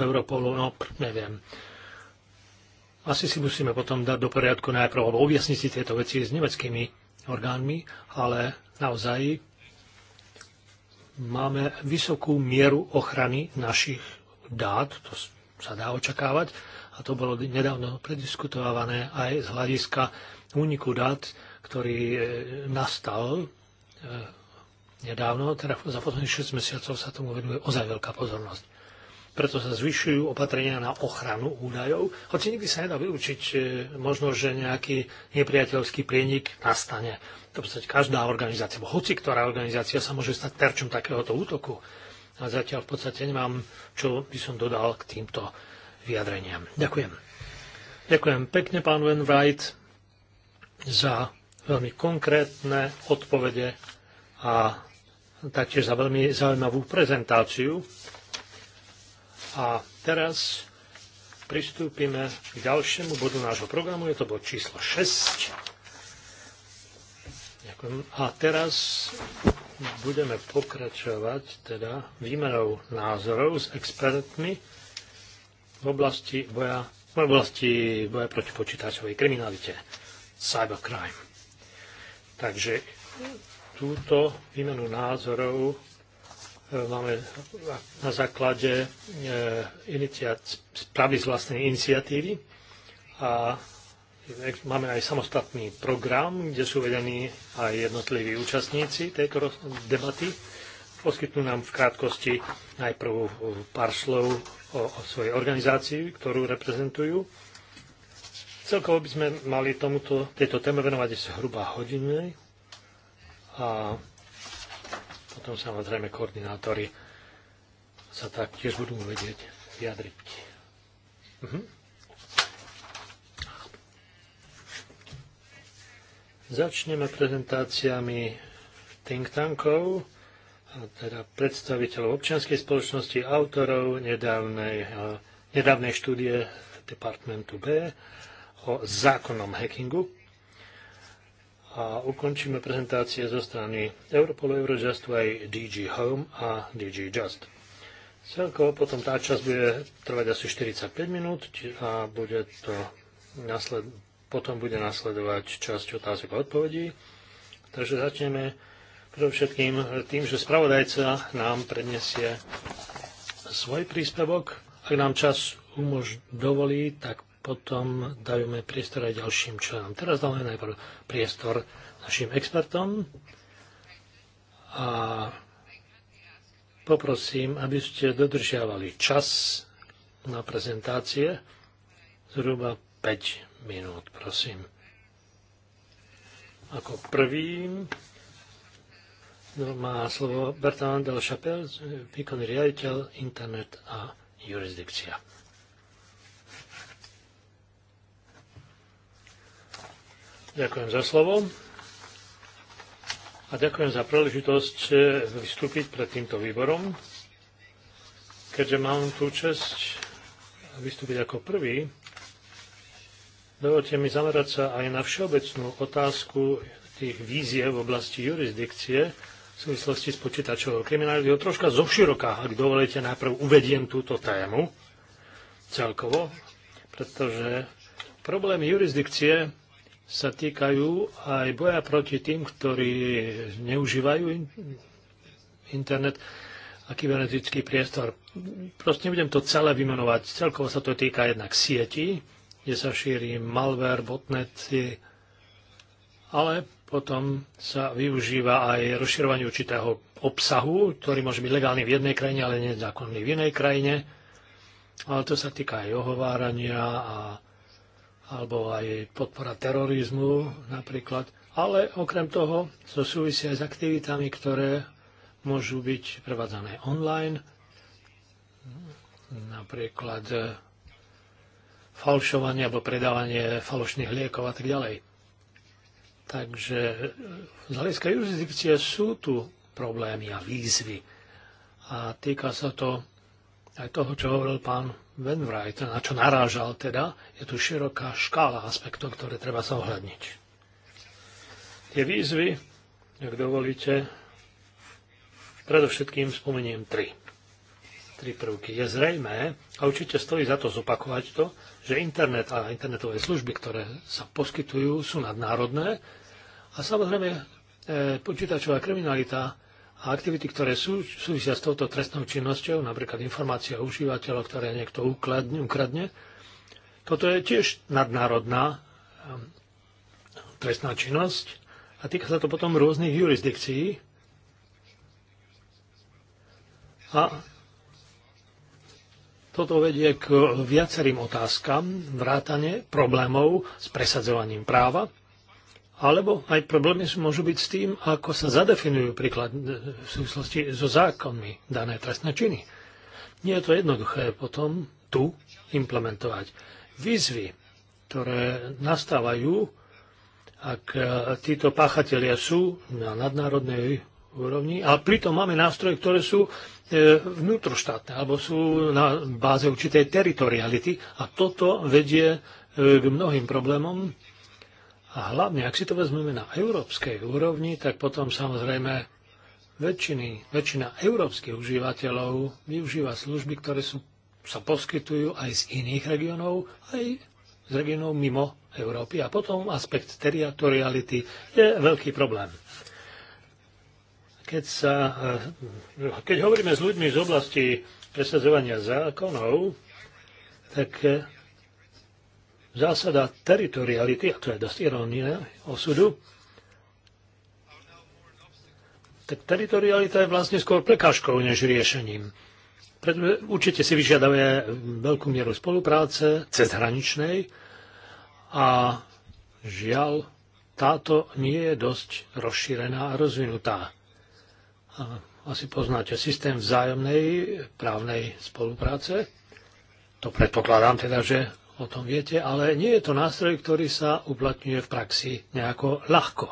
Europolu, no neviem. Asi si musíme potom dať do poriadku najprv, alebo objasniť si tieto veci s nemeckými orgánmi, ale naozaj máme vysokú mieru ochrany našich dát, to sa dá očakávať, a to bolo nedávno prediskutované aj z hľadiska úniku dát, ktorý e, nastal e, nedávno, teda za posledných 6 mesiacov sa tomu venuje ozaj veľká pozornosť preto sa zvyšujú opatrenia na ochranu údajov, hoci nikdy sa nedá vylúčiť e, možno, že nejaký nepriateľský prienik nastane. To podstate každá organizácia, bo hoci ktorá organizácia sa môže stať terčom takéhoto útoku. A zatiaľ v podstate nemám, čo by som dodal k týmto vyjadreniam. Ďakujem. Ďakujem pekne, pán Wainwright, za veľmi konkrétne odpovede a taktiež za veľmi zaujímavú prezentáciu a teraz pristúpime k ďalšiemu bodu nášho programu, je to bod číslo 6. Ďakujem. A teraz budeme pokračovať teda výmenou názorov s expertmi v oblasti boja, v oblasti boja proti počítačovej kriminalite, cybercrime. Takže túto výmenu názorov E, máme na základe e, správy z vlastnej iniciatívy a máme aj samostatný program, kde sú vedení aj jednotliví účastníci tejto debaty. Poskytnú nám v krátkosti najprv pár slov o, o svojej organizácii, ktorú reprezentujú. Celkovo by sme mali tomuto, tejto téme venovať zhruba hodinu. a potom samozrejme koordinátori sa taktiež budú vedieť vyjadriť. Mhm. Začneme prezentáciami think tankov, teda predstaviteľov občianskej spoločnosti, autorov nedávnej, nedávnej štúdie Departmentu B o zákonnom hackingu a ukončíme prezentácie zo strany Europol Eurojustu aj DG Home a DG Just. Celko potom tá časť bude trvať asi 45 minút a bude to nasled... potom bude nasledovať časť otázok a odpovedí. Takže začneme predovšetkým tým, že spravodajca nám predniesie svoj príspevok. Ak nám čas umož... dovolí, tak potom dajme priestor aj ďalším členom. Teraz dáme najprv priestor našim expertom a poprosím, aby ste dodržiavali čas na prezentácie, zhruba 5 minút, prosím. Ako prvý má slovo Bertrand Del Chapelle, výkonný riaditeľ Internet a jurisdikcia. Ďakujem za slovo a ďakujem za príležitosť eh, vystúpiť pred týmto výborom. Keďže mám tú čest eh, vystúpiť ako prvý, dovolte mi zamerať sa aj na všeobecnú otázku tých vízie v oblasti jurisdikcie v súvislosti s počítačovou kriminalitou. Troška zoširoká, ak dovolíte, najprv uvediem túto tému celkovo, pretože problém jurisdikcie sa týkajú aj boja proti tým, ktorí neužívajú internet a kybernetický priestor. Proste nebudem to celé vymenovať. Celkovo sa to týka jednak sieti, kde sa šíri malware, botnety, ale potom sa využíva aj rozširovanie určitého obsahu, ktorý môže byť legálny v jednej krajine, ale nezákonný v inej krajine. Ale to sa týka aj ohovárania a alebo aj podpora terorizmu napríklad, ale okrem toho to súvisia aj s aktivitami, ktoré môžu byť prevádzané online, napríklad eh, falšovanie alebo predávanie falošných liekov a tak ďalej. Takže eh, z hľadiska jurisdikcie sú tu problémy a výzvy. A týka sa to aj toho, čo hovoril pán Wainwright, na čo narážal teda, je tu široká škála aspektov, ktoré treba zohľadniť. Tie výzvy, ak dovolíte, predovšetkým spomeniem tri. Tri prvky. Je zrejmé, a určite stojí za to zopakovať to, že internet a internetové služby, ktoré sa poskytujú, sú nadnárodné a samozrejme e, počítačová kriminalita a aktivity, ktoré sú, súvisia s touto trestnou činnosťou, napríklad informácia o užívateľoch, ktoré niekto ukladne, ukradne, toto je tiež nadnárodná um, trestná činnosť a týka sa to potom rôznych jurisdikcií. A toto vedie k viacerým otázkam, vrátane problémov s presadzovaním práva, alebo aj problémy môžu byť s tým, ako sa zadefinujú príklad e, v súvislosti so zákonmi dané trestné činy. Nie je to jednoduché potom tu implementovať. Výzvy, ktoré nastávajú, ak e, títo páchatelia sú na nadnárodnej úrovni, ale pritom máme nástroje, ktoré sú e, vnútroštátne alebo sú na báze určitej teritoriality a toto vedie k mnohým problémom, a hlavne, ak si to vezmeme na európskej úrovni, tak potom samozrejme väčšiny, väčšina európskych užívateľov využíva služby, ktoré sú, sa poskytujú aj z iných regionov, aj z regionov mimo Európy. A potom aspekt teritoriality je veľký problém. Keď, sa, eh, keď hovoríme s ľuďmi z oblasti presadzovania zákonov, tak eh, zásada teritoriality, a to je dosť ironie osudu, tak teritorialita je vlastne skôr prekážkou než riešením. Pretože určite si vyžiadavuje veľkú mieru spolupráce cezhraničnej a žiaľ, táto nie je dosť rozšírená a rozvinutá. A asi poznáte systém vzájomnej právnej spolupráce. To predpokladám teda, že o tom viete, ale nie je to nástroj, ktorý sa uplatňuje v praxi nejako ľahko.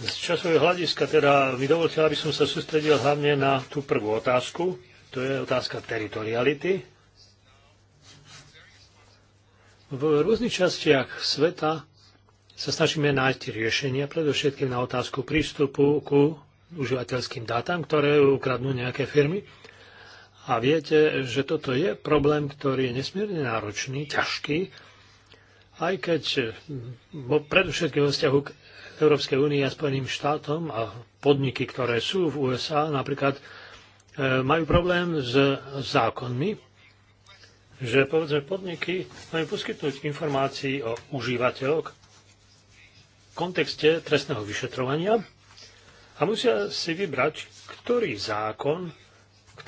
Z časového hľadiska teda mi dovolte, aby som sa sústredil hlavne na tú prvú otázku. To je otázka teritoriality. V rôznych častiach sveta sa snažíme nájsť riešenia, predovšetkým na otázku prístupu ku užívateľským dátam, ktoré ukradnú nejaké firmy. A viete, že toto je problém, ktorý je nesmierne náročný, ťažký, aj keď bo predovšetkým vo vzťahu k Európskej únii a Spojeným štátom a podniky, ktoré sú v USA, napríklad e, majú problém s zákonmi, že povedzme podniky majú poskytnúť informácií o užívateľok v kontexte trestného vyšetrovania a musia si vybrať, ktorý zákon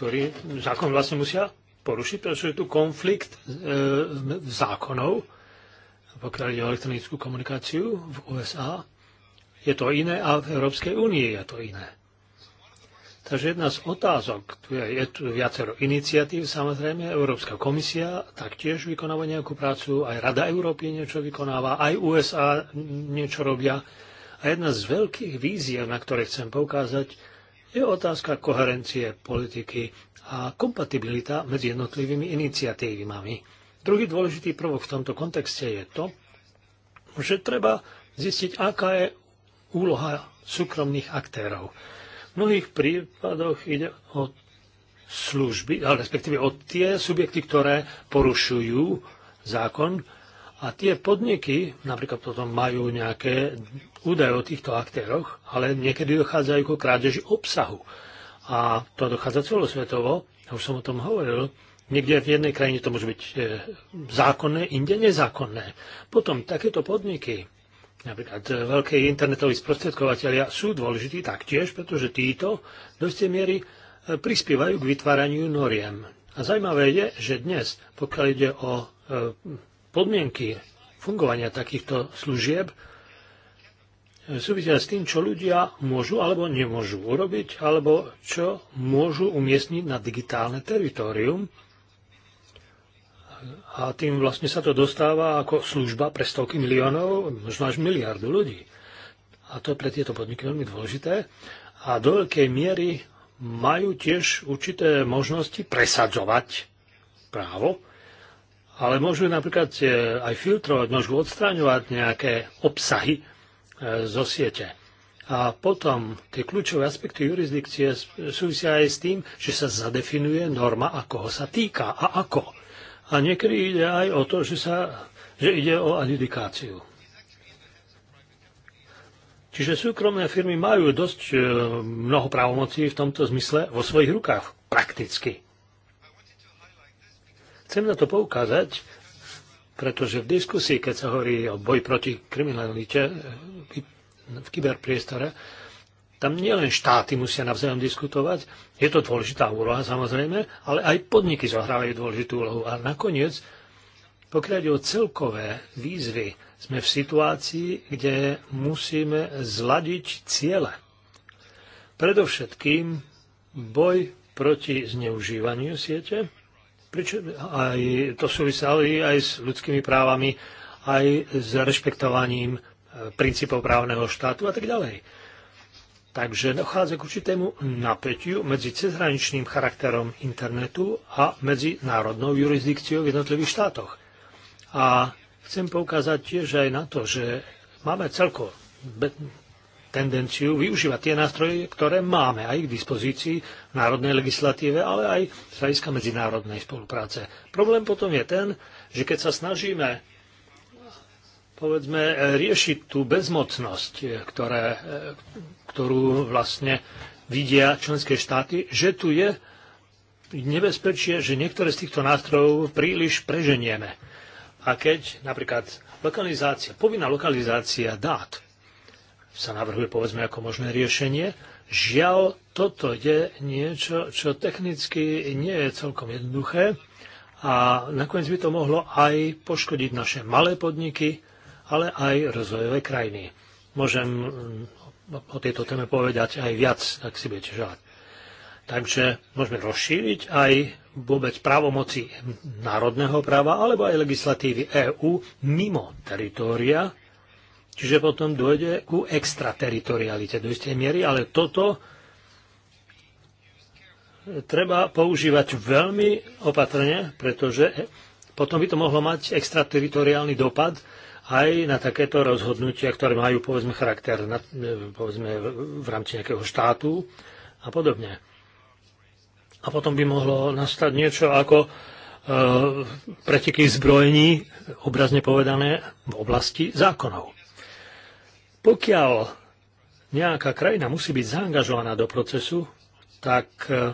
ktorý zákon vlastne musia porušiť, pretože je tu konflikt e, zákonov, pokiaľ ide o elektronickú komunikáciu v USA. Je to iné a v Európskej únii je to iné. Takže jedna z otázok, tu je, je tu viacero iniciatív, samozrejme, Európska komisia taktiež vykonáva nejakú prácu, aj Rada Európy niečo vykonáva, aj USA niečo robia. A jedna z veľkých víziev, na ktoré chcem poukázať, je otázka koherencie politiky a kompatibilita medzi jednotlivými iniciatívami. Druhý dôležitý prvok v tomto kontexte je to, že treba zistiť, aká je úloha súkromných aktérov. V mnohých prípadoch ide o služby, ale respektíve o tie subjekty, ktoré porušujú zákon a tie podniky napríklad potom majú nejaké údaje o týchto aktéroch, ale niekedy dochádzajú ku krádeži obsahu. A to dochádza celosvetovo, ja už som o tom hovoril, niekde v jednej krajine to môže byť e, zákonné, inde nezákonné. Potom takéto podniky, napríklad e, veľké internetoví sprostredkovateľia, sú dôležití taktiež, pretože títo do istej miery e, prispievajú k vytváraniu noriem. A zaujímavé je, že dnes, pokiaľ ide o podmienky fungovania takýchto služieb súvisia s tým, čo ľudia môžu alebo nemôžu urobiť, alebo čo môžu umiestniť na digitálne teritorium. A tým vlastne sa to dostáva ako služba pre stovky miliónov, možno až miliardu ľudí. A to pre tieto podniky veľmi dôležité. A do veľkej miery majú tiež určité možnosti presadzovať právo ale môžu napríklad e, aj filtrovať, môžu odstraňovať nejaké obsahy e, zo siete. A potom tie kľúčové aspekty jurisdikcie súvisia aj s tým, že sa zadefinuje norma, ako ho sa týka a ako. A niekedy ide aj o to, že, sa, že ide o adjudikáciu. Čiže súkromné firmy majú dosť e, mnoho právomocí v tomto zmysle vo svojich rukách, prakticky. Chcem na to poukázať, pretože v diskusii, keď sa hovorí o boj proti kriminalite eh, v kyberpriestore, tam nielen štáty musia navzájom diskutovať, je to dôležitá úloha samozrejme, ale aj podniky zohrávajú dôležitú úlohu. A nakoniec, pokiaľ ide o celkové výzvy, sme v situácii, kde musíme zladiť ciele. Predovšetkým boj proti zneužívaniu siete, Pričom aj to súvisí aj s ľudskými právami, aj s rešpektovaním e, princípov právneho štátu a tak ďalej. Takže dochádza k určitému napätiu medzi cezhraničným charakterom internetu a medzi národnou jurisdikciou v jednotlivých štátoch. A chcem poukázať tiež aj na to, že máme celko tendenciu využívať tie nástroje, ktoré máme aj k dispozícii v národnej legislatíve, ale aj z hľadiska medzinárodnej spolupráce. Problém potom je ten, že keď sa snažíme povedzme, riešiť tú bezmocnosť, eh, ktoré, eh, ktorú vlastne vidia členské štáty, že tu je nebezpečie, že niektoré z týchto nástrojov príliš preženieme. A keď napríklad lokalizácia, povinná lokalizácia dát sa navrhuje povedzme ako možné riešenie. Žiaľ, toto je niečo, čo technicky nie je celkom jednoduché a nakoniec by to mohlo aj poškodiť naše malé podniky, ale aj rozvojové krajiny. Môžem mm, o tejto téme povedať aj viac, ak si budete želať. Takže môžeme rozšíriť aj vôbec právomoci národného práva alebo aj legislatívy EÚ mimo teritória Čiže potom dojde ku extrateritorialite do istej miery, ale toto treba používať veľmi opatrne, pretože potom by to mohlo mať extrateritoriálny dopad aj na takéto rozhodnutia, ktoré majú povedzme charakter na, povedzme, v rámci nejakého štátu a podobne. A potom by mohlo nastať niečo ako e, preteky zbrojení, obrazne povedané, v oblasti zákonov. Pokiaľ nejaká krajina musí byť zaangažovaná do procesu, tak e,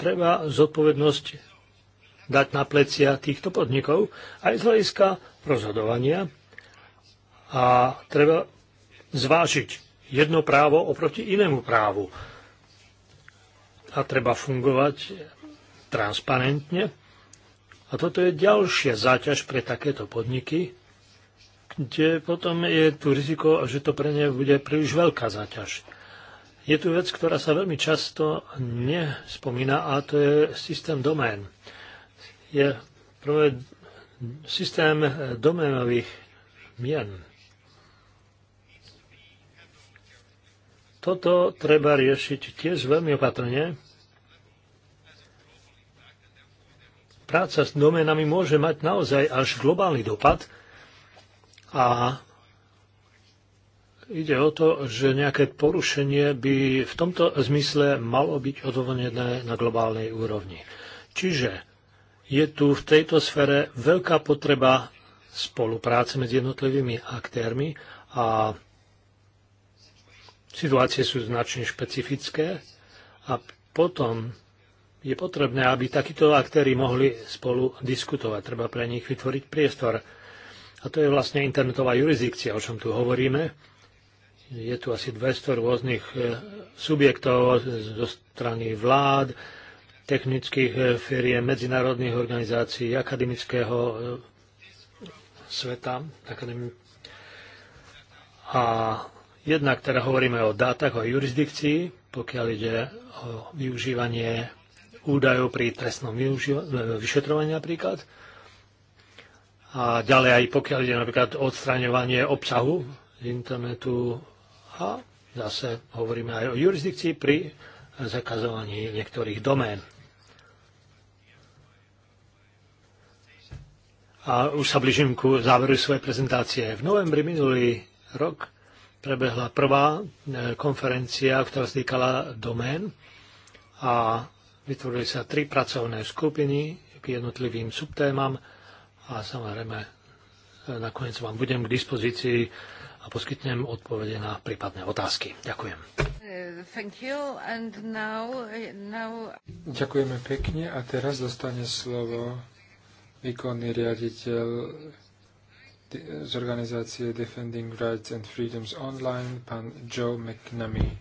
treba zodpovednosť dať na plecia týchto podnikov aj z hľadiska rozhodovania a treba zvážiť jedno právo oproti inému právu. A treba fungovať transparentne. A toto je ďalšia záťaž pre takéto podniky, kde potom je tu riziko, že to pre ne bude príliš veľká záťaž. Je tu vec, ktorá sa veľmi často nespomína a to je systém domén. Je prvé systém doménových mien. Toto treba riešiť tiež veľmi opatrne. Práca s doménami môže mať naozaj až globálny dopad a ide o to, že nejaké porušenie by v tomto zmysle malo byť odvodené na globálnej úrovni. Čiže je tu v tejto sfere veľká potreba spolupráce medzi jednotlivými aktérmi a situácie sú značne špecifické a potom je potrebné, aby takíto aktéry mohli spolu diskutovať. Treba pre nich vytvoriť priestor. A to je vlastne internetová jurisdikcia, o čom tu hovoríme. Je tu asi 200 rôznych e, subjektov zo strany vlád, technických e, firiem, medzinárodných organizácií, akademického e, sveta. A jednak teda hovoríme o dátach, o jurisdikcii, pokiaľ ide o využívanie údajov pri trestnom vyšetrovaní napríklad. A ďalej aj pokiaľ ide napríklad odstraňovanie obsahu z internetu a zase hovoríme aj o jurisdikcii pri zakazovaní niektorých domén. A už sa blížim ku záveru svojej prezentácie. V novembri minulý rok prebehla prvá e, konferencia, ktorá sa týkala domén a vytvorili sa tri pracovné skupiny k jednotlivým subtémam a samozrejme e, nakoniec vám budem k dispozícii a poskytnem odpovede na prípadné otázky. Ďakujem. Uh, thank you. And Now, now... Ďakujeme pekne a teraz dostane slovo výkonný riaditeľ z organizácie Defending Rights and Freedoms Online, pán Joe McNamee.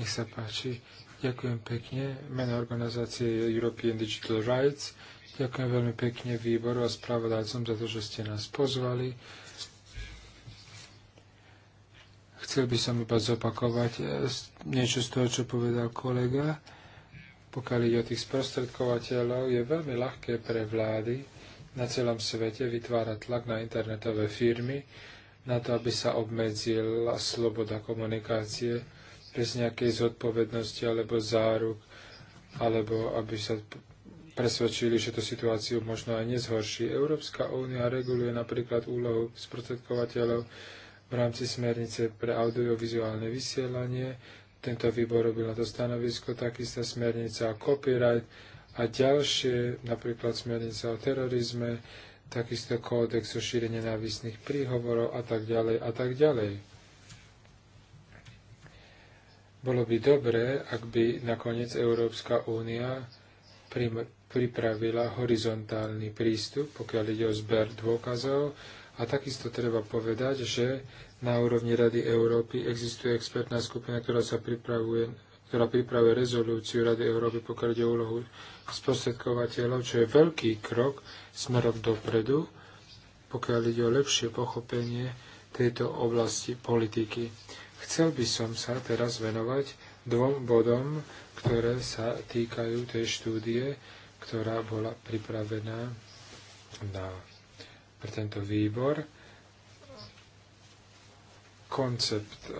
Nech sa páči. Ďakujem pekne. Meno organizácie European Digital Rights Ďakujem veľmi pekne výboru a spravodajcom za to, že ste nás pozvali. Chcel by som iba zopakovať e, niečo z toho, čo povedal kolega. Pokiaľ ide o tých sprostredkovateľov, je veľmi ľahké pre vlády na celom svete vytvárať tlak na internetové firmy, na to, aby sa obmedzila sloboda komunikácie bez nejakej zodpovednosti alebo záruk, alebo aby sa presvedčili, že tú situáciu možno aj nezhorší. Európska únia reguluje napríklad úlohu sprostredkovateľov v rámci smernice pre audiovizuálne vysielanie. Tento výbor robil na to stanovisko, takisto smernica o copyright a ďalšie, napríklad smernica o terorizme, takisto kódex o šírenie návisných príhovorov a tak ďalej a tak ďalej. Bolo by dobré, ak by nakoniec Európska únia pripravila horizontálny prístup, pokiaľ ide o zber dôkazov. A takisto treba povedať, že na úrovni Rady Európy existuje expertná skupina, ktorá sa pripravuje ktorá pripravuje rezolúciu Rady Európy, pokiaľ ide úlohu sprostredkovateľov, čo je veľký krok smerom dopredu, pokiaľ ide o lepšie pochopenie tejto oblasti politiky. Chcel by som sa teraz venovať dvom bodom, ktoré sa týkajú tej štúdie, ktorá bola pripravená na, pre tento výbor. Koncept e,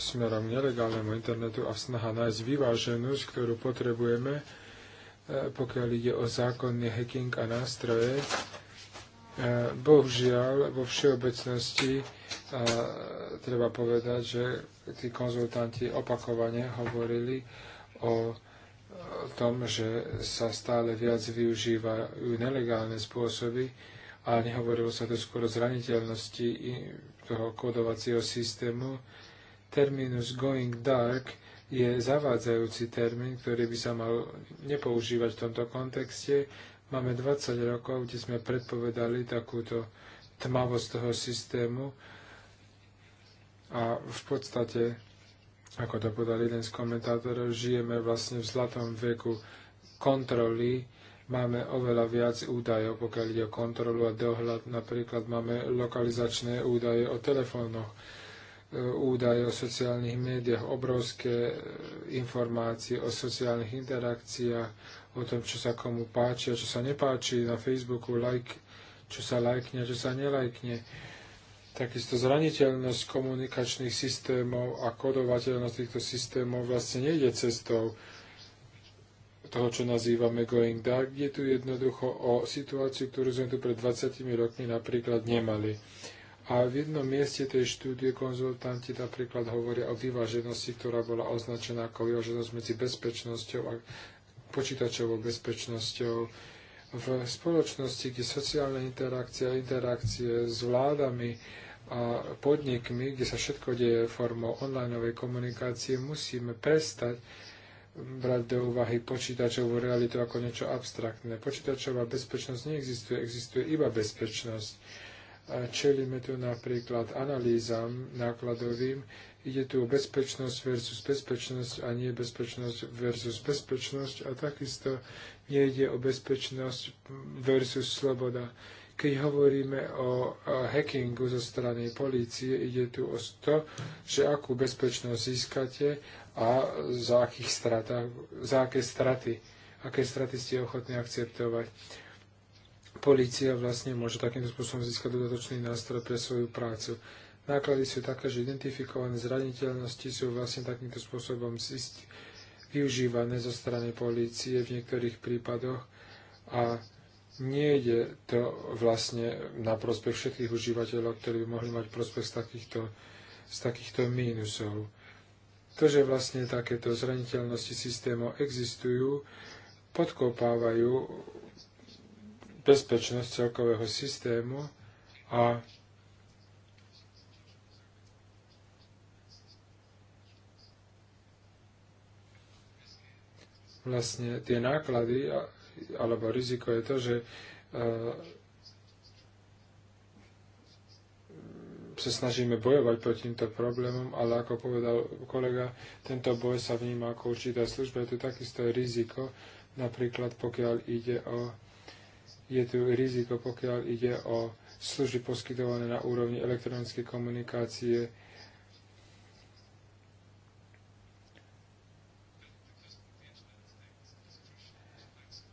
smerom nelegálnemu internetu a snaha nájsť vyváženosť, ktorú potrebujeme, e, pokiaľ ide o zákonný hacking a nástroje, e, bohužiaľ vo všeobecnosti e, treba povedať, že tí konzultanti opakovane hovorili o tom, že sa stále viac využívajú nelegálne spôsoby a nehovorilo sa to skôr o zraniteľnosti toho kodovacieho systému. Terminus going dark je zavádzajúci termín, ktorý by sa mal nepoužívať v tomto kontexte. Máme 20 rokov, kde sme predpovedali takúto tmavosť toho systému a v podstate ako to povedal jeden z komentátorov, žijeme vlastne v zlatom veku kontroly, máme oveľa viac údajov, pokiaľ ide o kontrolu a dohľad. Napríklad máme lokalizačné údaje o telefónoch, e, údaje o sociálnych médiách, obrovské e, informácie o sociálnych interakciách, o tom, čo sa komu páči a čo sa nepáči na Facebooku, like, čo sa lajkne a čo sa nelajkne Takisto zraniteľnosť komunikačných systémov a kodovateľnosť týchto systémov vlastne nejde cestou toho, čo nazývame going dark. Je tu jednoducho o situáciu, ktorú sme tu pred 20 rokmi napríklad nemali. A v jednom mieste tej štúdie konzultanti napríklad hovoria o vyváženosti, ktorá bola označená ako vyváženosť medzi bezpečnosťou a počítačovou bezpečnosťou v spoločnosti, kde sociálna interakcia, interakcie s vládami a podnikmi, kde sa všetko deje formou online komunikácie, musíme prestať brať do úvahy počítačovú realitu ako niečo abstraktné. Počítačová bezpečnosť neexistuje, existuje iba bezpečnosť. Čelíme tu napríklad analýzam nákladovým. Ide tu o bezpečnosť versus bezpečnosť a nie bezpečnosť versus bezpečnosť a takisto Nejde o bezpečnosť versus sloboda. Keď hovoríme o hackingu zo strany polície, ide tu o to, že akú bezpečnosť získate a za, akých stratách, za aké straty, aké straty ste ochotní akceptovať. Polícia vlastne môže takýmto spôsobom získať dodatočný nástroj pre svoju prácu. Náklady sú také, že identifikované zraniteľnosti sú vlastne takýmto spôsobom zist, využívané zo strany polície v niektorých prípadoch a nejde to vlastne na prospech všetkých užívateľov, ktorí by mohli mať prospech z takýchto, z takýchto mínusov. To, že vlastne takéto zraniteľnosti systémov existujú, podkopávajú bezpečnosť celkového systému a vlastne tie náklady alebo riziko je to, že eh, sa snažíme bojovať proti týmto problémom, ale ako povedal kolega, tento boj sa vníma ako určitá služba. Je tu takisto riziko, napríklad pokiaľ ide o je tu riziko, pokiaľ ide o služby poskytované na úrovni elektronickej komunikácie,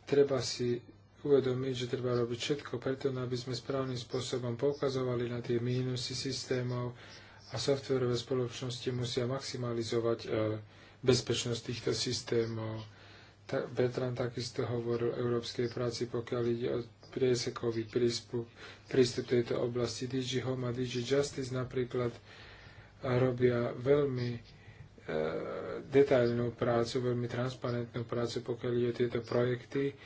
treba si uvedomiť, že treba robiť všetko preto, no, aby sme správnym spôsobom poukazovali na tie mínusy systémov a softverové spoločnosti musia maximalizovať e, bezpečnosť týchto systémov. Bertrand takisto hovoril o európskej práci, pokiaľ ide o priesekový prístup, prístup tejto oblasti. DG Home a DG Justice napríklad robia veľmi E, detailnú prácu, veľmi transparentnú prácu, pokiaľ ide tieto projekty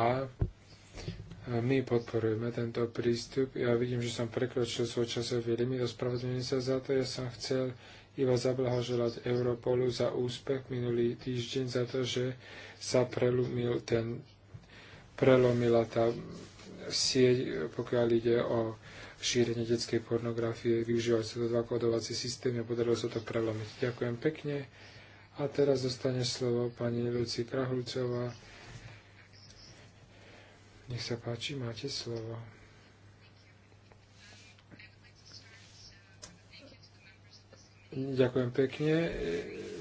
a e, my podporujeme tento prístup. Ja vidím, že som prekročil svoj časový limit, ospravedlňujem sa za to. Ja som chcel iba zablahoželať Europolu za úspech minulý týždeň, za to, že sa prelomil ten, prelomila tá sieť, pokiaľ ide o šírenie detskej pornografie. využívať sa to dva kodovacie systémy a podarilo sa to prelomiť. Ďakujem pekne. A teraz dostane slovo pani Luci Krahulcová. Nech sa páči, máte slovo. Ďakujem pekne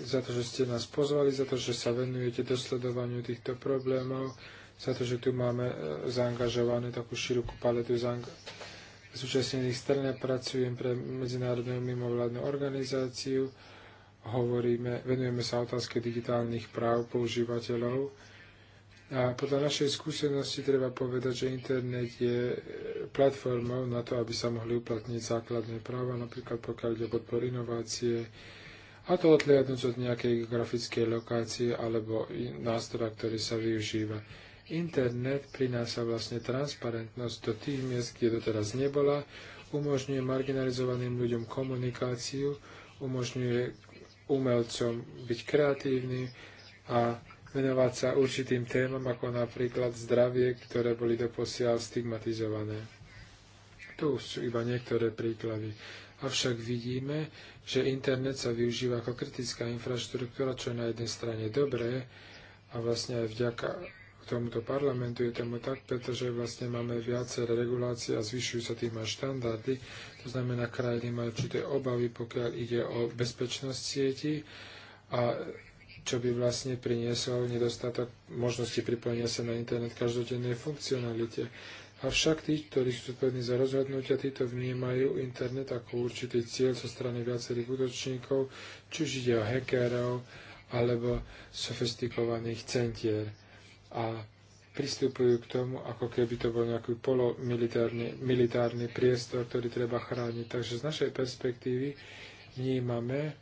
za to, že ste nás pozvali, za to, že sa venujete dosledovaniu týchto problémov, za to, že tu máme e, zaangažované takú širokú paletu zaangažovaných zúčastnený strane pracujem pre medzinárodnú mimovládnu organizáciu. Hovoríme, venujeme sa otázke digitálnych práv používateľov. A podľa našej skúsenosti treba povedať, že internet je e, platformou na to, aby sa mohli uplatniť základné práva, napríklad pokiaľ ide podpor inovácie, a to odliadnúť od nejakej grafickej lokácie alebo nástroja, ktorý sa využíva. Internet prináša vlastne transparentnosť do tých miest, kde doteraz nebola, umožňuje marginalizovaným ľuďom komunikáciu, umožňuje umelcom byť kreatívny a venovať sa určitým témam, ako napríklad zdravie, ktoré boli doposiaľ stigmatizované. Tu sú iba niektoré príklady. Avšak vidíme, že internet sa využíva ako kritická infraštruktúra, čo je na jednej strane dobré a vlastne aj vďaka tomuto parlamentu. Je tomu tak, pretože vlastne máme viaceré regulácií a zvyšujú sa tým aj štandardy. To znamená, krajiny majú určité obavy, pokiaľ ide o bezpečnosť sieti a čo by vlastne priniesol nedostatok možnosti pripojenia sa na internet každodennej funkcionalite. Avšak tí, ktorí sú zodpovední za rozhodnutia, títo vnímajú internet ako určitý cieľ zo so strany viacerých útočníkov, či už ide o hackerov alebo sofistikovaných centier a pristupujú k tomu, ako keby to bol nejaký polomilitárny militárny priestor, ktorý treba chrániť. Takže z našej perspektívy vnímame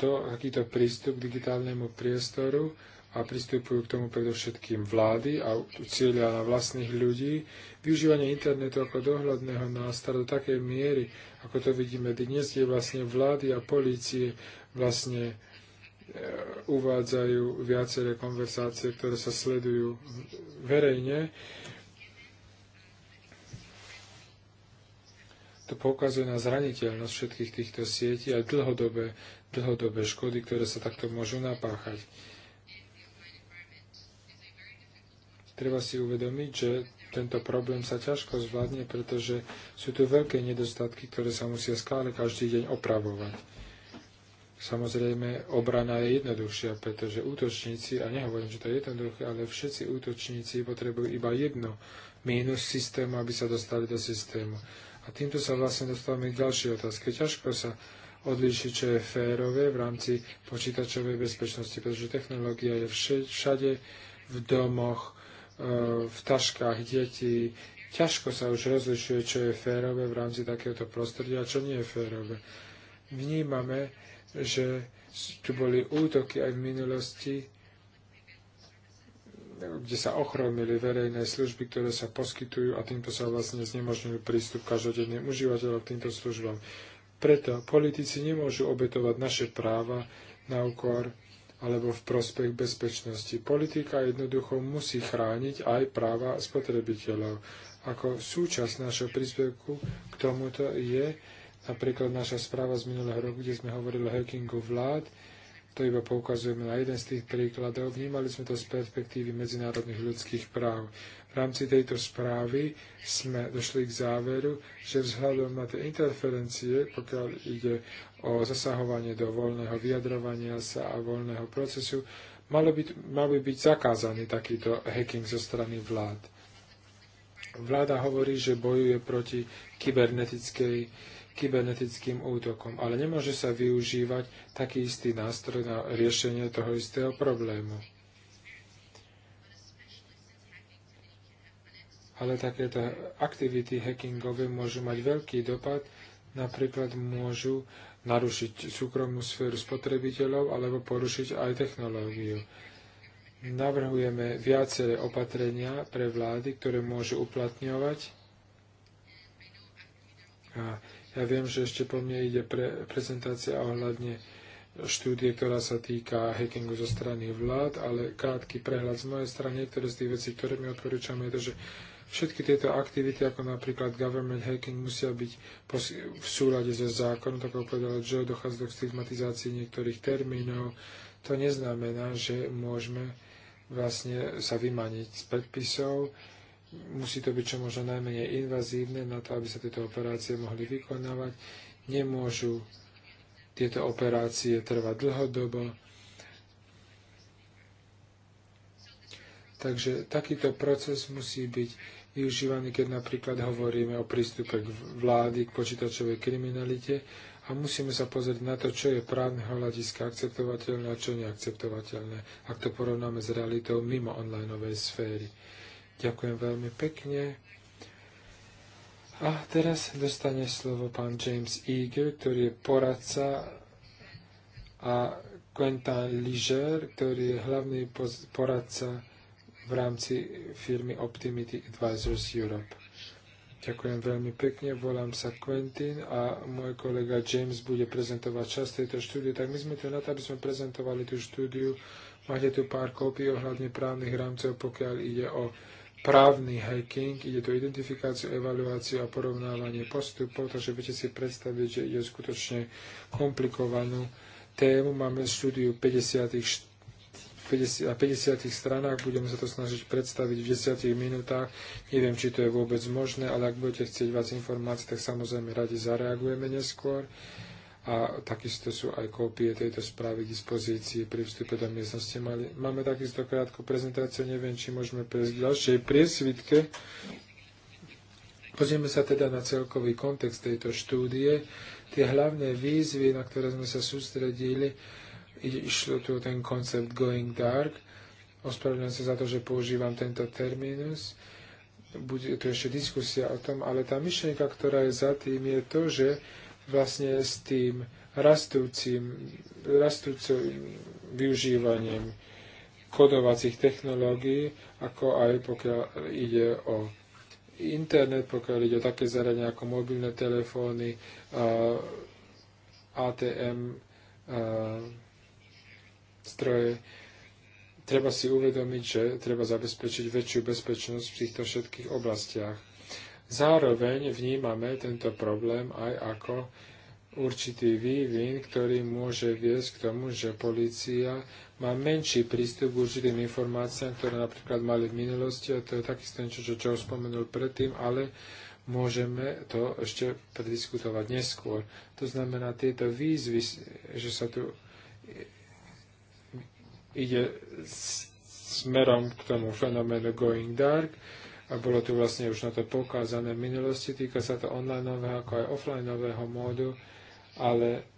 to, akýto prístup k digitálnemu priestoru a pristupujú k tomu predovšetkým vlády a cieľia na vlastných ľudí. Využívanie internetu ako dohľadného nástroja do takej miery, ako to vidíme dnes, je vlastne vlády a polície vlastne Eh, uvádzajú viaceré konverzácie, ktoré sa sledujú verejne. To poukazuje na zraniteľnosť všetkých týchto sietí a dlhodobé, dlhodobé škody, ktoré sa takto môžu napáchať. Treba si uvedomiť, že tento problém sa ťažko zvládne, pretože sú tu veľké nedostatky, ktoré sa musia stále každý deň opravovať. Samozrejme, obrana je jednoduchšia, pretože útočníci, a nehovorím, že to je jednoduché, ale všetci útočníci potrebujú iba jedno mínus systému, aby sa dostali do systému. A týmto sa vlastne dostávame k ďalšej otázke. Ťažko sa odlíšiť, čo je férové v rámci počítačovej bezpečnosti, pretože technológia je všade, v domoch, e, v taškách detí. Ťažko sa už rozlišuje, čo je férové v rámci takéhoto prostredia a čo nie je férové. Vnímame, že tu boli útoky aj v minulosti, kde sa ochromili verejné služby, ktoré sa poskytujú a týmto sa vlastne znemožňujú prístup každodenným užívateľom k týmto službám. Preto politici nemôžu obetovať naše práva na úkor alebo v prospech bezpečnosti. Politika jednoducho musí chrániť aj práva spotrebiteľov. Ako súčasť našho príspevku k tomuto je, Napríklad naša správa z minulého roku, kde sme hovorili o hackingu vlád, to iba poukazujeme na jeden z tých príkladov. Vnímali sme to z perspektívy medzinárodných ľudských práv. V rámci tejto správy sme došli k záveru, že vzhľadom na tie interferencie, pokiaľ ide o zasahovanie do voľného vyjadrovania sa a voľného procesu, malo byť, mal by byť zakázaný takýto hacking zo strany vlád. Vláda hovorí, že bojuje proti kybernetickej kybernetickým útokom, ale nemôže sa využívať taký istý nástroj na riešenie toho istého problému. Ale takéto aktivity hackingové môžu mať veľký dopad, napríklad môžu narušiť súkromnú sféru spotrebiteľov alebo porušiť aj technológiu. Navrhujeme viaceré opatrenia pre vlády, ktoré môžu uplatňovať. A ja viem, že ešte po mne ide pre, prezentácia ohľadne štúdie, ktorá sa týka hackingu zo strany vlád, ale krátky prehľad z mojej strany, niektoré z tých vecí, ktoré my odporúčame, je to, že všetky tieto aktivity, ako napríklad government hacking, musia byť v súlade so zákonom, tak ako povedal Joe, dochádza k stigmatizácii niektorých termínov. To neznamená, že môžeme vlastne sa vymaniť z predpisov musí to byť čo možno najmenej invazívne na to, aby sa tieto operácie mohli vykonávať. Nemôžu tieto operácie trvať dlhodobo. Takže takýto proces musí byť využívaný, keď napríklad hovoríme o prístupe k vlády, k počítačovej kriminalite a musíme sa pozrieť na to, čo je právne hľadiska akceptovateľné a čo neakceptovateľné, ak to porovnáme s realitou mimo onlineovej sféry. Ďakujem veľmi pekne. A teraz dostane slovo pán James Eager, ktorý je poradca a Quentin Liger, ktorý je hlavný poradca v rámci firmy Optimity Advisors Europe. Ďakujem veľmi pekne, volám sa Quentin a môj kolega James bude prezentovať časť tejto štúdie. Tak my sme tu na to, aby sme prezentovali tú štúdiu. Máte tu pár kópií ohľadne právnych rámcov, pokiaľ ide o právny hacking, ide tu identifikáciu, evaluáciu a porovnávanie postupov, takže viete si predstaviť, že ide skutočne komplikovanú tému. Máme štúdiu 50, 50, 50 stranách, budeme sa to snažiť predstaviť v 10 minútach. Neviem, či to je vôbec možné, ale ak budete chcieť viac informácií, tak samozrejme radi zareagujeme neskôr a takisto sú aj kópie tejto správy k dispozícii pri vstupe do miestnosti. Máme takisto krátku prezentáciu, neviem, či môžeme prejsť k ďalšej priesvitke. Pozrieme sa teda na celkový kontext tejto štúdie. Tie hlavné výzvy, na ktoré sme sa sústredili, išlo tu ten koncept Going Dark. Ospravedlňujem sa za to, že používam tento terminus bude tu ešte diskusia o tom, ale tá myšlienka, ktorá je za tým, je to, že vlastne s tým rastúcim, rastúcim využívaním kodovacích technológií, ako aj pokiaľ ide o internet, pokiaľ ide o také zariadenia ako mobilné telefóny, ATM, stroje. Treba si uvedomiť, že treba zabezpečiť väčšiu bezpečnosť v týchto všetkých oblastiach. Zároveň vnímame tento problém aj ako určitý vývin, ktorý môže viesť k tomu, že policia má menší prístup k určitým informáciám, ktoré napríklad mali v minulosti, a to je takisto niečo, čo, čo spomenul predtým, ale môžeme to ešte prediskutovať neskôr. To znamená, tieto výzvy, že sa tu ide smerom k tomu fenoménu Going Dark, a bolo tu vlastne už na to poukázané v minulosti, týka sa to onlineového ako aj offlineového módu, ale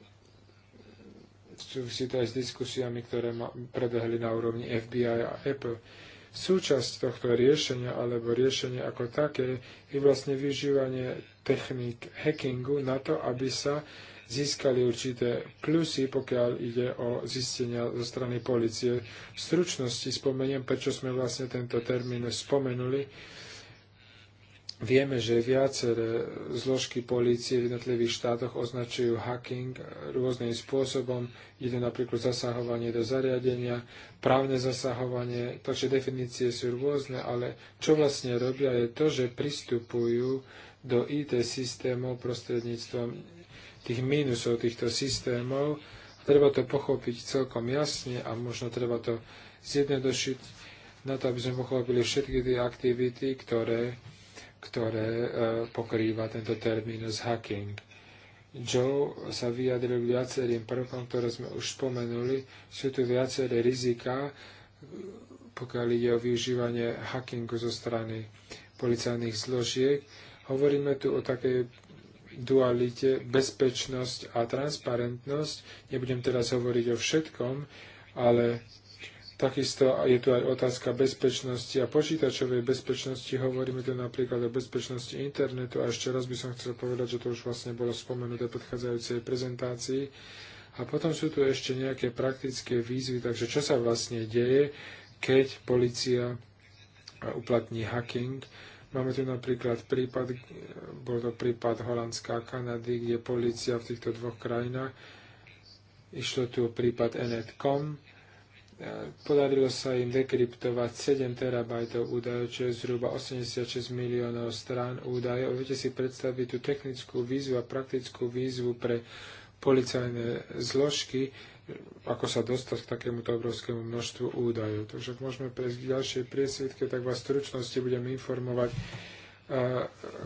si to aj s diskusiami, ktoré ma prebehli na úrovni FBI a Apple. Súčasť tohto riešenia alebo riešenie ako také je vlastne využívanie techník hackingu na to, aby sa získali určité plusy, pokiaľ ide o zistenia zo strany policie. V stručnosti spomeniem, prečo sme vlastne tento termín spomenuli Vieme, že viaceré zložky polície v jednotlivých štátoch označujú hacking rôznym spôsobom. Ide napríklad zasahovanie do zariadenia, právne zasahovanie, takže definície sú rôzne, ale čo vlastne robia je to, že pristupujú do IT systémov prostredníctvom tých mínusov týchto systémov. Treba to pochopiť celkom jasne a možno treba to zjednodušiť na to, aby sme pochopili všetky tie aktivity, ktoré ktoré e, pokrýva tento termínus hacking. Joe sa vyjadril k viacerým prvkom, ktoré sme už spomenuli. Sú tu viaceré rizika, pokiaľ ide o využívanie hackingu zo strany policajných zložiek. Hovoríme tu o takej dualite, bezpečnosť a transparentnosť. Nebudem teraz hovoriť o všetkom, ale Takisto je tu aj otázka bezpečnosti a počítačovej bezpečnosti. Hovoríme tu napríklad o bezpečnosti internetu a ešte raz by som chcel povedať, že to už vlastne bolo spomenuté v predchádzajúcej prezentácii. A potom sú tu ešte nejaké praktické výzvy, takže čo sa vlastne deje, keď policia uplatní hacking. Máme tu napríklad prípad, bol to prípad Holandská a Kanady, kde policia v týchto dvoch krajinách, išlo tu prípad Enet.com, E, podarilo sa im dekryptovať 7 terabajtov údajov, čo je zhruba 86 miliónov strán údajov. Viete si predstaviť tú technickú výzvu a praktickú výzvu pre policajné zložky, ako sa dostať k takémuto obrovskému množstvu údajov. Takže ak môžeme prejsť k ďalšej priesvitke, tak vás v stručnosti budem informovať e,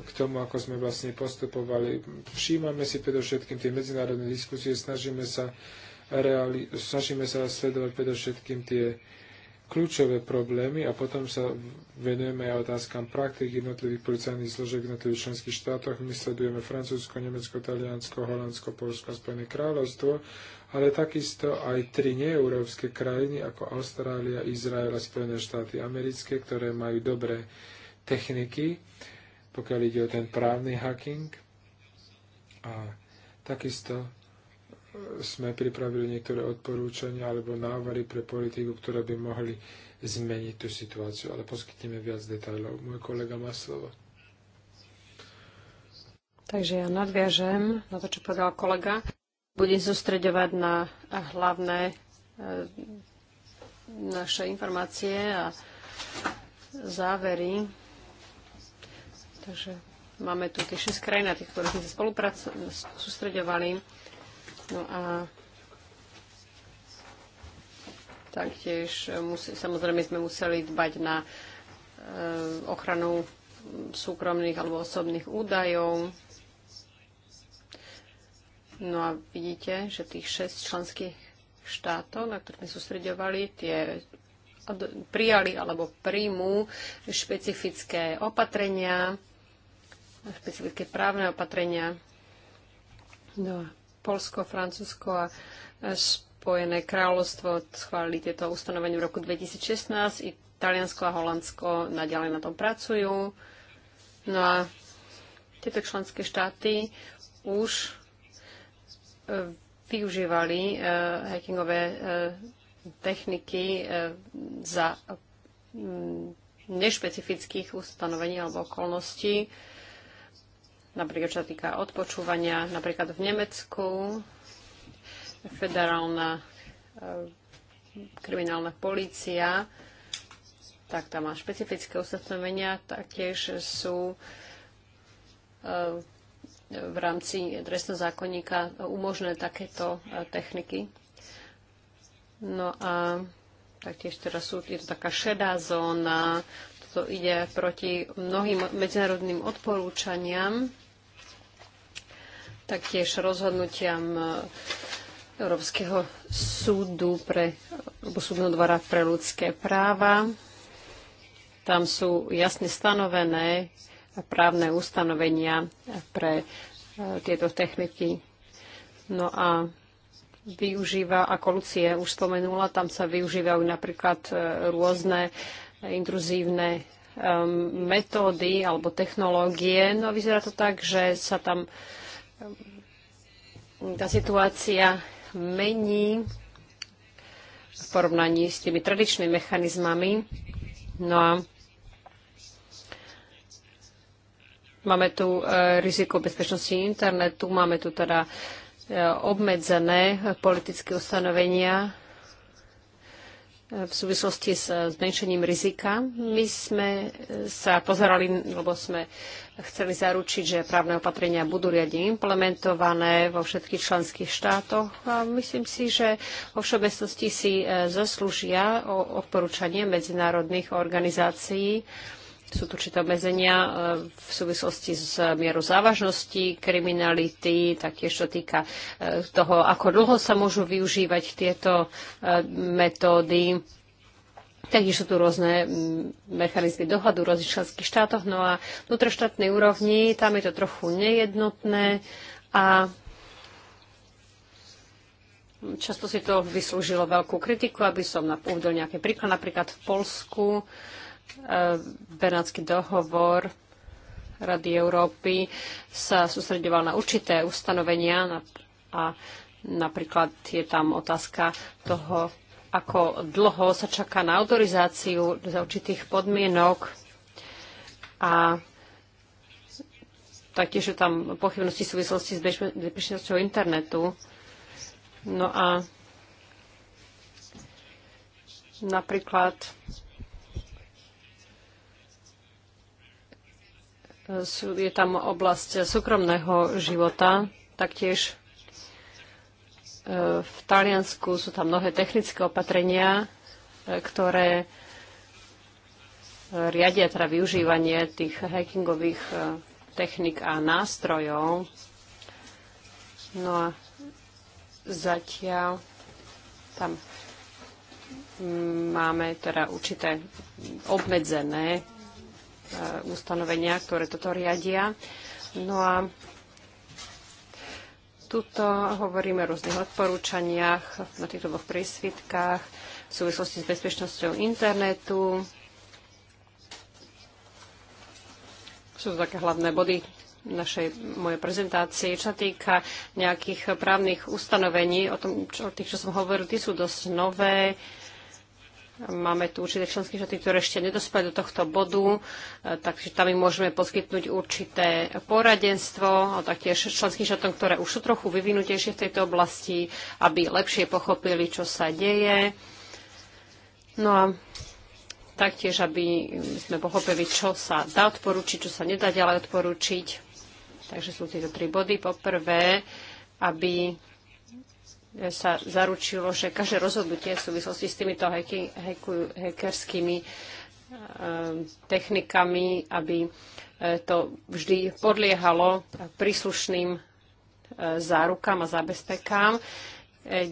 k tomu, ako sme vlastne postupovali. Všímame si predovšetkým tie medzinárodné diskusie, snažíme sa reali- snažíme sa sledovať predovšetkým tie kľúčové problémy a potom sa venujeme aj otázkam praktik jednotlivých policajných zložiek v jednotlivých členských štátoch. My sledujeme Francúzsko, Nemecko, Taliansko, Holandsko, Polsko a Spojené kráľovstvo, ale takisto aj tri neeurópske krajiny ako Austrália, Izrael a Spojené štáty americké, ktoré majú dobré techniky, pokiaľ ide o ten právny hacking. A takisto sme pripravili niektoré odporúčania alebo návary pre politiku, ktoré by mohli zmeniť tú situáciu, ale poskytneme viac detajlov. Môj kolega má slovo. Takže ja nadviažem na to, čo povedal kolega. Budem sústreďovať na hlavné eh, naše informácie a závery. Takže máme tu tie 6 krajín, na tých, ktorých sme sa sústredovali. No a taktiež musí, samozrejme sme museli dbať na e, ochranu súkromných alebo osobných údajov. No a vidíte, že tých šest členských štátov, na ktorých sme sústredovali, tie prijali alebo príjmú špecifické opatrenia, špecifické právne opatrenia. No a Polsko, Francúzsko a e, Spojené kráľovstvo schválili tieto ustanovenie v roku 2016. Taliansko a Holandsko naďalej na tom pracujú. No a tieto členské štáty už e, využívali e, hackingové techniky za nešpecifických ustanovení alebo okolností napríklad čo sa týka odpočúvania, napríklad v Nemecku federálna eh, kriminálna polícia, tak tam má špecifické ustanovenia, taktiež sú eh, v rámci trestného zákonníka umožné takéto eh, techniky. No a taktiež teraz sú, je to taká šedá zóna, toto ide proti mnohým medzinárodným odporúčaniam, taktiež rozhodnutiam e, Európskeho súdu pre, alebo súdneho dvora pre ľudské práva. Tam sú jasne stanovené právne ustanovenia pre e, tieto techniky. No a využíva, ako Lucie už spomenula, tam sa využívajú napríklad e, rôzne intruzívne metódy alebo technológie. No a vyzerá to tak, že sa tam tá situácia mení v porovnaní s tými tradičnými mechanizmami. No a máme tu e, riziko bezpečnosti internetu, máme tu teda e, obmedzené politické ustanovenia v súvislosti s zmenšením rizika. My sme sa pozerali, lebo sme chceli zaručiť, že právne opatrenia budú riadne implementované vo všetkých členských štátoch a myslím si, že vo všeobecnosti si e, zaslúžia odporúčanie medzinárodných organizácií, sú tu určité obmedzenia e, v súvislosti s e, mierou závažnosti kriminality, taktiež čo týka e, toho, ako dlho sa môžu využívať tieto metódy. Taktiež sú tu rôzne mechanizmy dohľadu v rôznych členských štátoch, no a vnútroštátnej úrovni tam je to trochu nejednotné a často si to vyslúžilo veľkú kritiku, aby som uvedol nejaký príklad. Napríklad v Polsku E, Benátsky dohovor Rady Európy sa sústredoval na určité ustanovenia a napríklad je tam otázka toho, ako dlho sa čaká na autorizáciu za určitých podmienok a taktiež sú tam pochybnosti v súvislosti s bezpečnosťou internetu. No a napríklad je tam oblasť súkromného života, taktiež e, v Taliansku sú tam mnohé technické opatrenia, e, ktoré e, riadia teda využívanie tých hackingových technik a nástrojov. No a zatiaľ tam mm, máme teda určité obmedzené Eh, ustanovenia, ktoré toto riadia. No a tuto hovoríme o rôznych odporúčaniach na týchto dvoch prísvitkách v súvislosti s bezpečnosťou internetu. Sú to také hlavné body, našej mojej prezentácie. Čo sa týka nejakých právnych ustanovení, o, tom, čo, o tých, čo som hovoril, tí sú dosť nové. Máme tu určité členské štáty, ktoré ešte nedospali do tohto bodu, e, takže tam im môžeme poskytnúť určité poradenstvo a taktiež členským štátom, ktoré už sú trochu vyvinutejšie v tejto oblasti, aby lepšie pochopili, čo sa deje. No a taktiež, aby sme pochopili, čo sa dá odporučiť, čo sa nedá ďalej odporučiť. Takže sú tieto tri body. Poprvé, aby sa zaručilo, že každé rozhodnutie v súvislosti s týmito hackerskými eh, technikami, aby eh, to vždy podliehalo príslušným eh, zárukám a zabezpekám.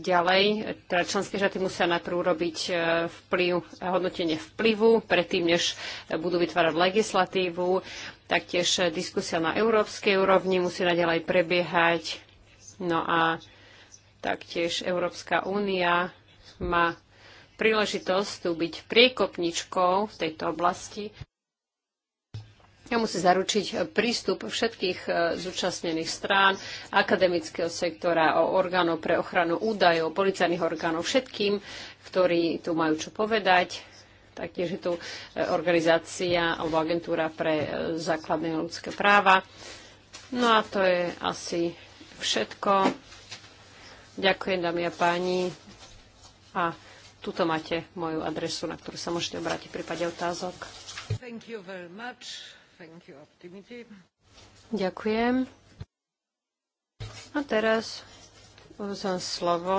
Ďalej, teda členské štáty musia najprv urobiť vplyv, hodnotenie vplyvu, predtým, než budú vytvárať legislatívu. Taktiež diskusia na európskej úrovni musí naďalej prebiehať. No a Taktiež Európska únia má príležitosť tu byť priekopničkou v tejto oblasti Ja musí zaručiť prístup všetkých e, zúčastnených strán, akademického sektora, orgánov pre ochranu údajov, policajných orgánov, všetkým, ktorí tu majú čo povedať. Taktiež je tu e, organizácia alebo agentúra pre e, základné ľudské práva. No a to je asi všetko. Ďakujem, dámy a páni. A tuto máte moju adresu, na ktorú sa môžete obrátiť v prípade otázok. Ďakujem. A teraz uznám slovo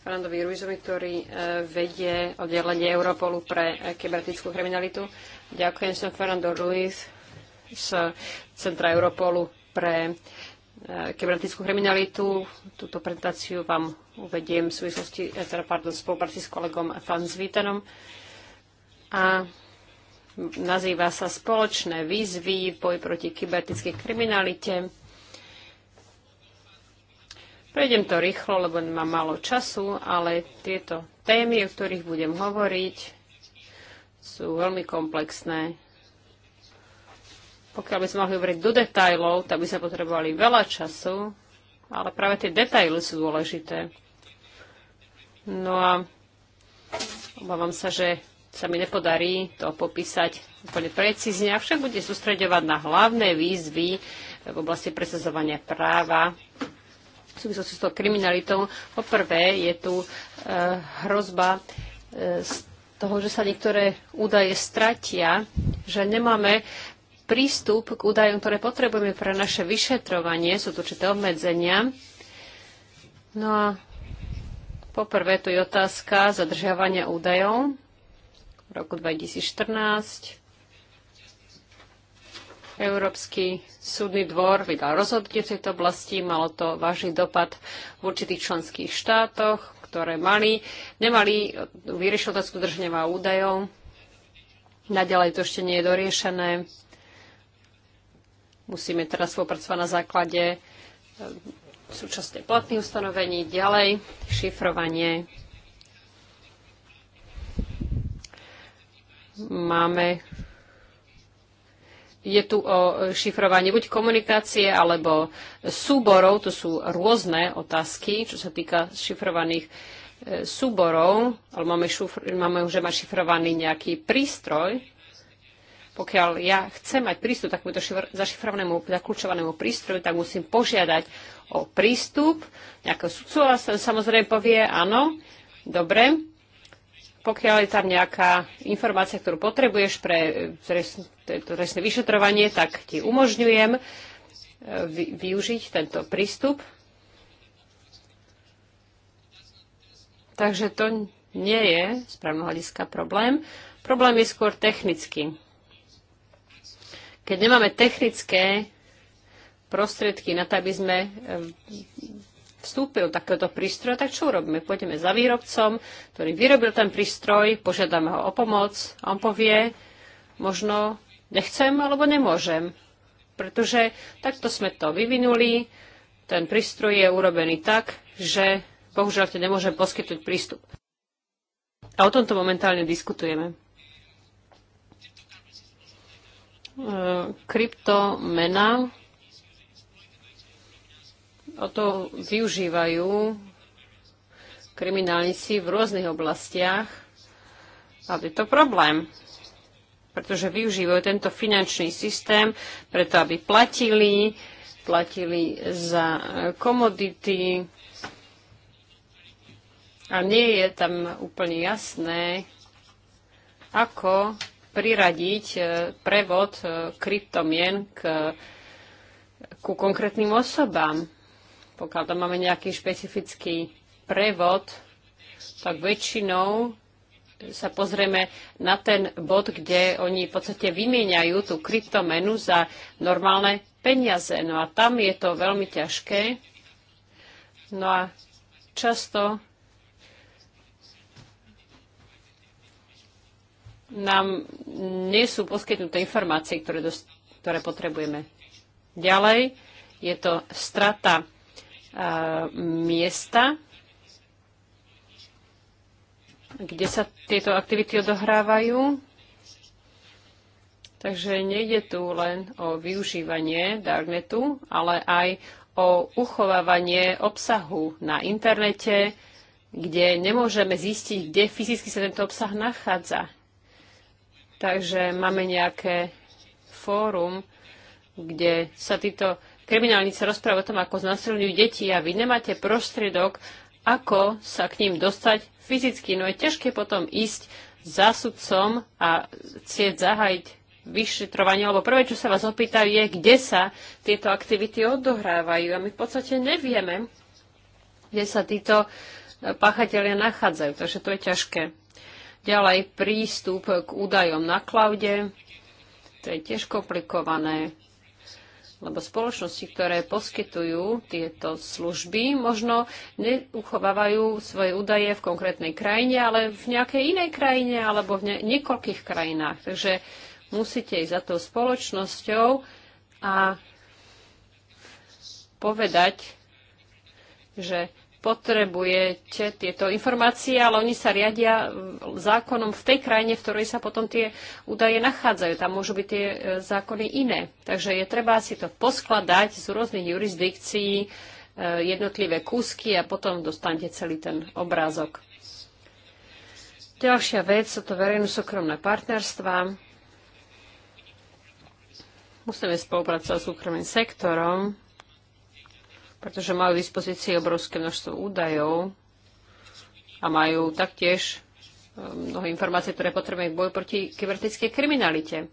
Fernandovi Ruizovi, ktorý e, vedie oddelenie Europolu pre e, kybernetickú kriminalitu. Ďakujem, som Fernando Ruiz z Centra Europolu pre eh, kybernetickú kriminalitu. Túto prezentáciu vám uvediem v súvislosti, eh, teda, pardon, spolupráci s kolegom Zvítenom A nazýva sa Spoločné výzvy boji proti kybernetickej kriminalite. Prejdem to rýchlo, lebo mám málo času, ale tieto témy, o ktorých budem hovoriť, sú veľmi komplexné pokiaľ by sme mohli hovoriť do detajlov, tak by sme potrebovali veľa času, ale práve tie detaily sú dôležité. No a obávam sa, že sa mi nepodarí to popísať úplne precízne, avšak bude sústredovať na hlavné výzvy v oblasti presazovania práva v súvislosti s tou kriminalitou. Poprvé je tu e, hrozba e, z toho, že sa niektoré údaje stratia, že nemáme prístup k údajom, ktoré potrebujeme pre naše vyšetrovanie. Sú tu určité obmedzenia. No a poprvé tu je otázka zadržiavania údajov v roku 2014. Európsky súdny dvor vydal rozhodnutie v tejto oblasti, malo to vážny dopad v určitých členských štátoch, ktoré mali, nemali, vyriešiť otázku držňová údajov. Naďalej to ešte nie je doriešené. Musíme teraz spolupracovať na základe e, súčasne platných ustanovení. Ďalej, šifrovanie. Máme je tu o šifrovanie buď komunikácie alebo súborov, to sú rôzne otázky, čo sa týka šifrovaných e, súborov, ale máme, šufr, máme už mať šifrovaný nejaký prístroj. Pokiaľ ja chcem mať prístup takémuto zašifrovanému, zakľúčovanému prístroju, tak musím požiadať o prístup nejakého sudcu samozrejme povie áno, dobre, pokiaľ je tam nejaká informácia, ktorú potrebuješ pre eh, trestné vyšetrovanie, tak ti umožňujem eh, využiť tento prístup. Takže to nie je z hľadiska problém. Problém je skôr technický. Keď nemáme technické prostriedky na to, aby sme e, vstúpil do takéhoto prístroja, tak čo urobíme? Pôjdeme za výrobcom, ktorý vyrobil ten prístroj, požiadame ho o pomoc a on povie, možno nechcem alebo nemôžem. Pretože takto sme to vyvinuli, ten prístroj je urobený tak, že bohužiaľ nemôžem poskytnúť prístup. A o tomto momentálne diskutujeme. E, kryptomena o to využívajú kriminálnici v rôznych oblastiach a je to problém, pretože využívajú tento finančný systém preto, aby platili, platili za komodity a nie je tam úplne jasné, ako priradiť e, prevod e, kryptomien k, ku konkrétnym osobám. Pokiaľ tam máme nejaký špecifický prevod, tak väčšinou sa pozrieme na ten bod, kde oni v podstate vymieňajú tú kryptomenu za normálne peniaze. No a tam je to veľmi ťažké. No a často nám nie sú poskytnuté informácie, ktoré, dos- ktoré potrebujeme. Ďalej je to strata a, miesta, kde sa tieto aktivity odohrávajú. Takže nejde tu len o využívanie Darknetu, ale aj o uchovávanie obsahu na internete, kde nemôžeme zistiť, kde fyzicky sa tento obsah nachádza Takže máme nejaké fórum, kde sa títo kriminálnici rozprávajú o tom, ako znásilňujú deti a vy nemáte prostriedok, ako sa k ním dostať fyzicky. No je ťažké potom ísť za sudcom a chcieť zahájiť vyšetrovanie, lebo prvé, čo sa vás opýtajú, je, kde sa tieto aktivity odohrávajú. A my v podstate nevieme, kde sa títo páchatelia nachádzajú. Takže to je ťažké. Ďalej prístup k údajom na klaude, to je tiež komplikované, lebo spoločnosti, ktoré poskytujú tieto služby, možno neuchovávajú svoje údaje v konkrétnej krajine, ale v nejakej inej krajine alebo v ne- niekoľkých krajinách. Takže musíte ísť za tou spoločnosťou a povedať, že potrebujete tieto informácie, ale oni sa riadia mm, zákonom v tej krajine, v ktorej sa potom tie údaje nachádzajú. Tam môžu byť tie e, zákony iné. Takže je treba si to poskladať z rôznych jurisdikcií, e, jednotlivé kúsky a potom dostanete celý ten obrázok. Ďalšia vec sú to verejno-súkromné partnerstva. Musíme spolupracovať s súkromným sektorom, pretože majú v dispozícii obrovské množstvo údajov a majú taktiež e, mnoho informácií, ktoré potrebujeme k boju proti kybernetickej kriminalite.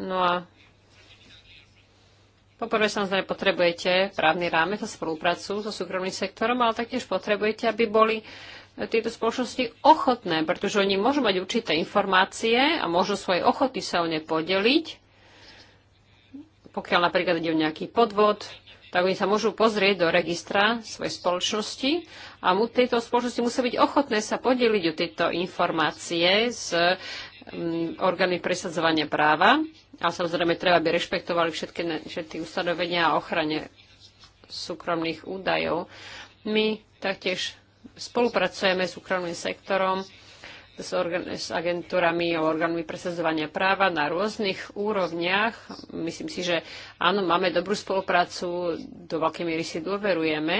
No a Poprvé samozrejme potrebujete právny rámec a spoluprácu so súkromným sektorom, ale taktiež potrebujete, aby boli tieto spoločnosti ochotné, pretože oni môžu mať určité informácie a môžu svoje ochoty sa o ne podeliť, pokiaľ napríklad ide o nejaký podvod tak oni sa môžu pozrieť do registra svojej spoločnosti a mu, tejto spoločnosti musia byť ochotné sa podeliť o tieto informácie s mm, orgány presadzovania práva. A samozrejme, treba by rešpektovali všetky, všetky ustanovenia a ochrane súkromných údajov. My taktiež spolupracujeme s súkromným sektorom s, s agentúrami a orgánmi presadzovania práva na rôznych úrovniach. Myslím si, že áno, máme dobrú spoluprácu, do veľkej miery si dôverujeme,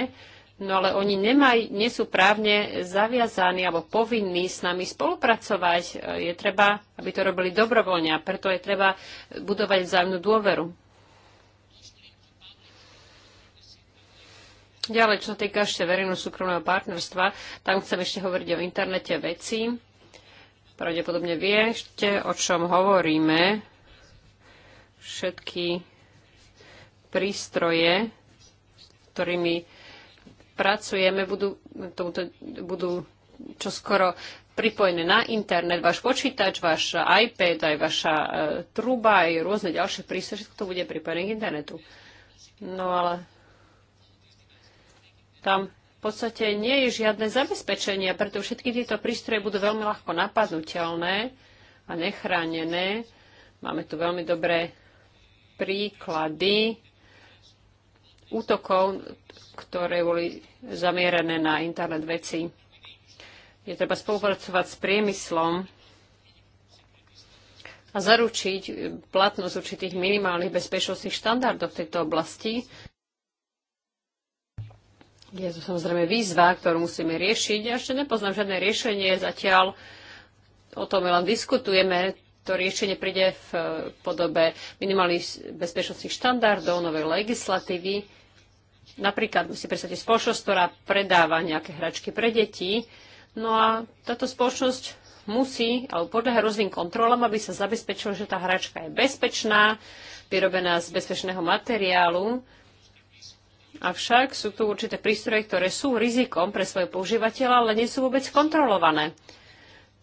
no ale oni nemaj, nie sú právne zaviazaní alebo povinní s nami spolupracovať. Je treba, aby to robili dobrovoľne a preto je treba budovať vzájomnú dôveru. Ďalej, čo sa týka ešte verejno-súkromného partnerstva, tam chcem ešte hovoriť o internete vecí. Pravdepodobne viete, o čom hovoríme. Všetky prístroje, ktorými pracujeme, budú, tomuto, budú čoskoro pripojené na internet, váš počítač, váš iPad, aj vaša e, truba, aj rôzne ďalšie prístroje, všetko to bude pripojené k internetu. No ale tam v podstate nie je žiadne zabezpečenie, preto všetky tieto prístroje budú veľmi ľahko napadnutelné a nechránené. Máme tu veľmi dobré príklady útokov, ktoré boli zamierené na internet veci. Je treba spolupracovať s priemyslom a zaručiť platnosť určitých minimálnych bezpečnostných štandardov v tejto oblasti. Je to samozrejme výzva, ktorú musíme riešiť. Ja ešte nepoznám žiadne riešenie zatiaľ. O tom len diskutujeme. To riešenie príde v eh, podobe minimálnych bezpečnostných štandardov, novej legislatívy. Napríklad si predstavíte spoločnosť, ktorá predáva nejaké hračky pre deti. No a táto spoločnosť musí alebo podľa rôznym kontrolám, aby sa zabezpečilo, že tá hračka je bezpečná, vyrobená z bezpečného materiálu Avšak sú tu určité prístroje, ktoré sú rizikom pre svoje používateľa, ale nie sú vôbec kontrolované.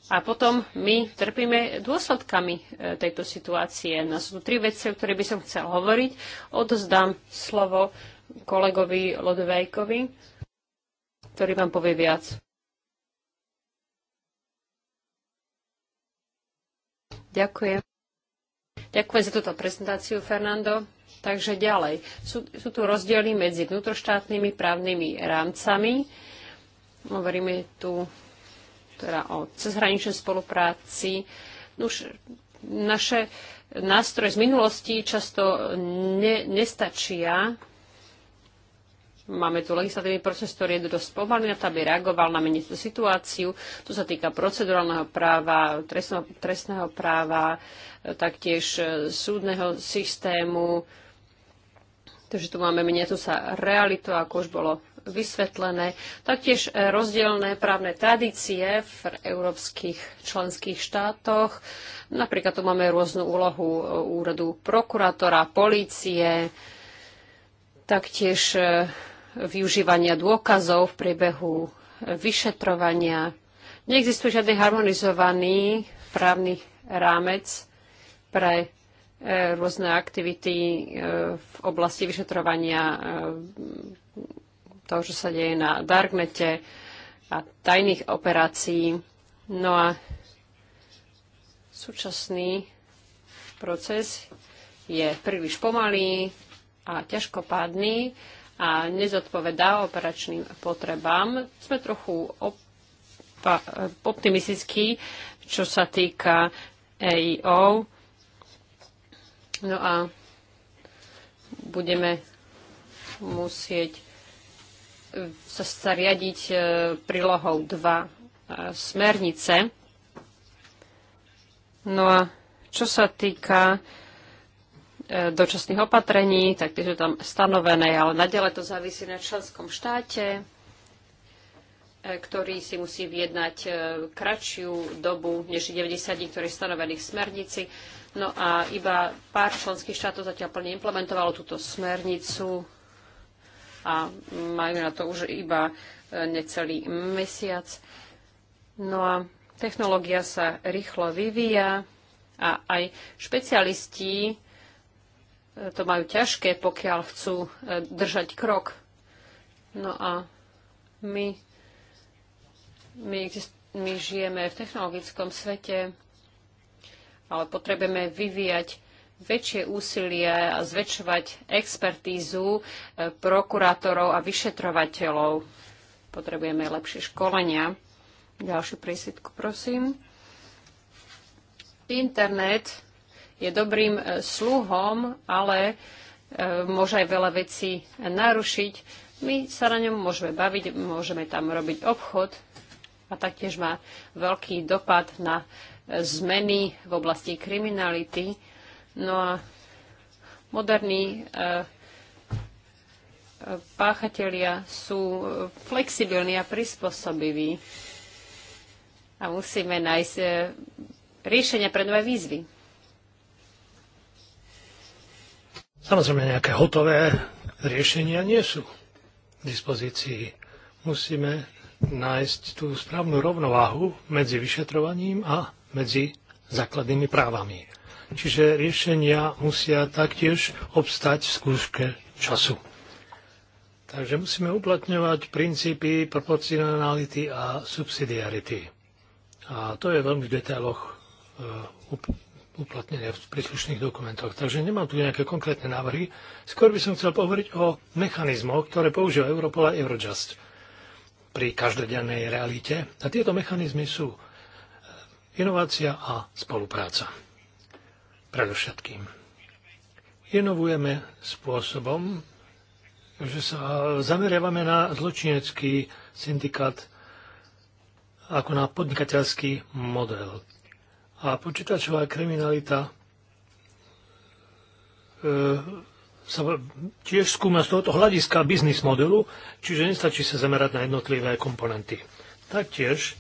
A potom my trpíme dôsledkami e, tejto situácie. Na no, sú tu tri veci, o ktorých by som chcel hovoriť. Odozdám slovo kolegovi Lodovejkovi, ktorý vám povie viac. Ďakujem. Ďakujem za túto prezentáciu, Fernando. Takže ďalej, sú, sú tu rozdiely medzi vnútroštátnymi právnymi rámcami. Hovoríme tu teda o cezhraničnej spolupráci. Už naše nástroje z minulosti často ne, nestačia. Máme tu legislatívny proces, ktorý je dosť pomalý na to, aby reagoval na meniacú situáciu. Tu sa týka procedurálneho práva, trestného, trestného práva, taktiež súdneho systému. Takže tu máme tu sa realitu, ako už bolo vysvetlené. Taktiež e, rozdielne právne tradície v európskych členských štátoch. Napríklad tu máme rôznu úlohu e, úradu prokurátora, polície, taktiež e, využívania dôkazov v priebehu vyšetrovania. Neexistuje žiadny harmonizovaný právny rámec pre E, rôzne aktivity e, v oblasti vyšetrovania e, toho, čo sa deje na Darknete a tajných operácií. No a súčasný proces je príliš pomalý a ťažkopádny a nezodpovedá operačným potrebám. Sme trochu optimistickí, čo sa týka EIO No a budeme musieť e, sa, zariadiť riadiť e, prílohou 2 e, smernice. No a čo sa týka dočasných opatrení, tak tie sú tam stanovené, ale nadalej to závisí na členskom štáte, ktorý si musí vyjednať kratšiu dobu než 90 dní, ktorý je stanovený v smernici. No a iba pár členských štátov zatiaľ plne implementovalo túto smernicu a majú na to už iba e, necelý mesiac. No a technológia sa rýchlo vyvíja a aj špecialisti e, to majú ťažké, pokiaľ chcú e, držať krok. No a my, my, my žijeme v technologickom svete, ale potrebujeme vyvíjať väčšie úsilie a zväčšovať expertízu e, prokurátorov a vyšetrovateľov. Potrebujeme lepšie školenia. Ďalšiu prísvitku, prosím. Internet je dobrým e, sluhom, ale e, môže aj veľa vecí narušiť. My sa na ňom môžeme baviť, môžeme tam robiť obchod a taktiež má veľký dopad na zmeny v oblasti kriminality. No a moderní e, e, páchatelia sú flexibilní a prispôsobiví a musíme nájsť e, riešenia pre nové výzvy. Samozrejme, nejaké hotové riešenia nie sú k dispozícii. Musíme nájsť tú správnu rovnováhu medzi vyšetrovaním a medzi základnými právami. Čiže riešenia musia taktiež obstať v skúške času. Takže musíme uplatňovať princípy proporcionality a subsidiarity. A to je veľmi v detailoch eh, uplatnené v príslušných dokumentoch. Takže nemám tu nejaké konkrétne návrhy. Skôr by som chcel pohovoriť o mechanizmoch, ktoré používa Europol a Eurojust pri každodennej realite. A tieto mechanizmy sú Inovácia a spolupráca. Predovšetkým. Inovujeme spôsobom, že sa zameriavame na zločinecký syndikát ako na podnikateľský model. A počítačová kriminalita e, sa tiež skúma z tohoto hľadiska biznis modelu, čiže nestačí sa zamerať na jednotlivé komponenty. Taktiež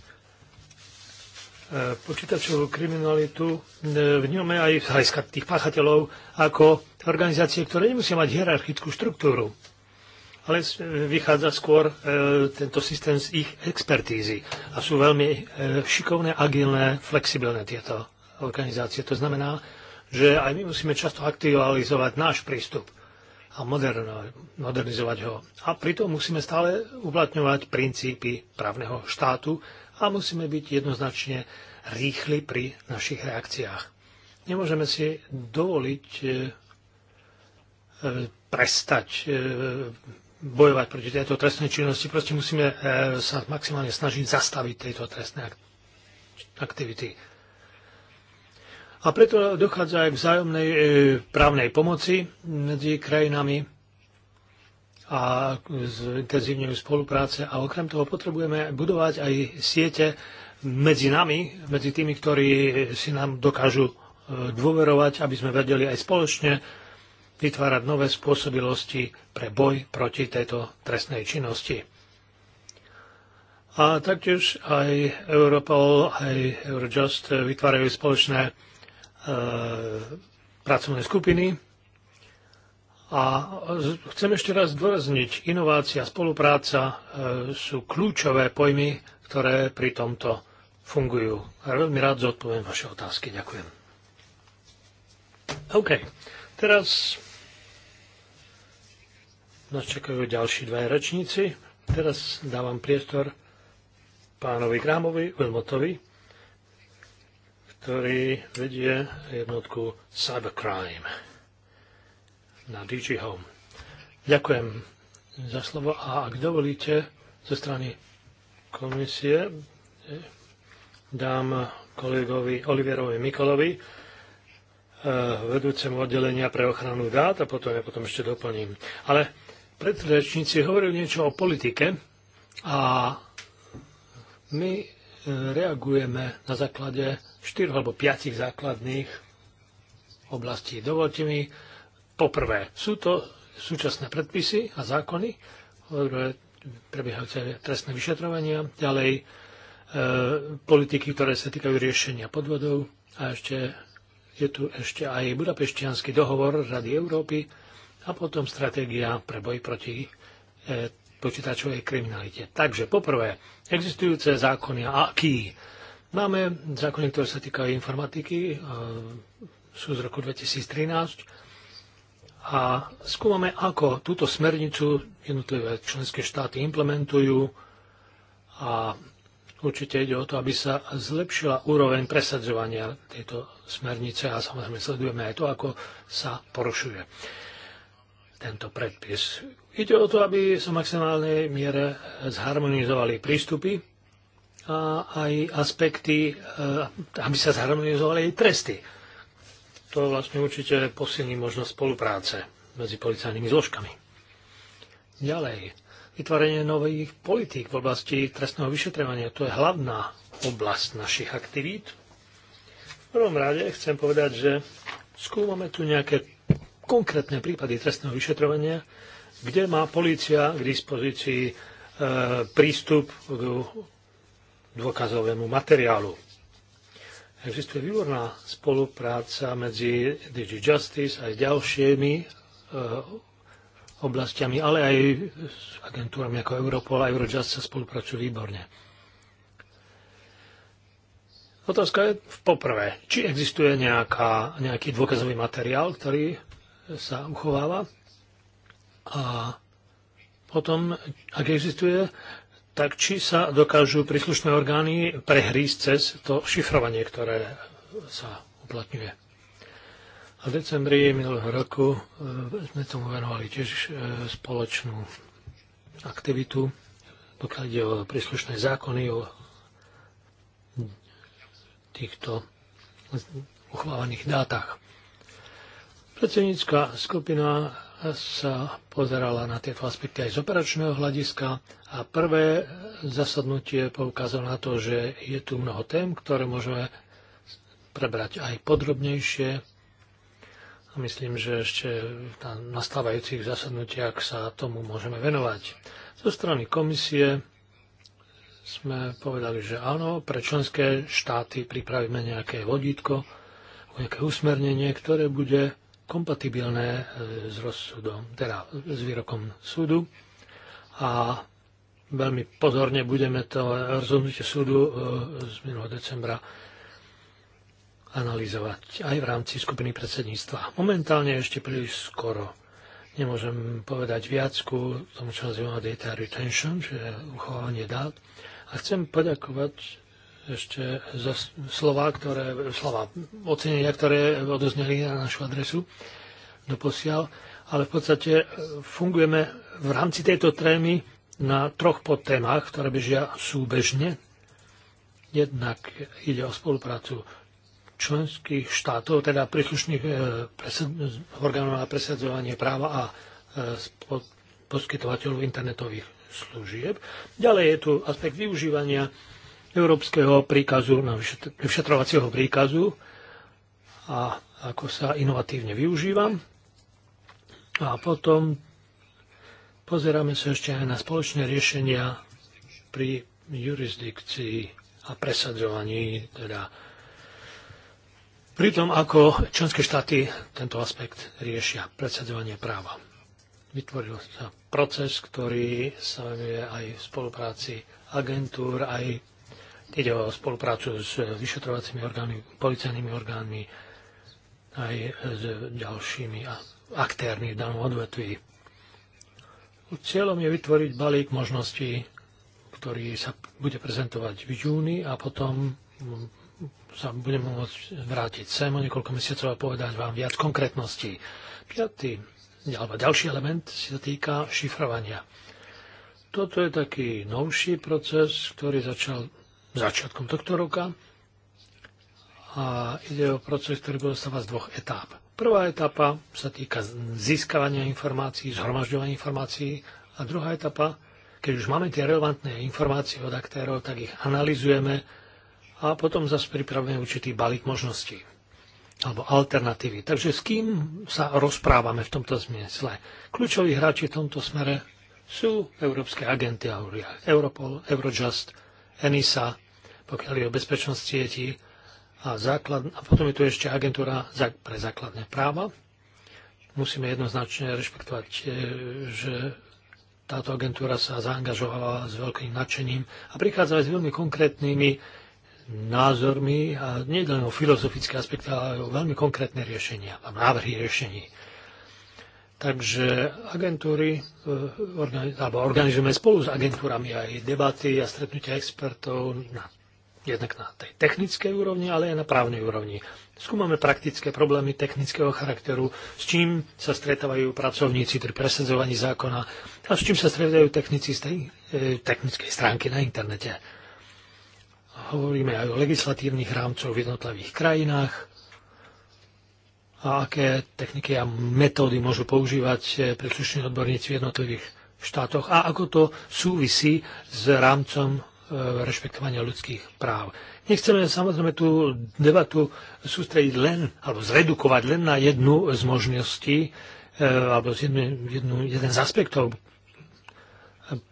E, počítačovú kriminalitu e, vnímame aj z hľadiska tých páchateľov ako organizácie, ktoré nemusia mať hierarchickú štruktúru. Ale vychádza skôr e, tento systém z ich expertízy. A sú veľmi e, šikovné, agilné, flexibilné tieto organizácie. To znamená, že aj my musíme často aktualizovať náš prístup a moderno, modernizovať ho. A pritom musíme stále uplatňovať princípy právneho štátu a musíme byť jednoznačne rýchli pri našich reakciách. Nemôžeme si dovoliť e, e, prestať e, bojovať proti tejto trestnej činnosti. Proste musíme sa maximálne snažiť zastaviť tejto trestnej aktivity. A preto dochádza aj k vzájomnej právnej pomoci medzi krajinami a intenzívnej spolupráce a okrem toho potrebujeme budovať aj siete medzi nami, medzi tými, ktorí si nám dokážu e, dôverovať, aby sme vedeli aj spoločne vytvárať nové spôsobilosti pre boj proti tejto trestnej činnosti. A taktiež aj Europol, aj Eurojust vytvárajú spoločné e, pracovné skupiny, a chcem ešte raz zdôrazniť, inovácia a spolupráca e, sú kľúčové pojmy, ktoré pri tomto fungujú. A veľmi rád zodpoviem vaše otázky. Ďakujem. OK. Teraz nás čakajú ďalší dva rečníci. Teraz dávam priestor pánovi Krámovi, Wilmotovi, ktorý vedie jednotku Cybercrime na DG Home. Ďakujem za slovo a ak dovolíte zo strany komisie eh, dám kolegovi Oliverovi Mikolovi, eh, vedúcemu oddelenia pre ochranu dát a potom ja potom ešte doplním. Ale predrečníci hovorili niečo o politike a my eh, reagujeme na základe štyroch alebo piatich základných oblastí. Dovolte mi Poprvé, sú to súčasné predpisy a zákony, ktoré prebiehajúce trestné vyšetrovania, ďalej e, politiky, ktoré sa týkajú riešenia podvodov a ešte je tu ešte aj budapeštianský dohovor Rady Európy a potom stratégia pre boj proti e, počítačovej kriminalite. Takže poprvé, existujúce zákony a aký? Máme zákony, ktoré sa týkajú informatiky, e, sú z roku 2013 a skúmame, ako túto smernicu jednotlivé členské štáty implementujú a určite ide o to, aby sa zlepšila úroveň presadzovania tejto smernice a samozrejme sledujeme aj to, ako sa porušuje tento predpis. Ide o to, aby sa maximálnej miere zharmonizovali prístupy a aj aspekty, e, aby sa zharmonizovali aj tresty to vlastne určite posilní možnosť spolupráce medzi policajnými zložkami. Ďalej, vytvorenie nových politík v oblasti trestného vyšetrovania. To je hlavná oblasť našich aktivít. V prvom rade chcem povedať, že skúmame tu nejaké konkrétne prípady trestného vyšetrovania, kde má polícia k dispozícii e, prístup k dôkazovému materiálu Existuje výborná spolupráca medzi DG Justice a ďalšími eh, oblastiami, ale aj s agentúrami ako Europol a Eurojust sa spolupracujú výborne. Otázka je v poprvé, či existuje nejaká, nejaký dôkazový materiál, ktorý sa uchováva a potom, ak existuje, tak či sa dokážu príslušné orgány prehrísť cez to šifrovanie, ktoré sa uplatňuje. A v decembri minulého roku eh, sme tomu venovali tiež eh, spoločnú aktivitu, pokiaľ ide o príslušné zákony, o týchto uchovávaných dátach. Predsednícka skupina sa pozerala na tieto aspekty aj z operačného hľadiska a prvé zasadnutie poukázalo na to, že je tu mnoho tém, ktoré môžeme prebrať aj podrobnejšie. A myslím, že ešte na nastávajúcich zasadnutiach sa tomu môžeme venovať. Zo strany komisie sme povedali, že áno, pre členské štáty pripravíme nejaké vodítko, nejaké usmernenie, ktoré bude kompatibilné e, s rozsudom, teda s výrokom súdu. A veľmi pozorne budeme to rozhodnutie súdu e, z minulého decembra analyzovať aj v rámci skupiny predsedníctva. Momentálne ešte príliš skoro. Nemôžem povedať viac ku tomu, čo nazývame data retention, čiže uchovanie dát. A chcem poďakovať ešte za slova, ktoré, slova, ocenenia, ktoré odozneli na našu adresu doposiaľ, ale v podstate e, fungujeme v rámci tejto trémy na troch podtémach, ktoré bežia súbežne. Jednak ide o spoluprácu členských štátov, teda príslušných e, orgánov na presadzovanie práva a e, poskytovateľov internetových služieb. Ďalej je tu aspekt využívania európskeho príkazu, no, vyšetrovacieho príkazu a ako sa inovatívne využíva. A potom Pozeráme sa ešte aj na spoločné riešenia pri jurisdikcii a presadzovaní teda pri tom, ako členské štáty tento aspekt riešia, presadzovanie práva. Vytvoril sa proces, ktorý sa venuje aj v spolupráci agentúr, aj ide o spoluprácu s vyšetrovacími orgánmi, policajnými orgánmi, aj s ďalšími aktérmi v danom odvetví. Cieľom je vytvoriť balík možností, ktorý sa bude prezentovať v júni a potom sa budeme môcť vrátiť sem o niekoľko mesiacov a povedať vám viac konkrétností. Piatý, alebo ďalší element sa týka šifrovania. Toto je taký novší proces, ktorý začal začiatkom tohto roka a ide o proces, ktorý bude stávať z dvoch etáp. Prvá etapa sa týka získavania informácií, zhromažďovania informácií a druhá etapa, keď už máme tie relevantné informácie od aktérov, tak ich analizujeme a potom zase pripravujeme určitý balík možností alebo alternatívy. Takže s kým sa rozprávame v tomto zmysle? Kľúčoví hráči v tomto smere sú európske agenty Europol, Eurojust, ENISA, pokiaľ je o bezpečnosti sietí, a, základ, a potom je tu ešte agentúra pre základné práva. Musíme jednoznačne rešpektovať, e, že táto agentúra sa zaangažovala s veľkým nadšením a prichádza aj s veľmi konkrétnymi názormi a nie len o filozofické aspekty, ale aj o veľmi konkrétne riešenia a návrhy riešení. Takže agentúry, e, alebo organizujeme spolu s agentúrami aj debaty a stretnutia expertov na jednak na tej technickej úrovni, ale aj na právnej úrovni. Skúmame praktické problémy technického charakteru, s čím sa stretávajú pracovníci pri presadzovaní zákona a s čím sa stretávajú technici z tej e, technickej stránky na internete. Hovoríme aj o legislatívnych rámcoch v jednotlivých krajinách a aké techniky a metódy môžu používať e, príslušní odborníci v jednotlivých štátoch a ako to súvisí s rámcom E, rešpektovania ľudských práv. Nechceme samozrejme tú debatu sústrediť len, alebo zredukovať len na jednu z možností, e, alebo z jednu, jednu, jeden z aspektov,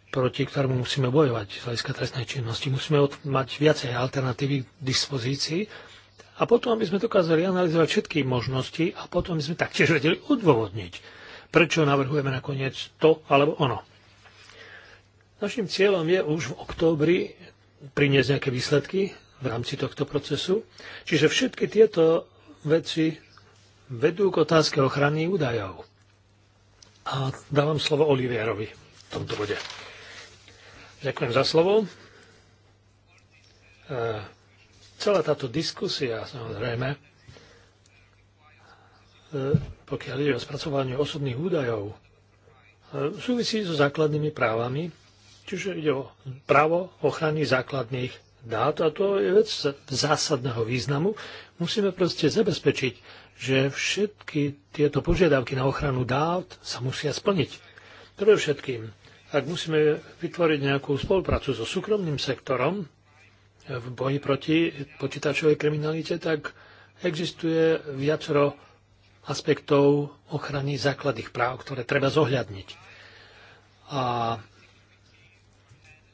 proti ktorému musíme bojovať z hľadiska trestnej činnosti. Musíme mať viacej alternatívy k dispozícii a potom, aby sme dokázali analyzovať všetky možnosti a potom aby sme taktiež vedeli odôvodniť, prečo navrhujeme nakoniec to alebo ono. Našim cieľom je už v októbri priniesť nejaké výsledky v rámci tohto procesu. Čiže všetky tieto veci vedú k otázke ochrany údajov. A dávam slovo Olivierovi v tomto bode. Ďakujem za slovo. E, celá táto diskusia, samozrejme, e, pokiaľ ide o spracovanie osobných údajov, e, súvisí so základnými právami Čiže ide o právo ochrany základných dát a to je vec zásadného významu. Musíme proste zabezpečiť, že všetky tieto požiadavky na ochranu dát sa musia splniť. Pre všetkým, ak musíme vytvoriť nejakú spoluprácu so súkromným sektorom v boji proti počítačovej kriminalite, tak existuje viacero aspektov ochrany základných práv, ktoré treba zohľadniť. A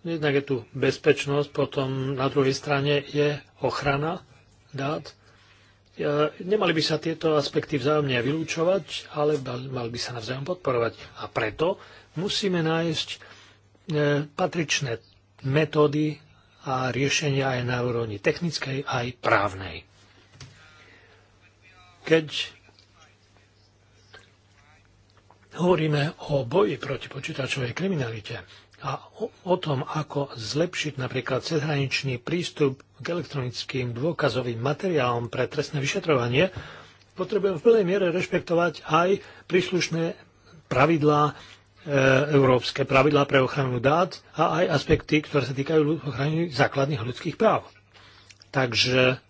No jednak je tu bezpečnosť, potom na druhej strane je ochrana dát. Nemali by sa tieto aspekty vzájomne vylúčovať, ale mali by sa navzájom podporovať. A preto musíme nájsť e, patričné metódy a riešenia aj na úrovni technickej, aj právnej. Keď hovoríme o boji proti počítačovej kriminalite, a o, o tom, ako zlepšiť napríklad cezhraničný prístup k elektronickým dôkazovým materiálom pre trestné vyšetrovanie, potrebujeme v plnej miere rešpektovať aj príslušné pravidlá, e, európske pravidlá pre ochranu dát a aj aspekty, ktoré sa týkajú ochrany základných ľudských práv. Takže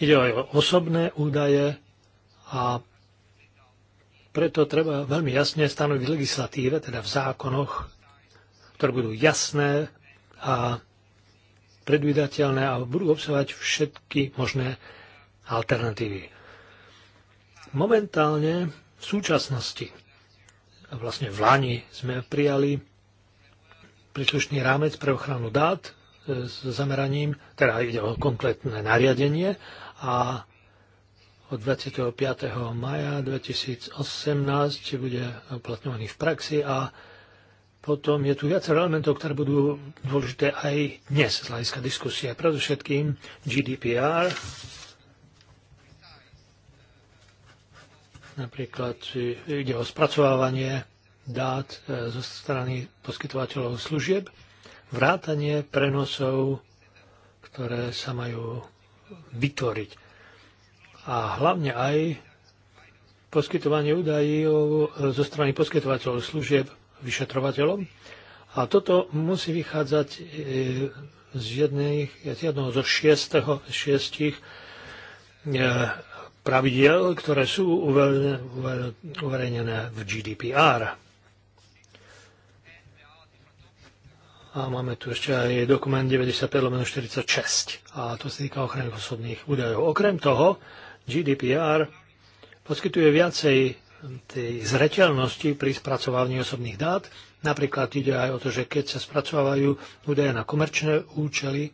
ide aj o osobné údaje a preto treba veľmi jasne stanoviť v legislatíve, teda v zákonoch, ktoré budú jasné a predvydateľné a budú obsahovať všetky možné alternatívy. Momentálne v súčasnosti, a vlastne v Lani sme prijali príslušný rámec pre ochranu dát e, s zameraním, teda ide o konkrétne nariadenie a od 25. maja 2018 bude uplatňovaný v praxi a potom je tu viacero elementov, ktoré budú dôležité aj dnes z hľadiska diskusie. Predovšetkým GDPR, napríklad e, ide o spracovávanie dát e, zo strany poskytovateľov služieb, vrátanie prenosov, ktoré sa majú vytvoriť. A hlavne aj poskytovanie údajov zo strany poskytovateľov služieb vyšetrovateľom. A toto musí vychádzať e, z, jednej, z jednoho zo šiestého, šiestich e, pravidiel, ktoré sú uverejnené v GDPR. A máme tu ešte aj dokument 95-46 a to sa týka ochrany osobných údajov. Okrem toho, GDPR poskytuje viacej tej zreteľnosti pri spracovávaní osobných dát. Napríklad ide aj o to, že keď sa spracovávajú údaje na komerčné účely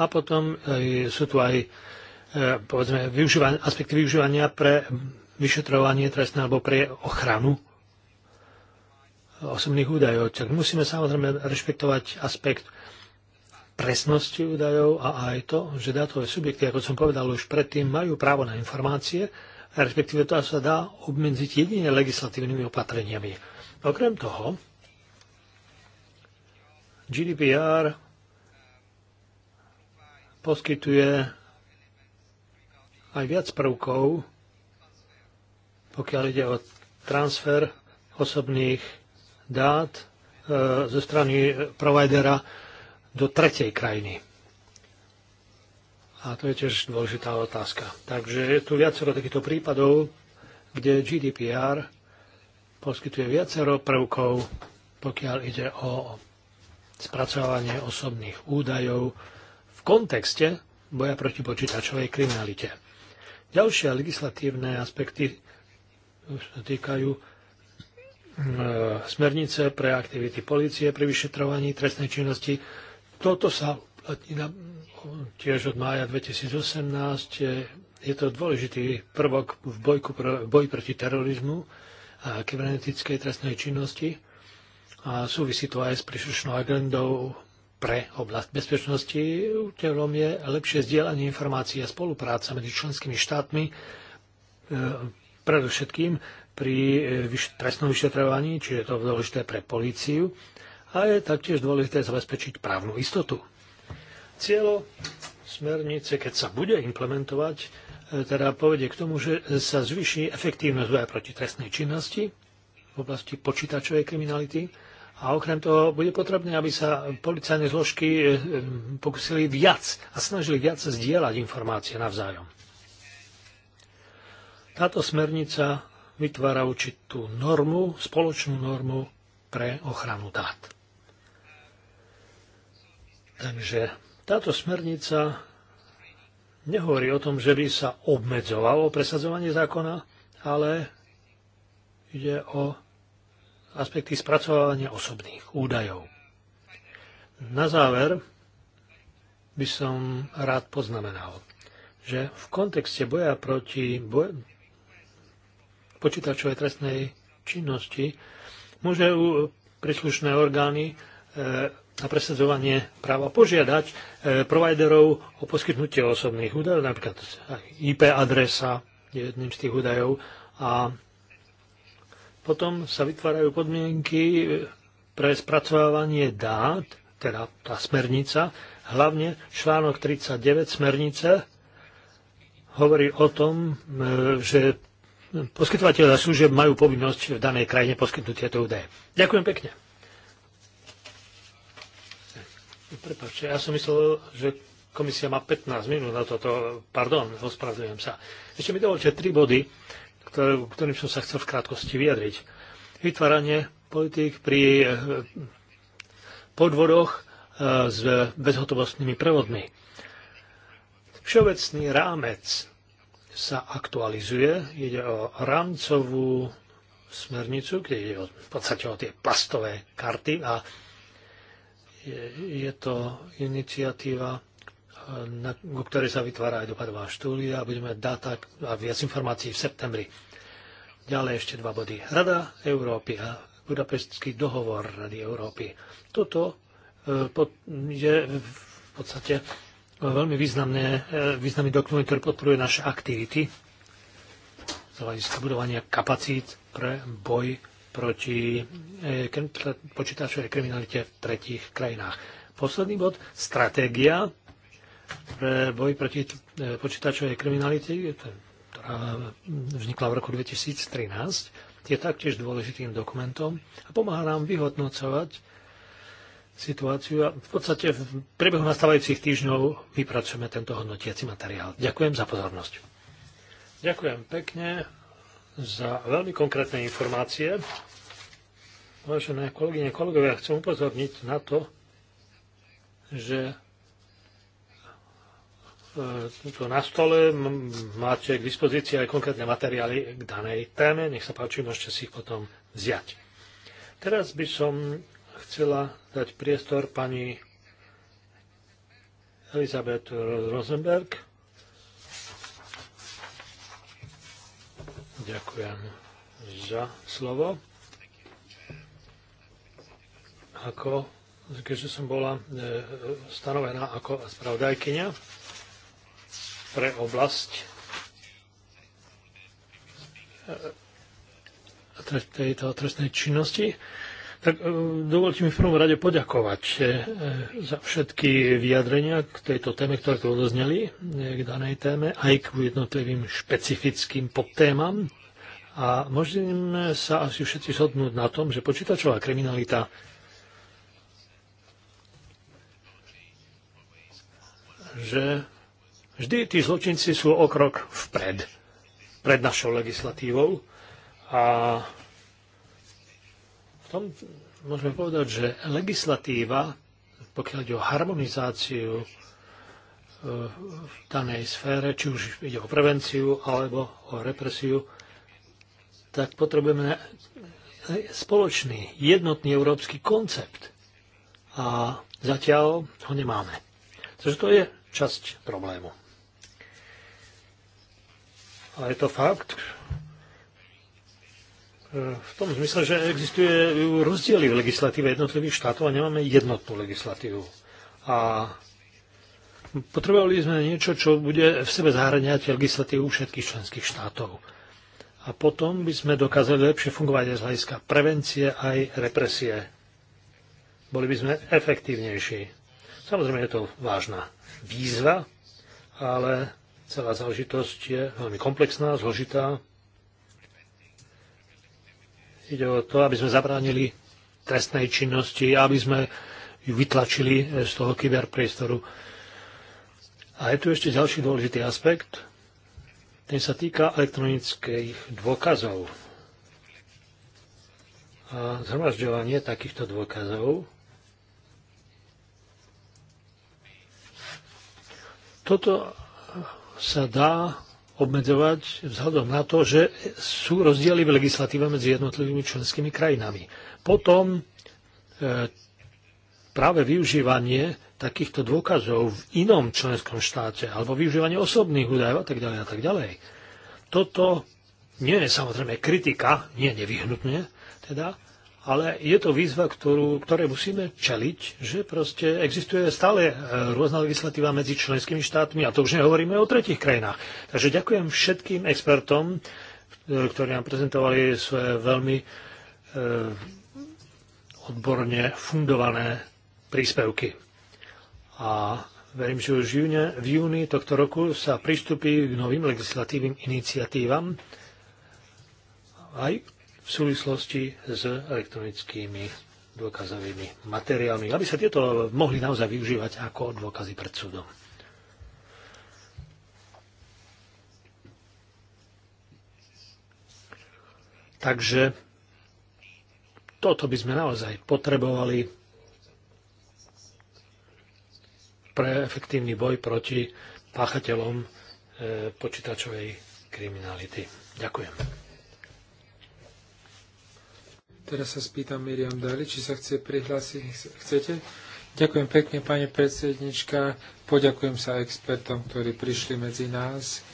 a potom e, sú tu aj e, povedzme, využívanie, aspekty využívania pre vyšetrovanie trestné alebo pre ochranu osobných údajov. Tak musíme samozrejme rešpektovať aspekt presnosti údajov a aj to, že dátové subjekty, ako som povedal už predtým, majú právo na informácie, respektíve to sa dá obmedziť jedine legislatívnymi opatreniami. Okrem toho, GDPR poskytuje aj viac prvkov, pokiaľ ide o transfer osobných dát e, zo strany providera do tretej krajiny. A to je tiež dôležitá otázka. Takže je tu viacero takýchto prípadov, kde GDPR poskytuje viacero prvkov, pokiaľ ide o spracovanie osobných údajov v kontexte boja proti počítačovej kriminalite. Ďalšie legislatívne aspekty sa týkajú e, smernice pre aktivity policie pri vyšetrovaní trestnej činnosti. Toto sa platí na, tiež od mája 2018. Je, eh, je to dôležitý prvok v bojku, boji proti terorizmu a kybernetickej trestnej činnosti a súvisí to aj s príslušnou agendou pre oblasť bezpečnosti. Účelom je lepšie zdieľanie informácií a spolupráca medzi členskými štátmi, e, predovšetkým pri eh, vyš- trestnom vyšetrovaní, čiže je to dôležité pre políciu, a je taktiež dôležité zabezpečiť právnu istotu. Cieľo smernice, keď sa bude implementovať, e, teda povedie k tomu, že sa zvyší efektívnosť boja proti trestnej činnosti v oblasti počítačovej kriminality a okrem toho bude potrebné, aby sa policajné zložky e, e, pokusili viac a snažili viac zdieľať informácie navzájom. Táto smernica vytvára určitú normu, spoločnú normu pre ochranu dát. Takže táto smernica nehovorí o tom, že by sa obmedzovalo presadzovanie zákona, ale ide o aspekty spracovávania osobných údajov. Na záver by som rád poznamenal, že v kontexte boja proti boj- počítačovej trestnej činnosti môže príslušné orgány e, na presadzovanie práva požiadať e, providerov o poskytnutie osobných údajov, napríklad IP adresa je jedným z tých údajov a potom sa vytvárajú podmienky e, pre spracovávanie dát, teda tá smernica, hlavne článok 39 smernice hovorí o tom, e, že poskytovateľe služieb majú povinnosť v danej krajine poskytnúť tieto údaje. Ďakujem pekne. Prepačte, ja som myslel, že komisia má 15 minút na toto. Pardon, ospravedlňujem sa. Ešte mi dovolte tri body, ktoré, ktorým som sa chcel v krátkosti vyjadriť. Vytváranie politik pri eh, podvodoch eh, s bezhotovostnými prevodmi. Všeobecný rámec sa aktualizuje. Ide o rámcovú smernicu, kde ide o, v podstate o tie plastové karty a je to iniciatíva, na, ku ktorej sa vytvára aj dopadová štúdia a budeme dáta a viac informácií v septembri. Ďalej ešte dva body. Rada Európy a Budapestský dohovor Rady Európy. Toto e, je v podstate veľmi významné, e, významný dokument, ktorý podporuje naše aktivity z hľadiska budovania kapacít pre boj proti e, počítačovej kriminalite v tretích krajinách. Posledný bod, stratégia pre boj proti e, počítačovej kriminalite, ktorá vznikla v roku 2013, je taktiež dôležitým dokumentom a pomáha nám vyhodnocovať situáciu a v podstate v priebehu nastávajúcich týždňov vypracujeme tento hodnotiaci materiál. Ďakujem za pozornosť. Ďakujem pekne za veľmi konkrétne informácie. Vážené kolegyne, kolegovia, chcem upozorniť na to, že e, tu na stole máte k dispozícii aj konkrétne materiály k danej téme. Nech sa páči, môžete si ich potom vziať. Teraz by som chcela dať priestor pani Elizabeth Rosenberg, Ďakujem za slovo. Ako, keďže som bola e, stanovená ako spravodajkynia pre oblasť e, tejto trestnej činnosti, tak e, dovolte mi v prvom rade poďakovať e, za všetky vyjadrenia k tejto téme, ktoré tu odozneli, e, k danej téme, aj k jednotlivým špecifickým podtémam. A môžeme sa asi všetci shodnúť na tom, že počítačová kriminalita že vždy tí zločinci sú o krok vpred, pred našou legislatívou a v tom môžeme povedať, že legislatíva, pokiaľ ide o harmonizáciu e, v danej sfére, či už ide o prevenciu alebo o represiu, tak potrebujeme spoločný, jednotný európsky koncept. A zatiaľ ho nemáme. Takže to je časť problému. A je to fakt, v tom zmysle, že existuje rozdiely v legislatíve jednotlivých štátov a nemáme jednotnú legislatívu. A potrebovali sme niečo, čo bude v sebe zahraniať legislatívu všetkých členských štátov. A potom by sme dokázali lepšie fungovať aj z hľadiska prevencie aj represie. Boli by sme efektívnejší. Samozrejme je to vážna výzva, ale celá záležitosť je veľmi komplexná, zložitá, Ide o to, aby sme zabránili trestnej činnosti, aby sme ju vytlačili z toho kyberpriestoru. A je tu ešte ďalší dôležitý aspekt. Ten sa týka elektronických dôkazov. A zhromažďovanie takýchto dôkazov toto sa dá obmedzovať vzhľadom na to, že sú rozdiely v legislatíve medzi jednotlivými členskými krajinami. Potom e, práve využívanie takýchto dôkazov v inom členskom štáte alebo využívanie osobných údajov a tak ďalej a tak ďalej. Toto nie je samozrejme kritika, nie nevyhnutne teda, ale je to výzva, ktorú, ktoré musíme čeliť, že proste existuje stále e, rôzna legislatíva medzi členskými štátmi a to už nehovoríme o tretich krajinách. Takže ďakujem všetkým expertom, e, ktorí nám prezentovali svoje veľmi eh, odborne fundované príspevky. A verím, že už v júni, v júni tohto roku sa pristupí k novým legislatívnym iniciatívam aj v súvislosti s elektronickými dôkazovými materiálmi, aby sa tieto mohli naozaj využívať ako dôkazy pred súdom. Takže toto by sme naozaj potrebovali pre efektívny boj proti páchateľom e, počítačovej kriminality. Ďakujem. Teraz sa spýtam Miriam Dali, či sa chce prihlásiť. Chcete? Ďakujem pekne, pani predsednička. Poďakujem sa expertom, ktorí prišli medzi nás.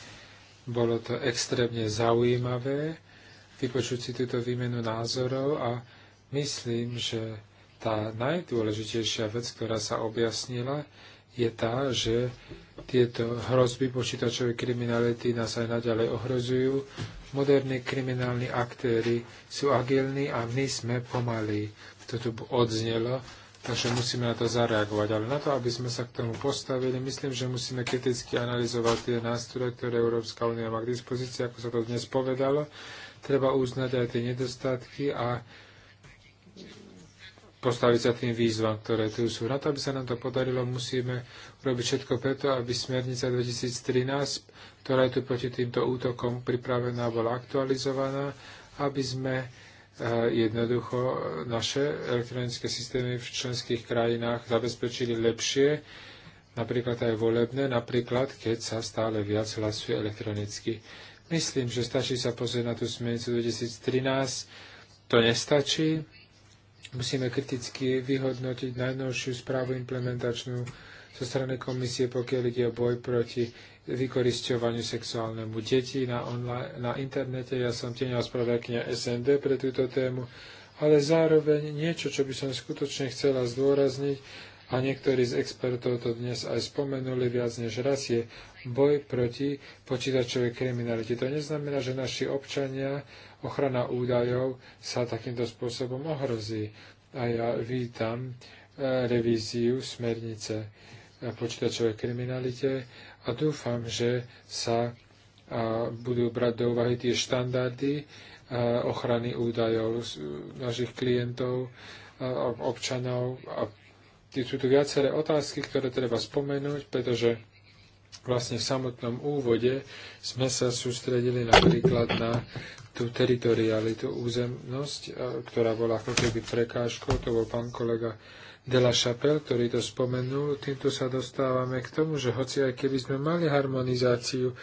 Bolo to extrémne zaujímavé vypočuť si túto výmenu názorov a myslím, že tá najdôležitejšia vec, ktorá sa objasnila, je tá, že tieto hrozby počítačovej kriminality nás aj naďalej ohrozujú moderní kriminálni aktéry sú agilní a my sme pomalí. To tu odznelo, takže musíme na to zareagovať. Ale na to, aby sme sa k tomu postavili, myslím, že musíme kriticky analyzovať tie nástroje, ktoré Európska únia má k dispozícii, ako sa to dnes povedalo. Treba uznať aj tie nedostatky a postaviť sa tým výzvam, ktoré tu sú. Na to, aby sa nám to podarilo, musíme robiť všetko preto, aby smernica 2013, ktorá je tu proti týmto útokom pripravená, bola aktualizovaná, aby sme e, jednoducho naše elektronické systémy v členských krajinách zabezpečili lepšie, napríklad aj volebné, napríklad keď sa stále viac hlasuje elektronicky. Myslím, že stačí sa pozrieť na tú smernicu 2013. To nestačí Musíme kriticky vyhodnotiť najnovšiu správu implementačnú zo strany komisie, pokiaľ ide o boj proti vykoristovaniu sexuálnemu detí na, online, na internete. Ja som tieňa spravodajkynia SND pre túto tému, ale zároveň niečo, čo by som skutočne chcela zdôrazniť, a niektorí z expertov to dnes aj spomenuli viac než raz, je boj proti počítačovej kriminalite. To neznamená, že naši občania, ochrana údajov sa takýmto spôsobom ohrozí. A ja vítam e, revíziu smernice počítačovej kriminalite a dúfam, že sa e, budú brať do úvahy tie štandardy e, ochrany údajov našich klientov, občanov a sú tu viaceré otázky, ktoré treba spomenúť, pretože vlastne v samotnom úvode sme sa sústredili napríklad na tú teritorialitu, územnosť, e, ktorá bola ako keby prekážkou, to bol pán kolega de la Chapelle, ktorý to spomenul, týmto sa dostávame k tomu, že hoci aj keby sme mali harmonizáciu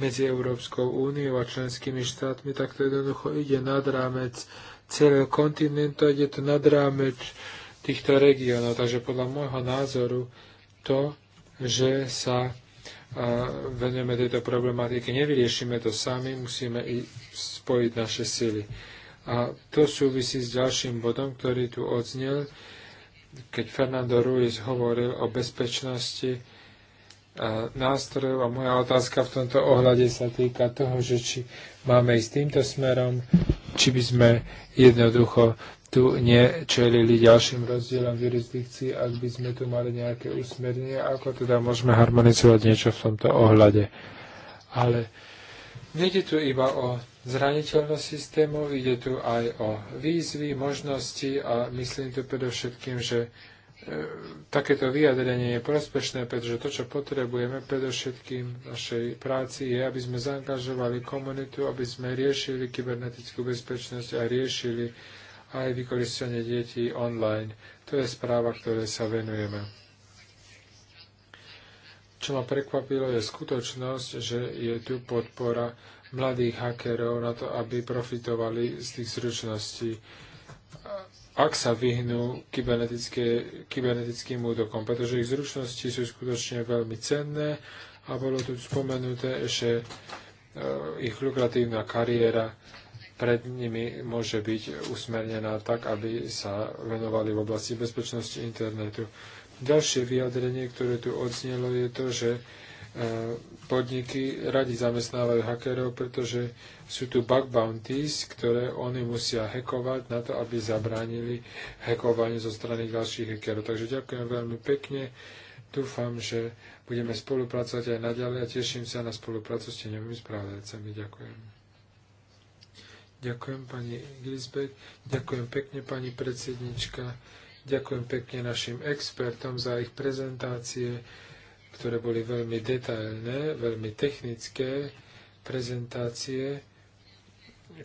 medzi Európskou úniou a členskými štátmi, tak to jednoducho ide nad rámec celého kontinentu, ide to nad rámec týchto regiónov. Takže podľa môjho názoru to, že sa venujeme tejto problematike, nevyriešime to sami, musíme i spojiť naše sily. A to súvisí s ďalším bodom, ktorý tu odznel, keď Fernando Ruiz hovoril o bezpečnosti nástrojov a moja otázka v tomto ohľade sa týka toho, že či máme ísť týmto smerom, či by sme jednoducho tu nečelili ďalším rozdielom v jurisdikcii, ak by sme tu mali nejaké usmernenie, ako teda môžeme harmonizovať niečo v tomto ohľade. Ale nejde tu iba o zraniteľnosť systémov, ide tu aj o výzvy, možnosti a myslím tu predovšetkým, že e, takéto vyjadrenie je prospešné, pretože to, čo potrebujeme predovšetkým v našej práci, je, aby sme zaangažovali komunitu, aby sme riešili kybernetickú bezpečnosť a riešili aj vykoristenie detí online. To je správa, ktoré sa venujeme. Čo ma prekvapilo je skutočnosť, že je tu podpora mladých hakerov na to, aby profitovali z tých zručností. Ak sa vyhnú kybernetickým útokom, pretože ich zručnosti sú skutočne veľmi cenné a bolo tu spomenuté, že e, ich lukratívna kariéra pred nimi môže byť usmernená tak, aby sa venovali v oblasti bezpečnosti internetu. Ďalšie vyjadrenie, ktoré tu odznelo, je to, že e, podniky radi zamestnávajú hakerov, pretože sú tu bug bounties, ktoré oni musia hekovať na to, aby zabránili hekovaniu zo strany ďalších hackerov. Takže ďakujem veľmi pekne. Dúfam, že budeme spolupracovať aj naďalej a teším sa na spoluprácu s tenovými správcami. Ďakujem. Ďakujem pani Grisbeck, ďakujem pekne pani predsednička, ďakujem pekne našim expertom za ich prezentácie, ktoré boli veľmi detailné, veľmi technické prezentácie,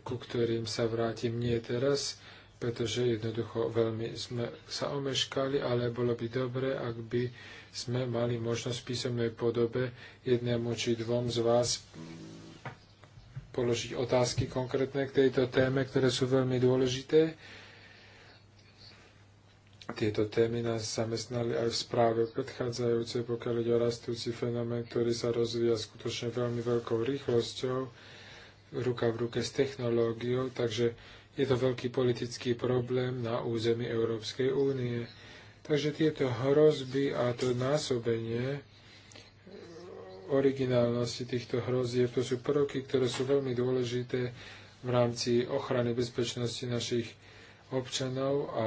ku ktorým sa vrátim nie teraz, pretože jednoducho veľmi sme sa omeškali, ale bolo by dobre, ak by sme mali možnosť v písomnej podobe jednému či dvom z vás položiť otázky konkrétne k tejto téme, ktoré sú veľmi dôležité. Tieto témy nás zamestnali aj v správe predchádzajúcej, pokiaľ ide o rastúci fenomén, ktorý sa rozvíja skutočne veľmi veľkou rýchlosťou, ruka v ruke s technológiou, takže je to veľký politický problém na území Európskej únie. Takže tieto hrozby a to násobenie originálnosti týchto hrozieb. To sú prvky, ktoré sú veľmi dôležité v rámci ochrany bezpečnosti našich občanov a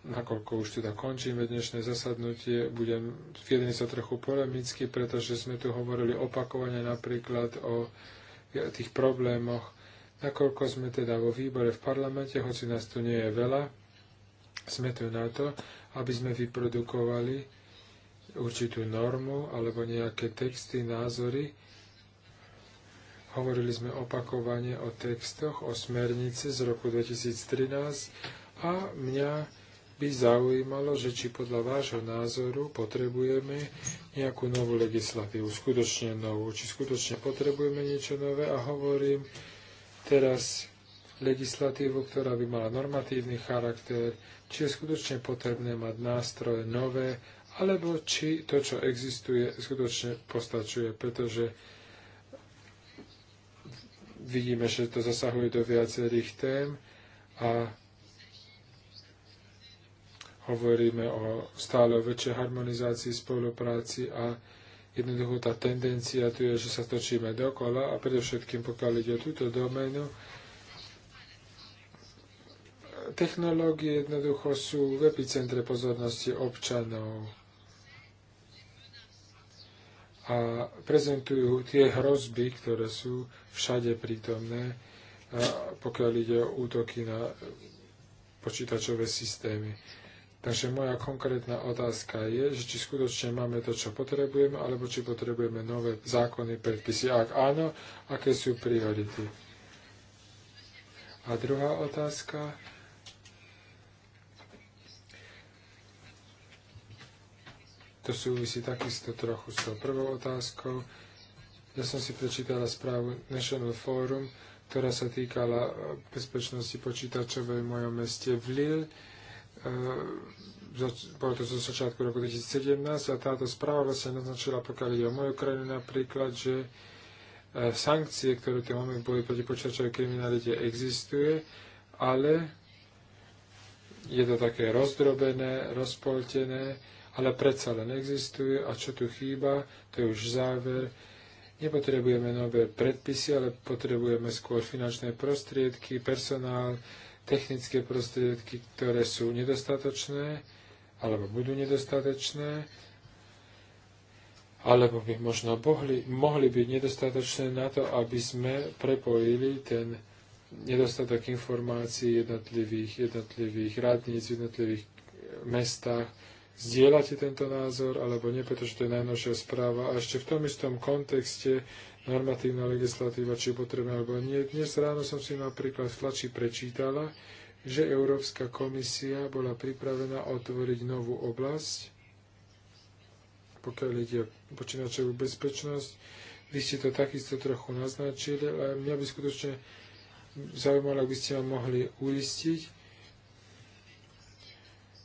nakoľko už teda končíme dnešné zasadnutie, budem vyjadriť sa trochu polemicky, pretože sme tu hovorili opakovane napríklad o tých problémoch, nakoľko sme teda vo výbore v parlamente, hoci nás tu nie je veľa, sme tu na to, aby sme vyprodukovali určitú normu alebo nejaké texty, názory. Hovorili sme opakovane o textoch, o smernici z roku 2013 a mňa by zaujímalo, že či podľa vášho názoru potrebujeme nejakú novú legislatívu, skutočne novú, či skutočne potrebujeme niečo nové a hovorím teraz legislatívu, ktorá by mala normatívny charakter, či je skutočne potrebné mať nástroje nové alebo či to, čo existuje, skutočne postačuje, pretože vidíme, že to zasahuje do viacerých tém a hovoríme o stále o väčšej harmonizácii, spolupráci a jednoducho tá tendencia tu je, že sa točíme dokola a predovšetkým pokiaľ ide o túto doménu, technológie jednoducho sú v epicentre pozornosti občanov a prezentujú tie hrozby, ktoré sú všade prítomné, pokiaľ ide o útoky na počítačové systémy. Takže moja konkrétna otázka je, že či skutočne máme to, čo potrebujeme, alebo či potrebujeme nové zákony, predpisy. Ak áno, aké sú priority? A druhá otázka to súvisí takisto trochu s tou prvou otázkou. Ja som si prečítala správu National Forum, ktorá sa týkala e, bezpečnosti počítačovej v mojom meste v Lille. E, bolo to zo začiatku roku 2017 a táto správa vlastne naznačila, pokiaľ ide o moju krajinu napríklad, že e, sankcie, ktoré tu máme boli proti počítačovej kriminalite, existuje, ale je to také rozdrobené, rozpoltené, ale predsa len existuje a čo tu chýba, to je už záver. Nepotrebujeme nové predpisy, ale potrebujeme skôr finančné prostriedky, personál, technické prostriedky, ktoré sú nedostatočné alebo budú nedostatočné alebo by možno mohli, mohli byť nedostatočné na to, aby sme prepojili ten nedostatok informácií jednotlivých, jednotlivých radníc v jednotlivých mestách Zdieľate tento názor, alebo nie, pretože to je najnovšia správa. A ešte v tom istom kontexte normatívna legislatíva, či je potrebná alebo nie. Dnes ráno som si napríklad v tlači prečítala, že Európska komisia bola pripravená otvoriť novú oblasť, pokiaľ ide o počínačovú bezpečnosť. Vy ste to takisto trochu naznačili, ale mňa by skutočne zaujímalo, ak by ste ma mohli uistiť,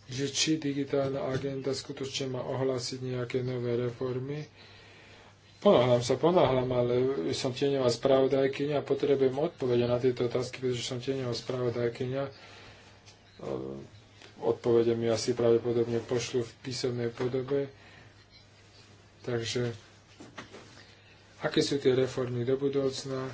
že či digitálna agenda skutočne má ohlásiť nejaké nové reformy. Ponáhľam sa, ponáhľam, ale som tieňová spravodajkynia a potrebujem odpovede na tieto otázky, pretože som tieňová spravodajkynia. Ehm, odpovede mi asi pravdepodobne pošlu v písomnej podobe. Takže aké sú tie reformy do budúcna?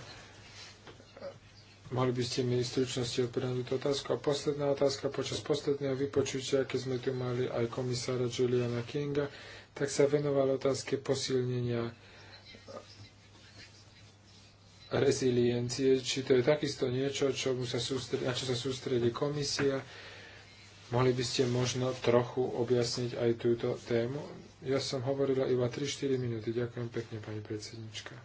Mohli by ste mi v stručnosti odpovedať túto otázku. A posledná otázka, počas posledného vypočutia, keď sme tu mali aj komisára Juliana Kinga, tak sa venoval otázke posilnenia reziliencie, či to je takisto niečo, čomu sa sústredi, na čo sa sústredí komisia. Mohli by ste možno trochu objasniť aj túto tému? Ja som hovorila iba 3-4 minúty. Ďakujem pekne, pani predsednička.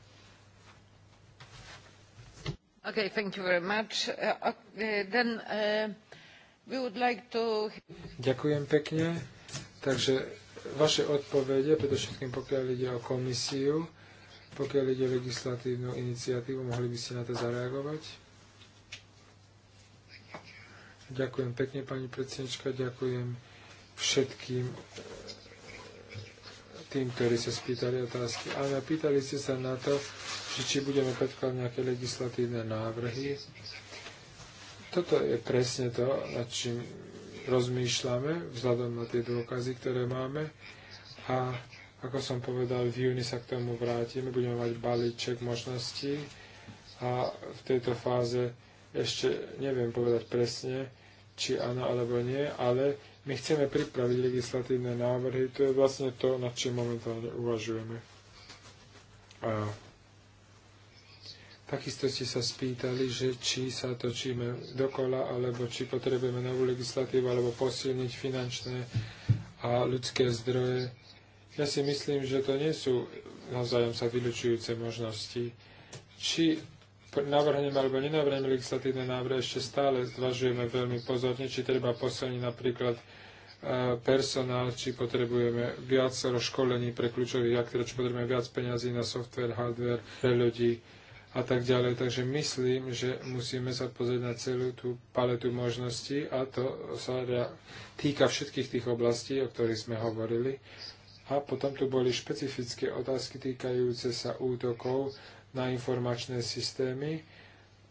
Okay, thank you very much. Uh, then, uh, we would like to... Ďakujem pekne. Takže vaše odpovede, predovšetkým pokiaľ ide o komisiu, pokiaľ ide o legislatívnu iniciatívu, mohli by ste na to zareagovať? Ďakujem pekne, pani predsednička, ďakujem všetkým tým, ktorí sa spýtali otázky. Áno, pýtali ste sa na to, že či budeme predkladať nejaké legislatívne návrhy. Toto je presne to, nad čím rozmýšľame, vzhľadom na tie dôkazy, ktoré máme. A ako som povedal, v júni sa k tomu vrátime, budeme mať balíček možností a v tejto fáze ešte neviem povedať presne, či áno alebo nie, ale my chceme pripraviť legislatívne návrhy, to je vlastne to, nad čím momentálne uvažujeme. A takisto ste sa spýtali, že či sa točíme dokola, alebo či potrebujeme novú legislatívu, alebo posilniť finančné a ľudské zdroje. Ja si myslím, že to nie sú navzájom sa vylučujúce možnosti. Či navrhneme alebo nenavrhneme legislatívne návrhy, ešte stále zvažujeme veľmi pozorne, či treba posilniť napríklad e, personál, či potrebujeme viac rozškolení pre kľúčových aktérov, či potrebujeme viac peňazí na software, hardware pre ľudí a tak ďalej. Takže myslím, že musíme sa pozrieť na celú tú paletu možností a to sa teda týka všetkých tých oblastí, o ktorých sme hovorili. A potom tu boli špecifické otázky týkajúce sa útokov na informačné systémy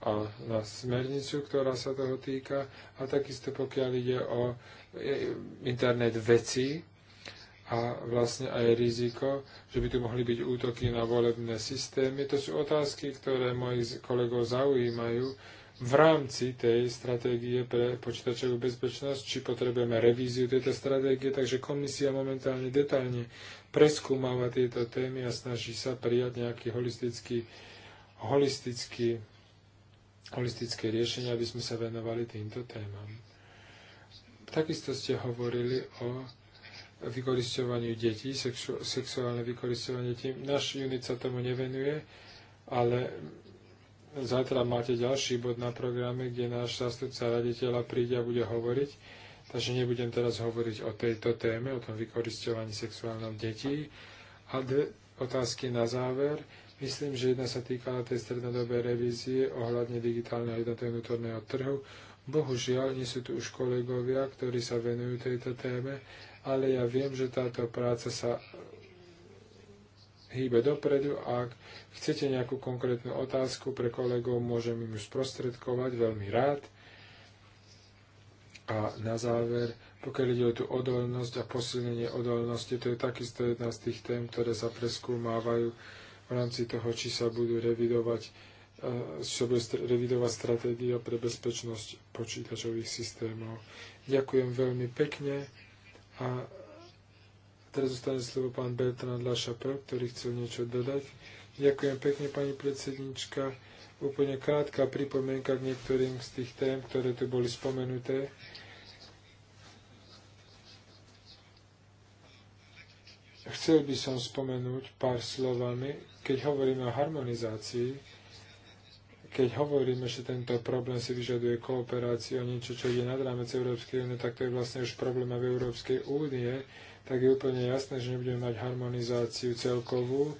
a na smernicu, ktorá sa toho týka, a takisto pokiaľ ide o e, internet vecí a vlastne aj riziko, že by tu mohli byť útoky na volebné systémy. To sú otázky, ktoré mojich kolegov zaujímajú v rámci tej stratégie pre počítačovú bezpečnosť, či potrebujeme revíziu tejto stratégie, takže komisia momentálne detailne preskúmava tieto témy a snaží sa prijať nejaký holistický, holistický, holistické riešenie, aby sme sa venovali týmto témam. Takisto ste hovorili o vykoristovaniu detí, sexu- sexuálne vykoristovanie detí. Náš unit sa tomu nevenuje, ale zajtra máte ďalší bod na programe, kde náš zastupca raditeľa príde a bude hovoriť Takže nebudem teraz hovoriť o tejto téme, o tom vykoristovaní sexuálnom detí. A dve otázky na záver. Myslím, že jedna sa týkala tej strednodobej revízie ohľadne digitálneho jednotného vnútorného trhu. Bohužiaľ, nie sú tu už kolegovia, ktorí sa venujú tejto téme, ale ja viem, že táto práca sa hýbe dopredu a ak chcete nejakú konkrétnu otázku pre kolegov, môžem im ju sprostredkovať veľmi rád. A na záver, pokiaľ ide o tú odolnosť a posilnenie odolnosti, to je takisto jedna z tých tém, ktoré sa preskúmávajú v rámci toho, či sa budú revidovať, e, čo bude revidovať stratégia pre bezpečnosť počítačových systémov. Ďakujem veľmi pekne a teraz zostane slovo pán Bertrand Lašapel, ktorý chcel niečo dodať. Ďakujem pekne, pani predsednička. Úplne krátka pripomienka k niektorým z tých tém, ktoré tu boli spomenuté. Chcel by som spomenúť pár slovami, keď hovoríme o harmonizácii, keď hovoríme, že tento problém si vyžaduje kooperáciu a niečo, čo ide nad rámec Európskej únie, tak to je vlastne už problém v Európskej únie, tak je úplne jasné, že nebudeme mať harmonizáciu celkovú,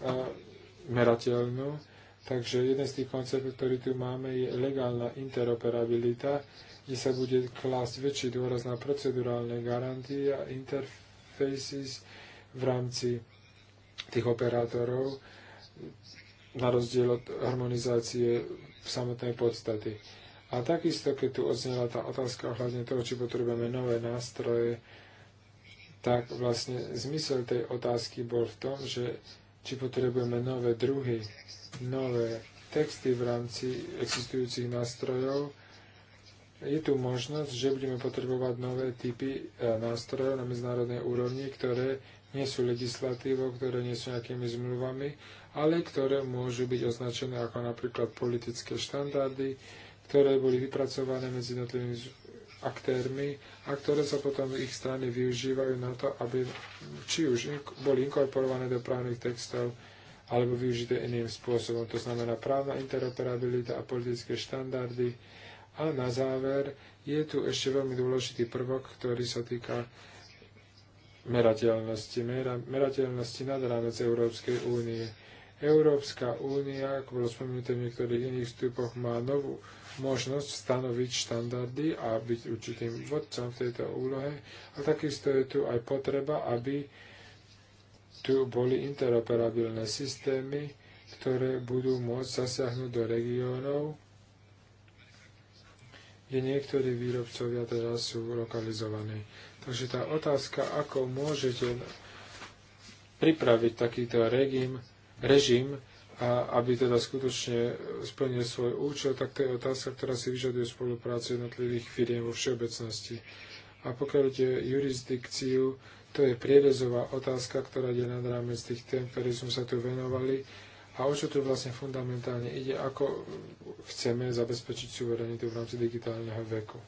a merateľnú. Takže jeden z tých konceptov, ktorý tu máme, je legálna interoperabilita, kde sa bude klásť väčší dôraz na procedurálne garantie a interfaces, v rámci tých operátorov, na rozdiel od harmonizácie v samotnej podstaty. A takisto, keď tu odznela tá otázka ohľadne toho, či potrebujeme nové nástroje, tak vlastne zmysel tej otázky bol v tom, že či potrebujeme nové druhy, nové texty v rámci existujúcich nástrojov, je tu možnosť, že budeme potrebovať nové typy e, nástrojov na medzinárodnej úrovni, ktoré nie sú legislatívou, ktoré nie sú nejakými zmluvami, ale ktoré môžu byť označené ako napríklad politické štandardy, ktoré boli vypracované medzi jednotlivými aktérmi a ktoré sa potom ich strany využívajú na to, aby či už boli inkorporované do právnych textov alebo využité iným spôsobom. To znamená právna interoperabilita a politické štandardy. A na záver je tu ešte veľmi dôležitý prvok, ktorý sa týka merateľnosti, mera, merateľnosti nad rámec Európskej únie. Európska únia, ako bolo spomenuté v niektorých iných vstupoch, má novú možnosť stanoviť štandardy a byť určitým vodcom v tejto úlohe. A takisto je tu aj potreba, aby tu boli interoperabilné systémy, ktoré budú môcť zasiahnuť do regiónov, kde niektorí výrobcovia teraz sú lokalizovaní. Takže tá otázka, ako môžete pripraviť takýto regim, režim, a aby teda skutočne splnil svoj účel, tak to je otázka, ktorá si vyžaduje spoluprácu jednotlivých firiem vo všeobecnosti. A pokiaľ ide jurisdikciu, to je prierezová otázka, ktorá ide nad rámec tých tém, ktoré sme sa tu venovali. A o čo tu vlastne fundamentálne ide, ako chceme zabezpečiť suverenitu v rámci digitálneho veku.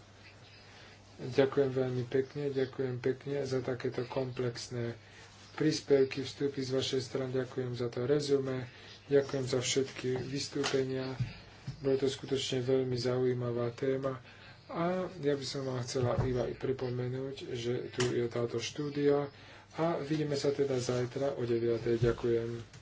Ďakujem veľmi pekne, ďakujem pekne za takéto komplexné príspevky, vstupy z vašej strany. Ďakujem za to rezume, ďakujem za všetky vystúpenia. Bolo to skutočne veľmi zaujímavá téma. A ja by som vám chcela iba i pripomenúť, že tu je táto štúdia a vidíme sa teda zajtra o 9. Ďakujem.